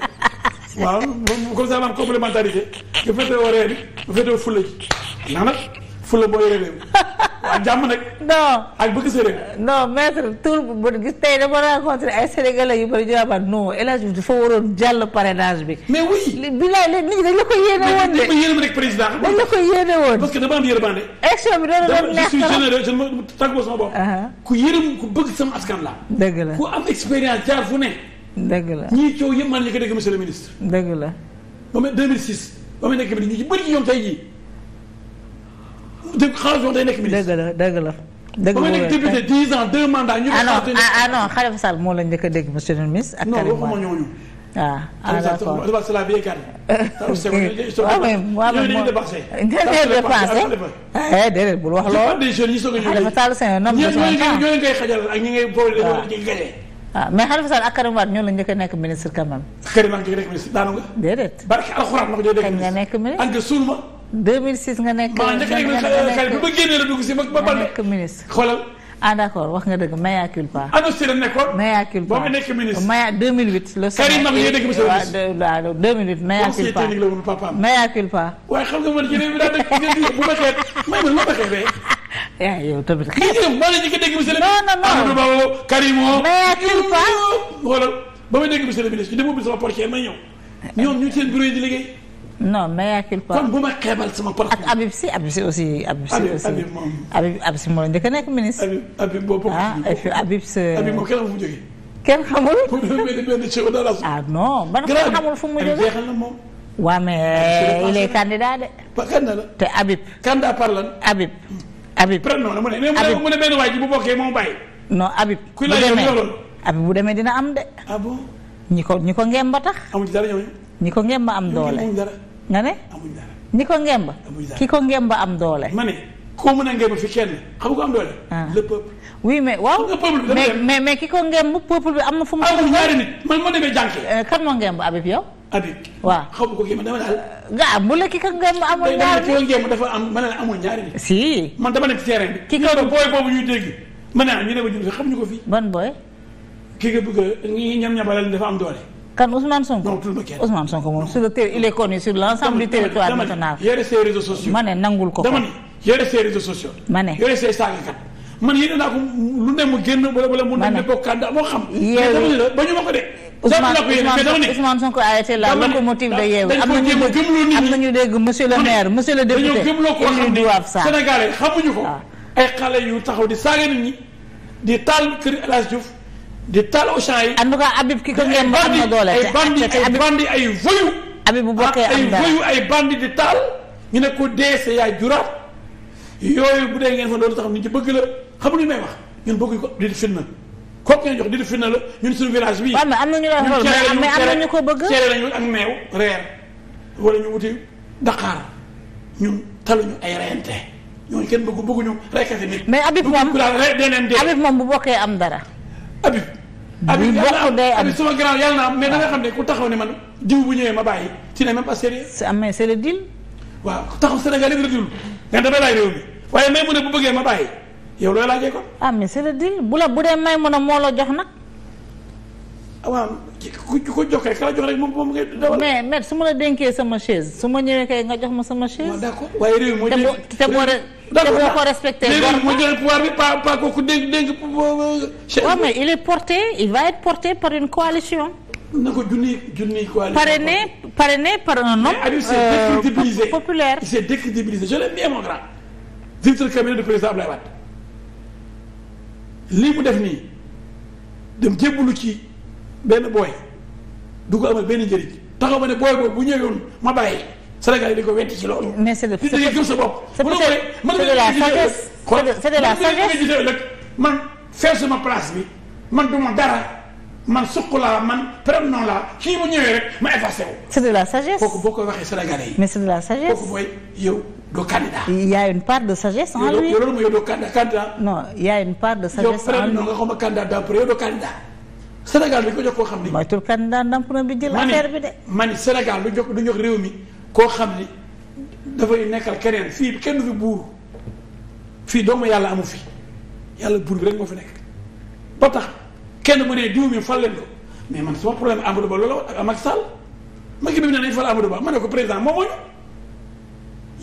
waaw comme ça ma complémentarité nga féetewoo ree bi nga féetewoo fulla ji ndax nag fulla booy ree waaw jàmm nag. non ak bëgg sa réew. non maître tur bu gis tey dama rencontré ay sénégalais yu bëri ñu naan non El Hadj dafa waroon jàll parrainage bi. mais oui li bi laay nit ñi dañ la ko yéene woon de. mais dañ yéene rek président. dañ la ko yéene woon parce que dama am yërmande. élection bi doon doon neex dama je suis généreux je ne ma tàggoo sama bopp. ku yërëm ku bëgg sama askan la. dëgg la ku am expérience jaar fu ne. dëgg la ñii coow yëpp man ñu ko dégg monsieur le ministre. dëgg la. ba mu 2006 ba mu nekk bi ñu ci bëri ñoom tey jii dé xaalis day nekk ministre. dëgg la dëgg la. dëgg boobu nekk député 10 ans 2 mandats. ñu ah non ah, ah non Khalifa Sall moo la njëkk a dégg monsieur le ministre. ak Karim Wade non waxuma ñooñu. ah ah d' accord Khalifa Sall la vieille carte. waaw mais waaw mais moom déedéet bul wax loolu. Khalifa Sall c'est un homme de son temps ñooñu ngay xajal ak ñi ngay boole ah. ñi gañee. ah mais Khalifa Sall ak Karim Wade ñoo la njëkk a nekk ministre quand même. Karim Wade njëkk a nekk ministre daanu nga. déedéet. barke alxuraan ma ko njëkk a nekk ministre. kañ nga nekk ministre. 2006 nga nekk. nga nekk ba génnee la dugg si ma ba nekk ministre xoolal. ah d'accord wax nga dëgg mea culpa. ANACIM la nekkoon. mea culpa ba mu nekk ministre. mea 2008. le Sénégal Karim Nam yéen a ngi monsieur le ministre 2008 mea culpa conseiller technique la woon papaam. mea culpa. waaye xam nga man yeneen bi daal bu ma xeet may ma ma xeet rek. yaa yow tamit xëy na maa ngi leen dégg monsieur le ministre. non non non Amadou Ba woo Karim woo. mea culpa xoolal ba ma dégg monsieur le ministre dama ubbi sama portier may ñëw ñoom ñu seen bureau yi di liggéey non mayaakil ma xeebal sama parcours. ak Habib Sy Habib Sy aussi. Habib Sy aussi Habib Habib a nekk ministre. Habib Habib boobu ah et puis Habib sa. Habib moom kenn xamul. ah non ban kenn xamul fu mu jógee ah, waa mais il est candidat de. te Habib. candidat par lan. Habib. la mu ne mu ne benn waay ji bu bokkee moom bu demee dina am de. ah ñi ko ñi ko ngem ba tax. amu ci dara ñi ko ngem ba am doole. nga ne. amuñ dara ni ko ngemb. ki ko ngemb am doole. ma ne koo mën a ngemb fi kenn xam ko am doole. Ah. le peuple. oui mais waaw mais mais mais ki ko ngemb peuple bi am na fu mu. amul ñaari nit man ma demee jànk. Euh, kan moo ngemb Habib xaw ma ko kii man dama daal. Euh, gaa bu la ki ko ngemb amul ñaari nit dafa am ma ne la amul ñaari nit. si. man dama nekk ci terrain bi. ki ko booy boobu ñuy dégg. ma ne ñu ne ma ñu xam ñu ko fii. ban booy. ki nga bëgg a ñi ñam ñabalal dafa am doole. kan Ousmane Sonko non tudd ma kenn Ousmane Sonko moom sur le terrain il est connu sur l'ensemble du territoire national. yore ses réseaux sociaux ma ne nangul ko. dama ni yore ses réseaux sociaux. ma ne yore ses saagakat man yéene naa ko lu ne mu génn wala wala mu ne ko kànda moo xam. yeewu la ba ñu ma ko de. Ousmane Ousmane Ousmane Sonko a été la locomotive de Yewwi. am na ñu dégg am na ñu dégg monsieur le maire monsieur le député. dañoo gëmloo koo xam ne Sénégalais xamuñu ko. Ah. ay xale yu taxaw di saaga nit ñi di taal kër El Hadj Diouf di taal Auchan yi. en tout cas Habib ki ko ngeen am na doole te ay bandi ay voyou. Habib bu ah, bokkee am dara ay voyou ay taal. ñu ne ko dee sa yaay juraat bu dee ngeen fa loolu tax bëgg la xamuñu may wax ñun bëgguñ ko di fitna kooku ngeen jox di la ñun suñu village bii. waaw mais am na ñu doon xool mais am na ñu ko bëgg. cere lañu ak meew reer wala ñu wuti Dakar ñun taluñu ay reyante ñooñu kenn bëggu bëgguñu rekk fi nit. mais Habib moom Habib moom bu bokkee am dara. Habib. Habib Habib sama grand yàlla na am mais da nga xam ne ku taxaw ne man jiw bu ñëwee ma bàyyi. ci ne même pas sérieux. c'est ah, mais c'est le deal. waaw ku taxaw Sénégal yëpp la dul. nga damay bàyyi réew mi waaye may mu ne bu bëggee ma bàyyi yow looy laajee ko. ah mais c'est le bu la bu dee may mu ne moo la jox nag. waaw ku ko jox kay kala jox rek moom moom ngay dawal. mais maître su ma la dénkee sama chaise su ma ñëwee kay nga jox ma sama chaise. waaw d'accord waaye réew moo jël te boo te boo ko respecté. réew moo jël pouvoir bi pas pas kooku dénk dénk. Euh, chaise waaw mais il est porté il va être porté par une coalition. na ko junniy junniy coalition. parrainé parrainé par un homme. Aliou s'est euh, décrédibilisé populaire. il s'est décrédibilisé je l'aime bien mon grand. directeur cabinet du président Abdoulaye Wade lii mu def nii dem jébbalu ci. benn booy du ko amal benn njëriñ taxaw ma ne booy boobu bu ñëwoon ma bàyyi Sénégal yi dañ ko wetti ci loolu. mais c'est de c'est de de la sagesse c'est de la sagesse man fees sama place bi man du ma dara man suq laa man prem non laa kii bu ñëwee rek ma effacé wu. c'est de la sagesse kooku boo ko waxee sénégalais yi. mais c'est de la sagesse kooku mooy yow. doo candidat. il y a une part de sagesse en lui. yow loolu mooy yow doo candidat. non il y a une part de sagesse en lui yow prem non nga xam ne candidat d'après yow doo candidat. Sénégal dañ ko jox koo xam ni. mooy tur kan daan ndàmp na bi jël affaire bi de. ma ni Sénégal du jox du jox réew mi koo xam ni dafay nekkal keneen fii kenn du fi buur fii doomu yàlla amu fi yàlla buur bi rek moo fi nekk ba tax kenn mu ne diw mi fal leen mais man sama problème Amadou Ba loola ak Macky Sall Macky bi ne nañ fal Amadou Ba ma ne ko président moom moo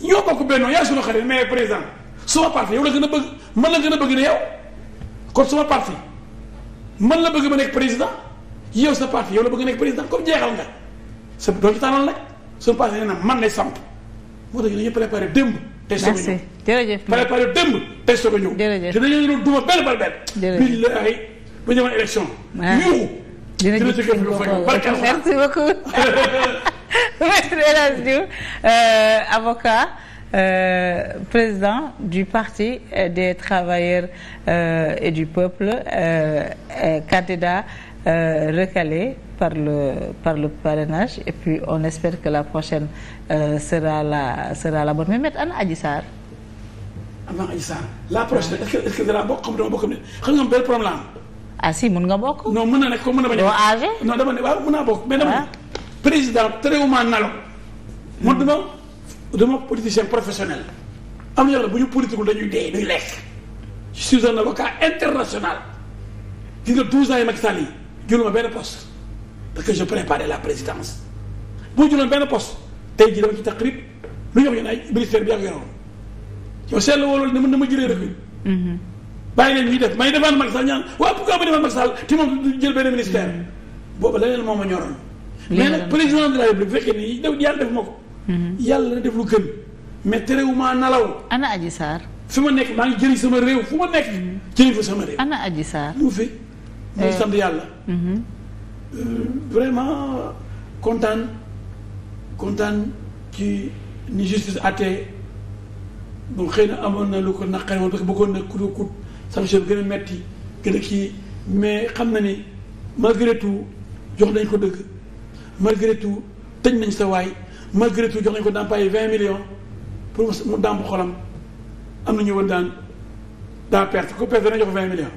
ñu ñoo bokk bennoo yaay sunu xarit mais président suma parti yow la gën a bëgg man la gën a bëgg ne kon suma parti. man la bëgg ma nekk président yow sa parti yow la bëgg nekk président comme jeexal nga sa doo ci tànnal nag suñu parti nee na man lay samp moo tax ñu préparé démb. tey soog a ñëw jërëjëf préparé démb tey soog a ñëw. jërëjëf te dañoo doon duma benn bal benn. billaahi ba ñëwoon élection. waaw yuuxu. dina jël ci kër merci beaucoup maître El Hadj Diouf euh, avocat. Euh, président du parti des travailleurs euh, et du peuple euh, candidat recalé par le par le parrainage et puis on espère que la prochaine sera la sera la bonne mais met ana Adji Sarr avant la prochaine est-ce que est-ce que dara bokk xam dama bokk xam nga benn problème ah si mun nga bokk non mun na nekk ko mën na bañ doo âgé non dama waaw mën naa bokk mais dama ah. président terewuma nalo mu hmm. duma dama politicien professionnel am na yàlla bu ñu politique dañuy dee duñ lekk je suis un avocat international di nga douze ans yi Macky Sall yi ma benn poste parce que je préparais la présidence boo jëloon benn poste tey jii dama ci taqrib lu yox ñu ay ministère bi yaa ko yoroon mën na ma jëlee rek mhm. bàyyi leen ñuy may defaan Macky Sall ñaan waaw pourquoi ma defaan Macky Sall ti moom du jël benn ministère mhm. boobu leneen moom a ñoroon mais nag président de la république bu fekkee ni daw yaa def ma ko Mm-hmm. yàlla na def lu gën mais ma nalaw. ana Adji Sarr. fi ma nekk maa ngi jëriñ sama réew fu ma nekk. Mm-hmm. jëriñ fa sama réew. ana Adji saar lu fi muy eh. sant yàlla. Mm-hmm. Euh, vraiment kontaan kontaan ci ni justice àttee bon xëy na amoon na lu ko naqari woon parce bëggoon na kutu kut sanction bi gën a metti gën a kii mais xam na ni malgré tout jox nañ ko dëgg malgré tout tëj nañ sa waay. malgré tout jox nañu ko ndàmpaay vingt millions pour mu dàmp xolam am na ñu wër daan daa perte ku perte dana jox vingt millions.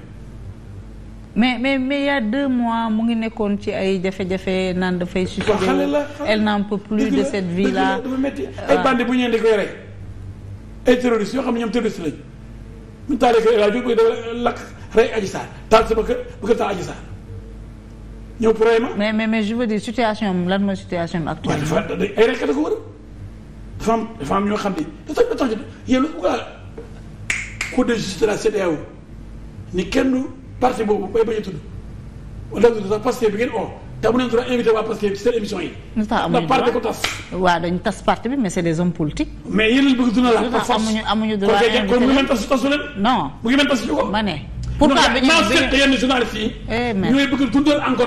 mais mais mais il deux mois mu ngi nekkoon ci ay jafe-jafe naan dafay. waaw xale la elle n'en peut plus de cette vie là dafa ay bandi bu ñeen di koy rey ay terroristes yoo xam ne ñoom terroristes lañ ñu taalee kër El Hadj Diouf bëgg dafa lakk rey Adji taal sama kër bëgg taal Adji Sarr ñëw pour ay ma. mais mais mais je veux dire situation am lan mooy situation am actuellement. waaw dafa dafa ay rek da ko war a. dafa am dafa am ñoo xam ne dafa dafa tax yéen lu ko cour de justice de la ni kenn parti boobu bay bañ a tudd du sax Pastef bi ngeen oo te amu leen droit invité waa Pastef ci seen émission yi. lu tax amuñu droit ndax parti ko tas. waaw tas parti bi mais c'est des hommes politiques. mais yéen a bëgg dina la. par force lu tax amuñu amuñu droit invité kon mu ngi mel tas tasu leen. non mu ngi mel tasu pourtant bi maa seet yenn journalistes yi. Eh, ñooy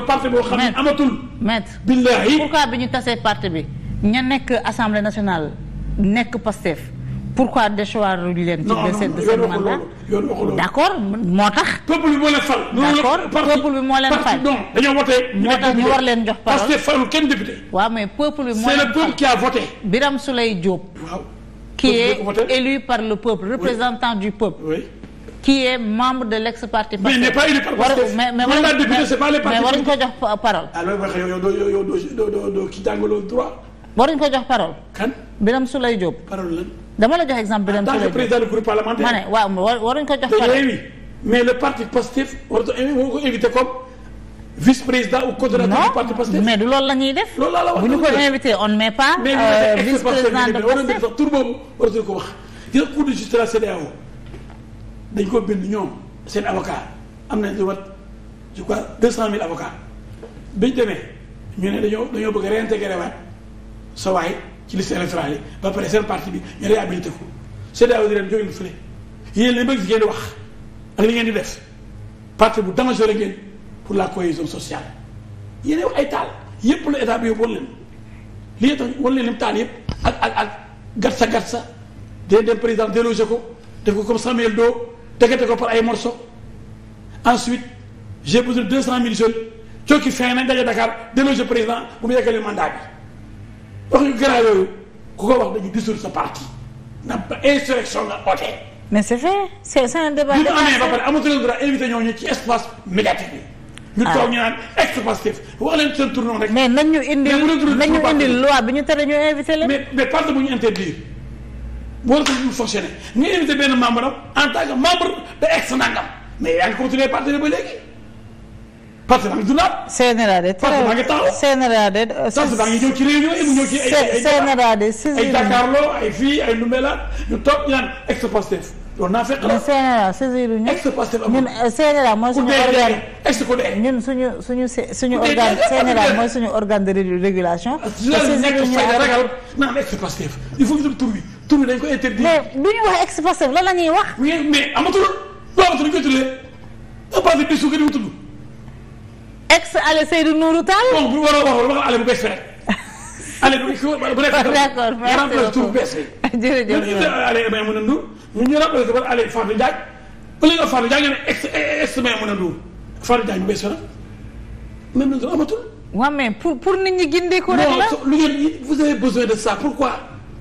xam ne amatul. maître billahi pourquoi bi ñu tasee parti bi ña nekk assemblée nationale nekk Pastef pourquoi déchoir ñu leen. ci de seen de seen mandat d' moo tax. peuple bi moo leen fal. d' accord peuple bi moo leen dañoo voté. ñu war leen jox parole parce que falul kenn député. waaw mais peuple bi moo leen fal c' est le qui est élu par le peuple représentant du peuple. qui est membre de l'ex parti. mais il n'est pas ko jox parole. alors ah, wax yow yow doo doo doo kii tàngaloo droit. waruñu ko jox parole. kan Birame Souleye dama la jox exemple Birame Souleye mais le parti Pastef waratu moo ko invité comme vice président ou coordonnateur du parti Pastef. mais du loolu la ñuy def. loolu la la wax bu ñu ko invité on met pas. Euh, vice président de Pastef mais tur boobu waratuñu ko wax. jël cour de justice la CEDEAO dañ ko bind ñoom seen avocat am nañ lu wat je crois deux cent mille avocats biñ demee ñu ne dañoo dañoo bëgg réintégré waat sa waay ci liste électorale yi ba pare seen parti bi ñu réhabilité ko CEDEAO di leen jóge fële yéen li bëgg si ngeen di wax ak li ngeen di def parti bu dangereux ngeen pour la cohésion sociale yéen ay taal yépp la état bi yóbbu woon leen li tax woon leen lim taal yépp ak ak ak gatsa gatsa day dem président délogé ko def ko comme tegate ko par ay morceaux ensuite j'ai besoin de deux cent mille jeunes cooki fin nañ daje Dakar déloger président bu mu yeggalee mandat bi wax yu garaaw yooyu ku ko wax dañuy dissoudre parti ndax ba insurrection nga oote. mais c'est vrai c'est un débat. ba pare amatul droit ñu ah. toog ñu naan ex-Pastef wax leen seen tour noonu ñu indil nañ ñu ñu tere ñu invité leen. mais parti bu ñu interdire. war ko dul fonctionner nga invité benn membre am en tant que membre de ex nangam mais yaa ngi continuer partenaire ba léegi partenaire bi du naat. CNRA de. partenaire bi taxaw CNRA de. Euh, partenaire bi ñëw ci réunion yi mu ñëw ci. ay ay ay jàkkaarloo ay fii ay Ndoumbélaat ñu toog ñu naan ex Pastef loolu naa fekk la ñun CNRA saisir ñu. ñun CNRA mooy suñu organe ñun suñu suñu suñu organe CNRA mooy suñu organe de régulation. te saisir ñu ragal naan ex-Pastef il faut ñu tur bi tur bi dañ ko interdire. mais du ñu wax ex-Pastef lan la ñuy wax. mais mais amatul loo amatul ñu koy tuddee un parti bi su ko di wutulu. ex Allé Seydou Nourou Tall. donc bu ñu war a wax wala wax Allé bu bees feneen. Allé bu nekk d'accord merci beaucoup jërëjëf ñu Allé Maïmouna Ndour ñu ñu rappelé ko ba Allé Fatou Diagne au lieu de Fatou Diagne ñu ne ex ex Maïmouna Ndour Fatou bees na même Ndour amatul. waaw pour pour nit ñi gindee ko rek la lu ngeen vous avez besoin de ça pourquoi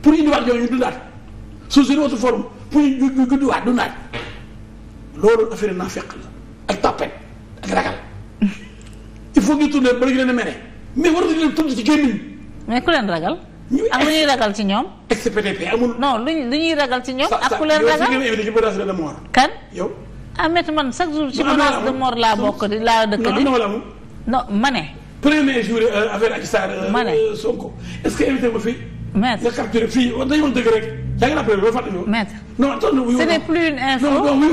pour indiwaat yooyu ñu dundaat sous une autre forme pour ñu ñu dundiwaat dundaat loolu affaire naa fekk la ak tàppet ak ragal il faut ñu tourné ba ñu leen a mere mais waratuñu leen tudd ci gémmiñ mais ku leen ragal. ñuy lu ñuy ragal ci ñoom. ex-PDP non lu ñuy ragal ci ñoom. ak ku ragal kan ah mais man chaque jour ci menace de mort laa bokk di laa dëkk di. non ma ne. premier jour euh, affaire Adji euh, ma ne Sonko est-ce que invité plus une info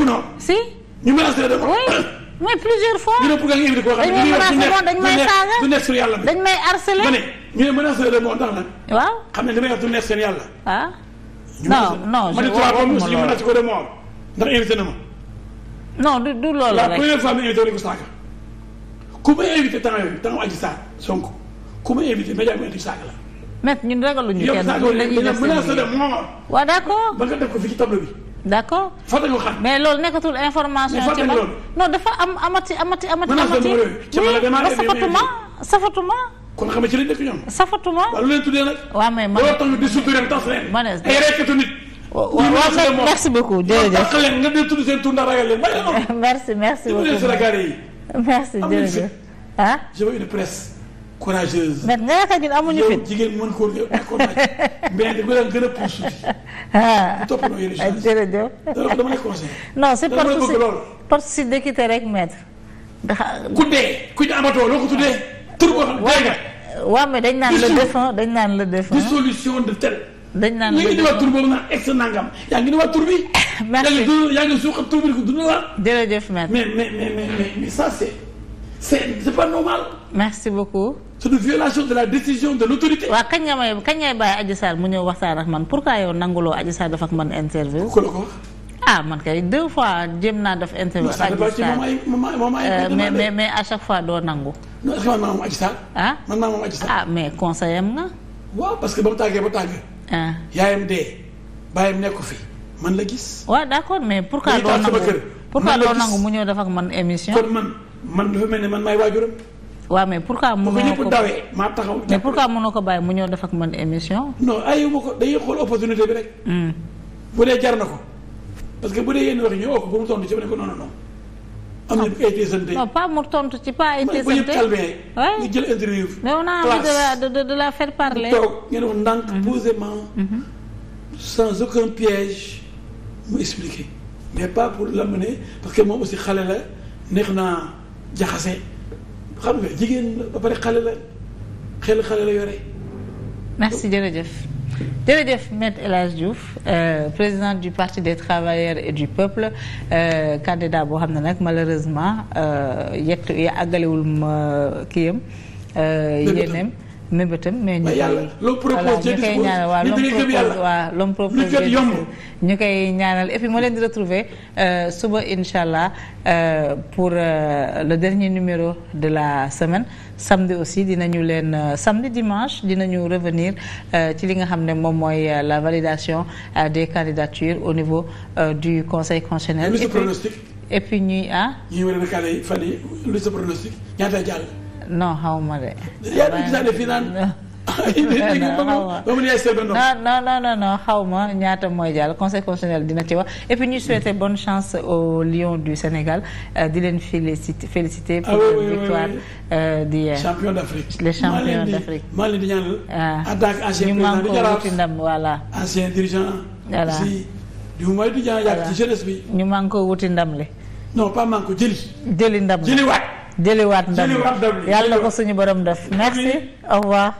non si. ñu menacé de mort. dañ may saaga dañ may harcelé ñu ne menaceur la moo tax nag. waaw xam ne li may wax du neex seen yàlla. ah non non je de moo am ndax invité na la rek la première fois mi ko saaga ku may invité temps bi indi saaga la. mais ñun ragaluñu kenn dañuy def seen de moo ba nga def ko fii ci tableau bi. d'accord fàttali xam mais loolu nekkatul information. ci man non dafa am amati amati amati amati. menace de mort yooyu safatuma safatuma. kon xam ci lañ nekk ñoom. safatuma waaw lu leen tuddee nag. waaw mais man looloo tax ñu di sutureem tas leen. ma ne ay rekkatu nit. waaw merci merci merci beaucoup dimbali Sénégal yi. Ah? une presse courageuse. mais nga yaakaar ñun amuñu fit jigéen mën koo nekkoon mais dañu leen gën a pousse. ah toppandoo yéen a rek maître. ndax ku dee ku ñu tur boo xam waaw dañ naan dañ naan le défunt dissolution dañ naan léegi la. jërëjëf maître mais mais mais mais ça c' est c' est beaucoup. c' est une violation de la décision de l' autorité. waaw kañ nga may kañ ngay bàyyi Adji Sarr mu ñëw waxtaan ak man pourquoi yow nanguloo Adji Sarr def ak man interview. ku la ko ah man kay fois jéem naa def interview. ak Adji euh, mais mais mais à chaque fois doo nangu. non est-ce que man maa moom Adji Sarr. ah man maa moom Adji Sarr. ah mais conseil am nga. waaw parce que ba mu tàggee ba tàggee. ah yaayam dee bàyyam nekku fi man la gis. waaw d'accord mais pourquoi doo nangu pourquoi doo nangu mu ñëw def ak man émission. kon man man dafa mel ne man maay waajuram. waaw mais pourquoi mënoo ko bu ñëpp dawee maa taxaw. mais pourquoi mënoo ko bàyyi mu ñëw def ak man émission. non ayu ma ko dañuy xool opportunité bi rek. Hmm. bu dee jar na ko parce que bu dee yenn wax yi ñëw ko ba mu tontu ci ba ne ko non non non. am nañu ay teesante non pas mu tontu ci pas ay teesante bu ñu jël interview. mais on a envie de la de de la faire parler. toog ngeen wax ndànk mhm. posément. Mhm. sans aucun piège mu expliquer. mais pas pour l'amener parce que moom aussi xale la neex naa jaxase xam nga jigéen ba pare xale la xel xale la yore. merci jërëjëf. jërëjëf maître El Hadj Diouf euh, président du parti des travailleurs et du peuple euh, candidat boo xam ne nag malheureusement euh, yett àggalewul ma kiyam yéeneem mébétam mais ñu koy ñu koy ñaanal waaw l'homme waaw l'homme ñu koy ñaanal et puis ma leen di retrouver euh, suba incha allah euh, pour euh, le dernier numéro de la semaine samedi aussi dina dinañu leen samedi dimanche dinañu revenir ci li nga xam ne moom mooy la validation des candidatures au niveau du conseil constitutionnel et puis pronostic ah? ñaata jàll. non xaw ma de. yaa ngi gis non non non non xaw ma ñaata mooy jàll conseil constitutionnel dina ci wax et puis ñuy souhaiter chance au lion du Sénégal euh, di leen féliciter féliciter ah pour euh, la maa leen di ñaanal en ah. tant que ancien président du Jaraaf ndam ko wuti ndam li non pas man ko jëli ndam li jëliwaat ndam yàlla ko suñu borom def merci au revoir.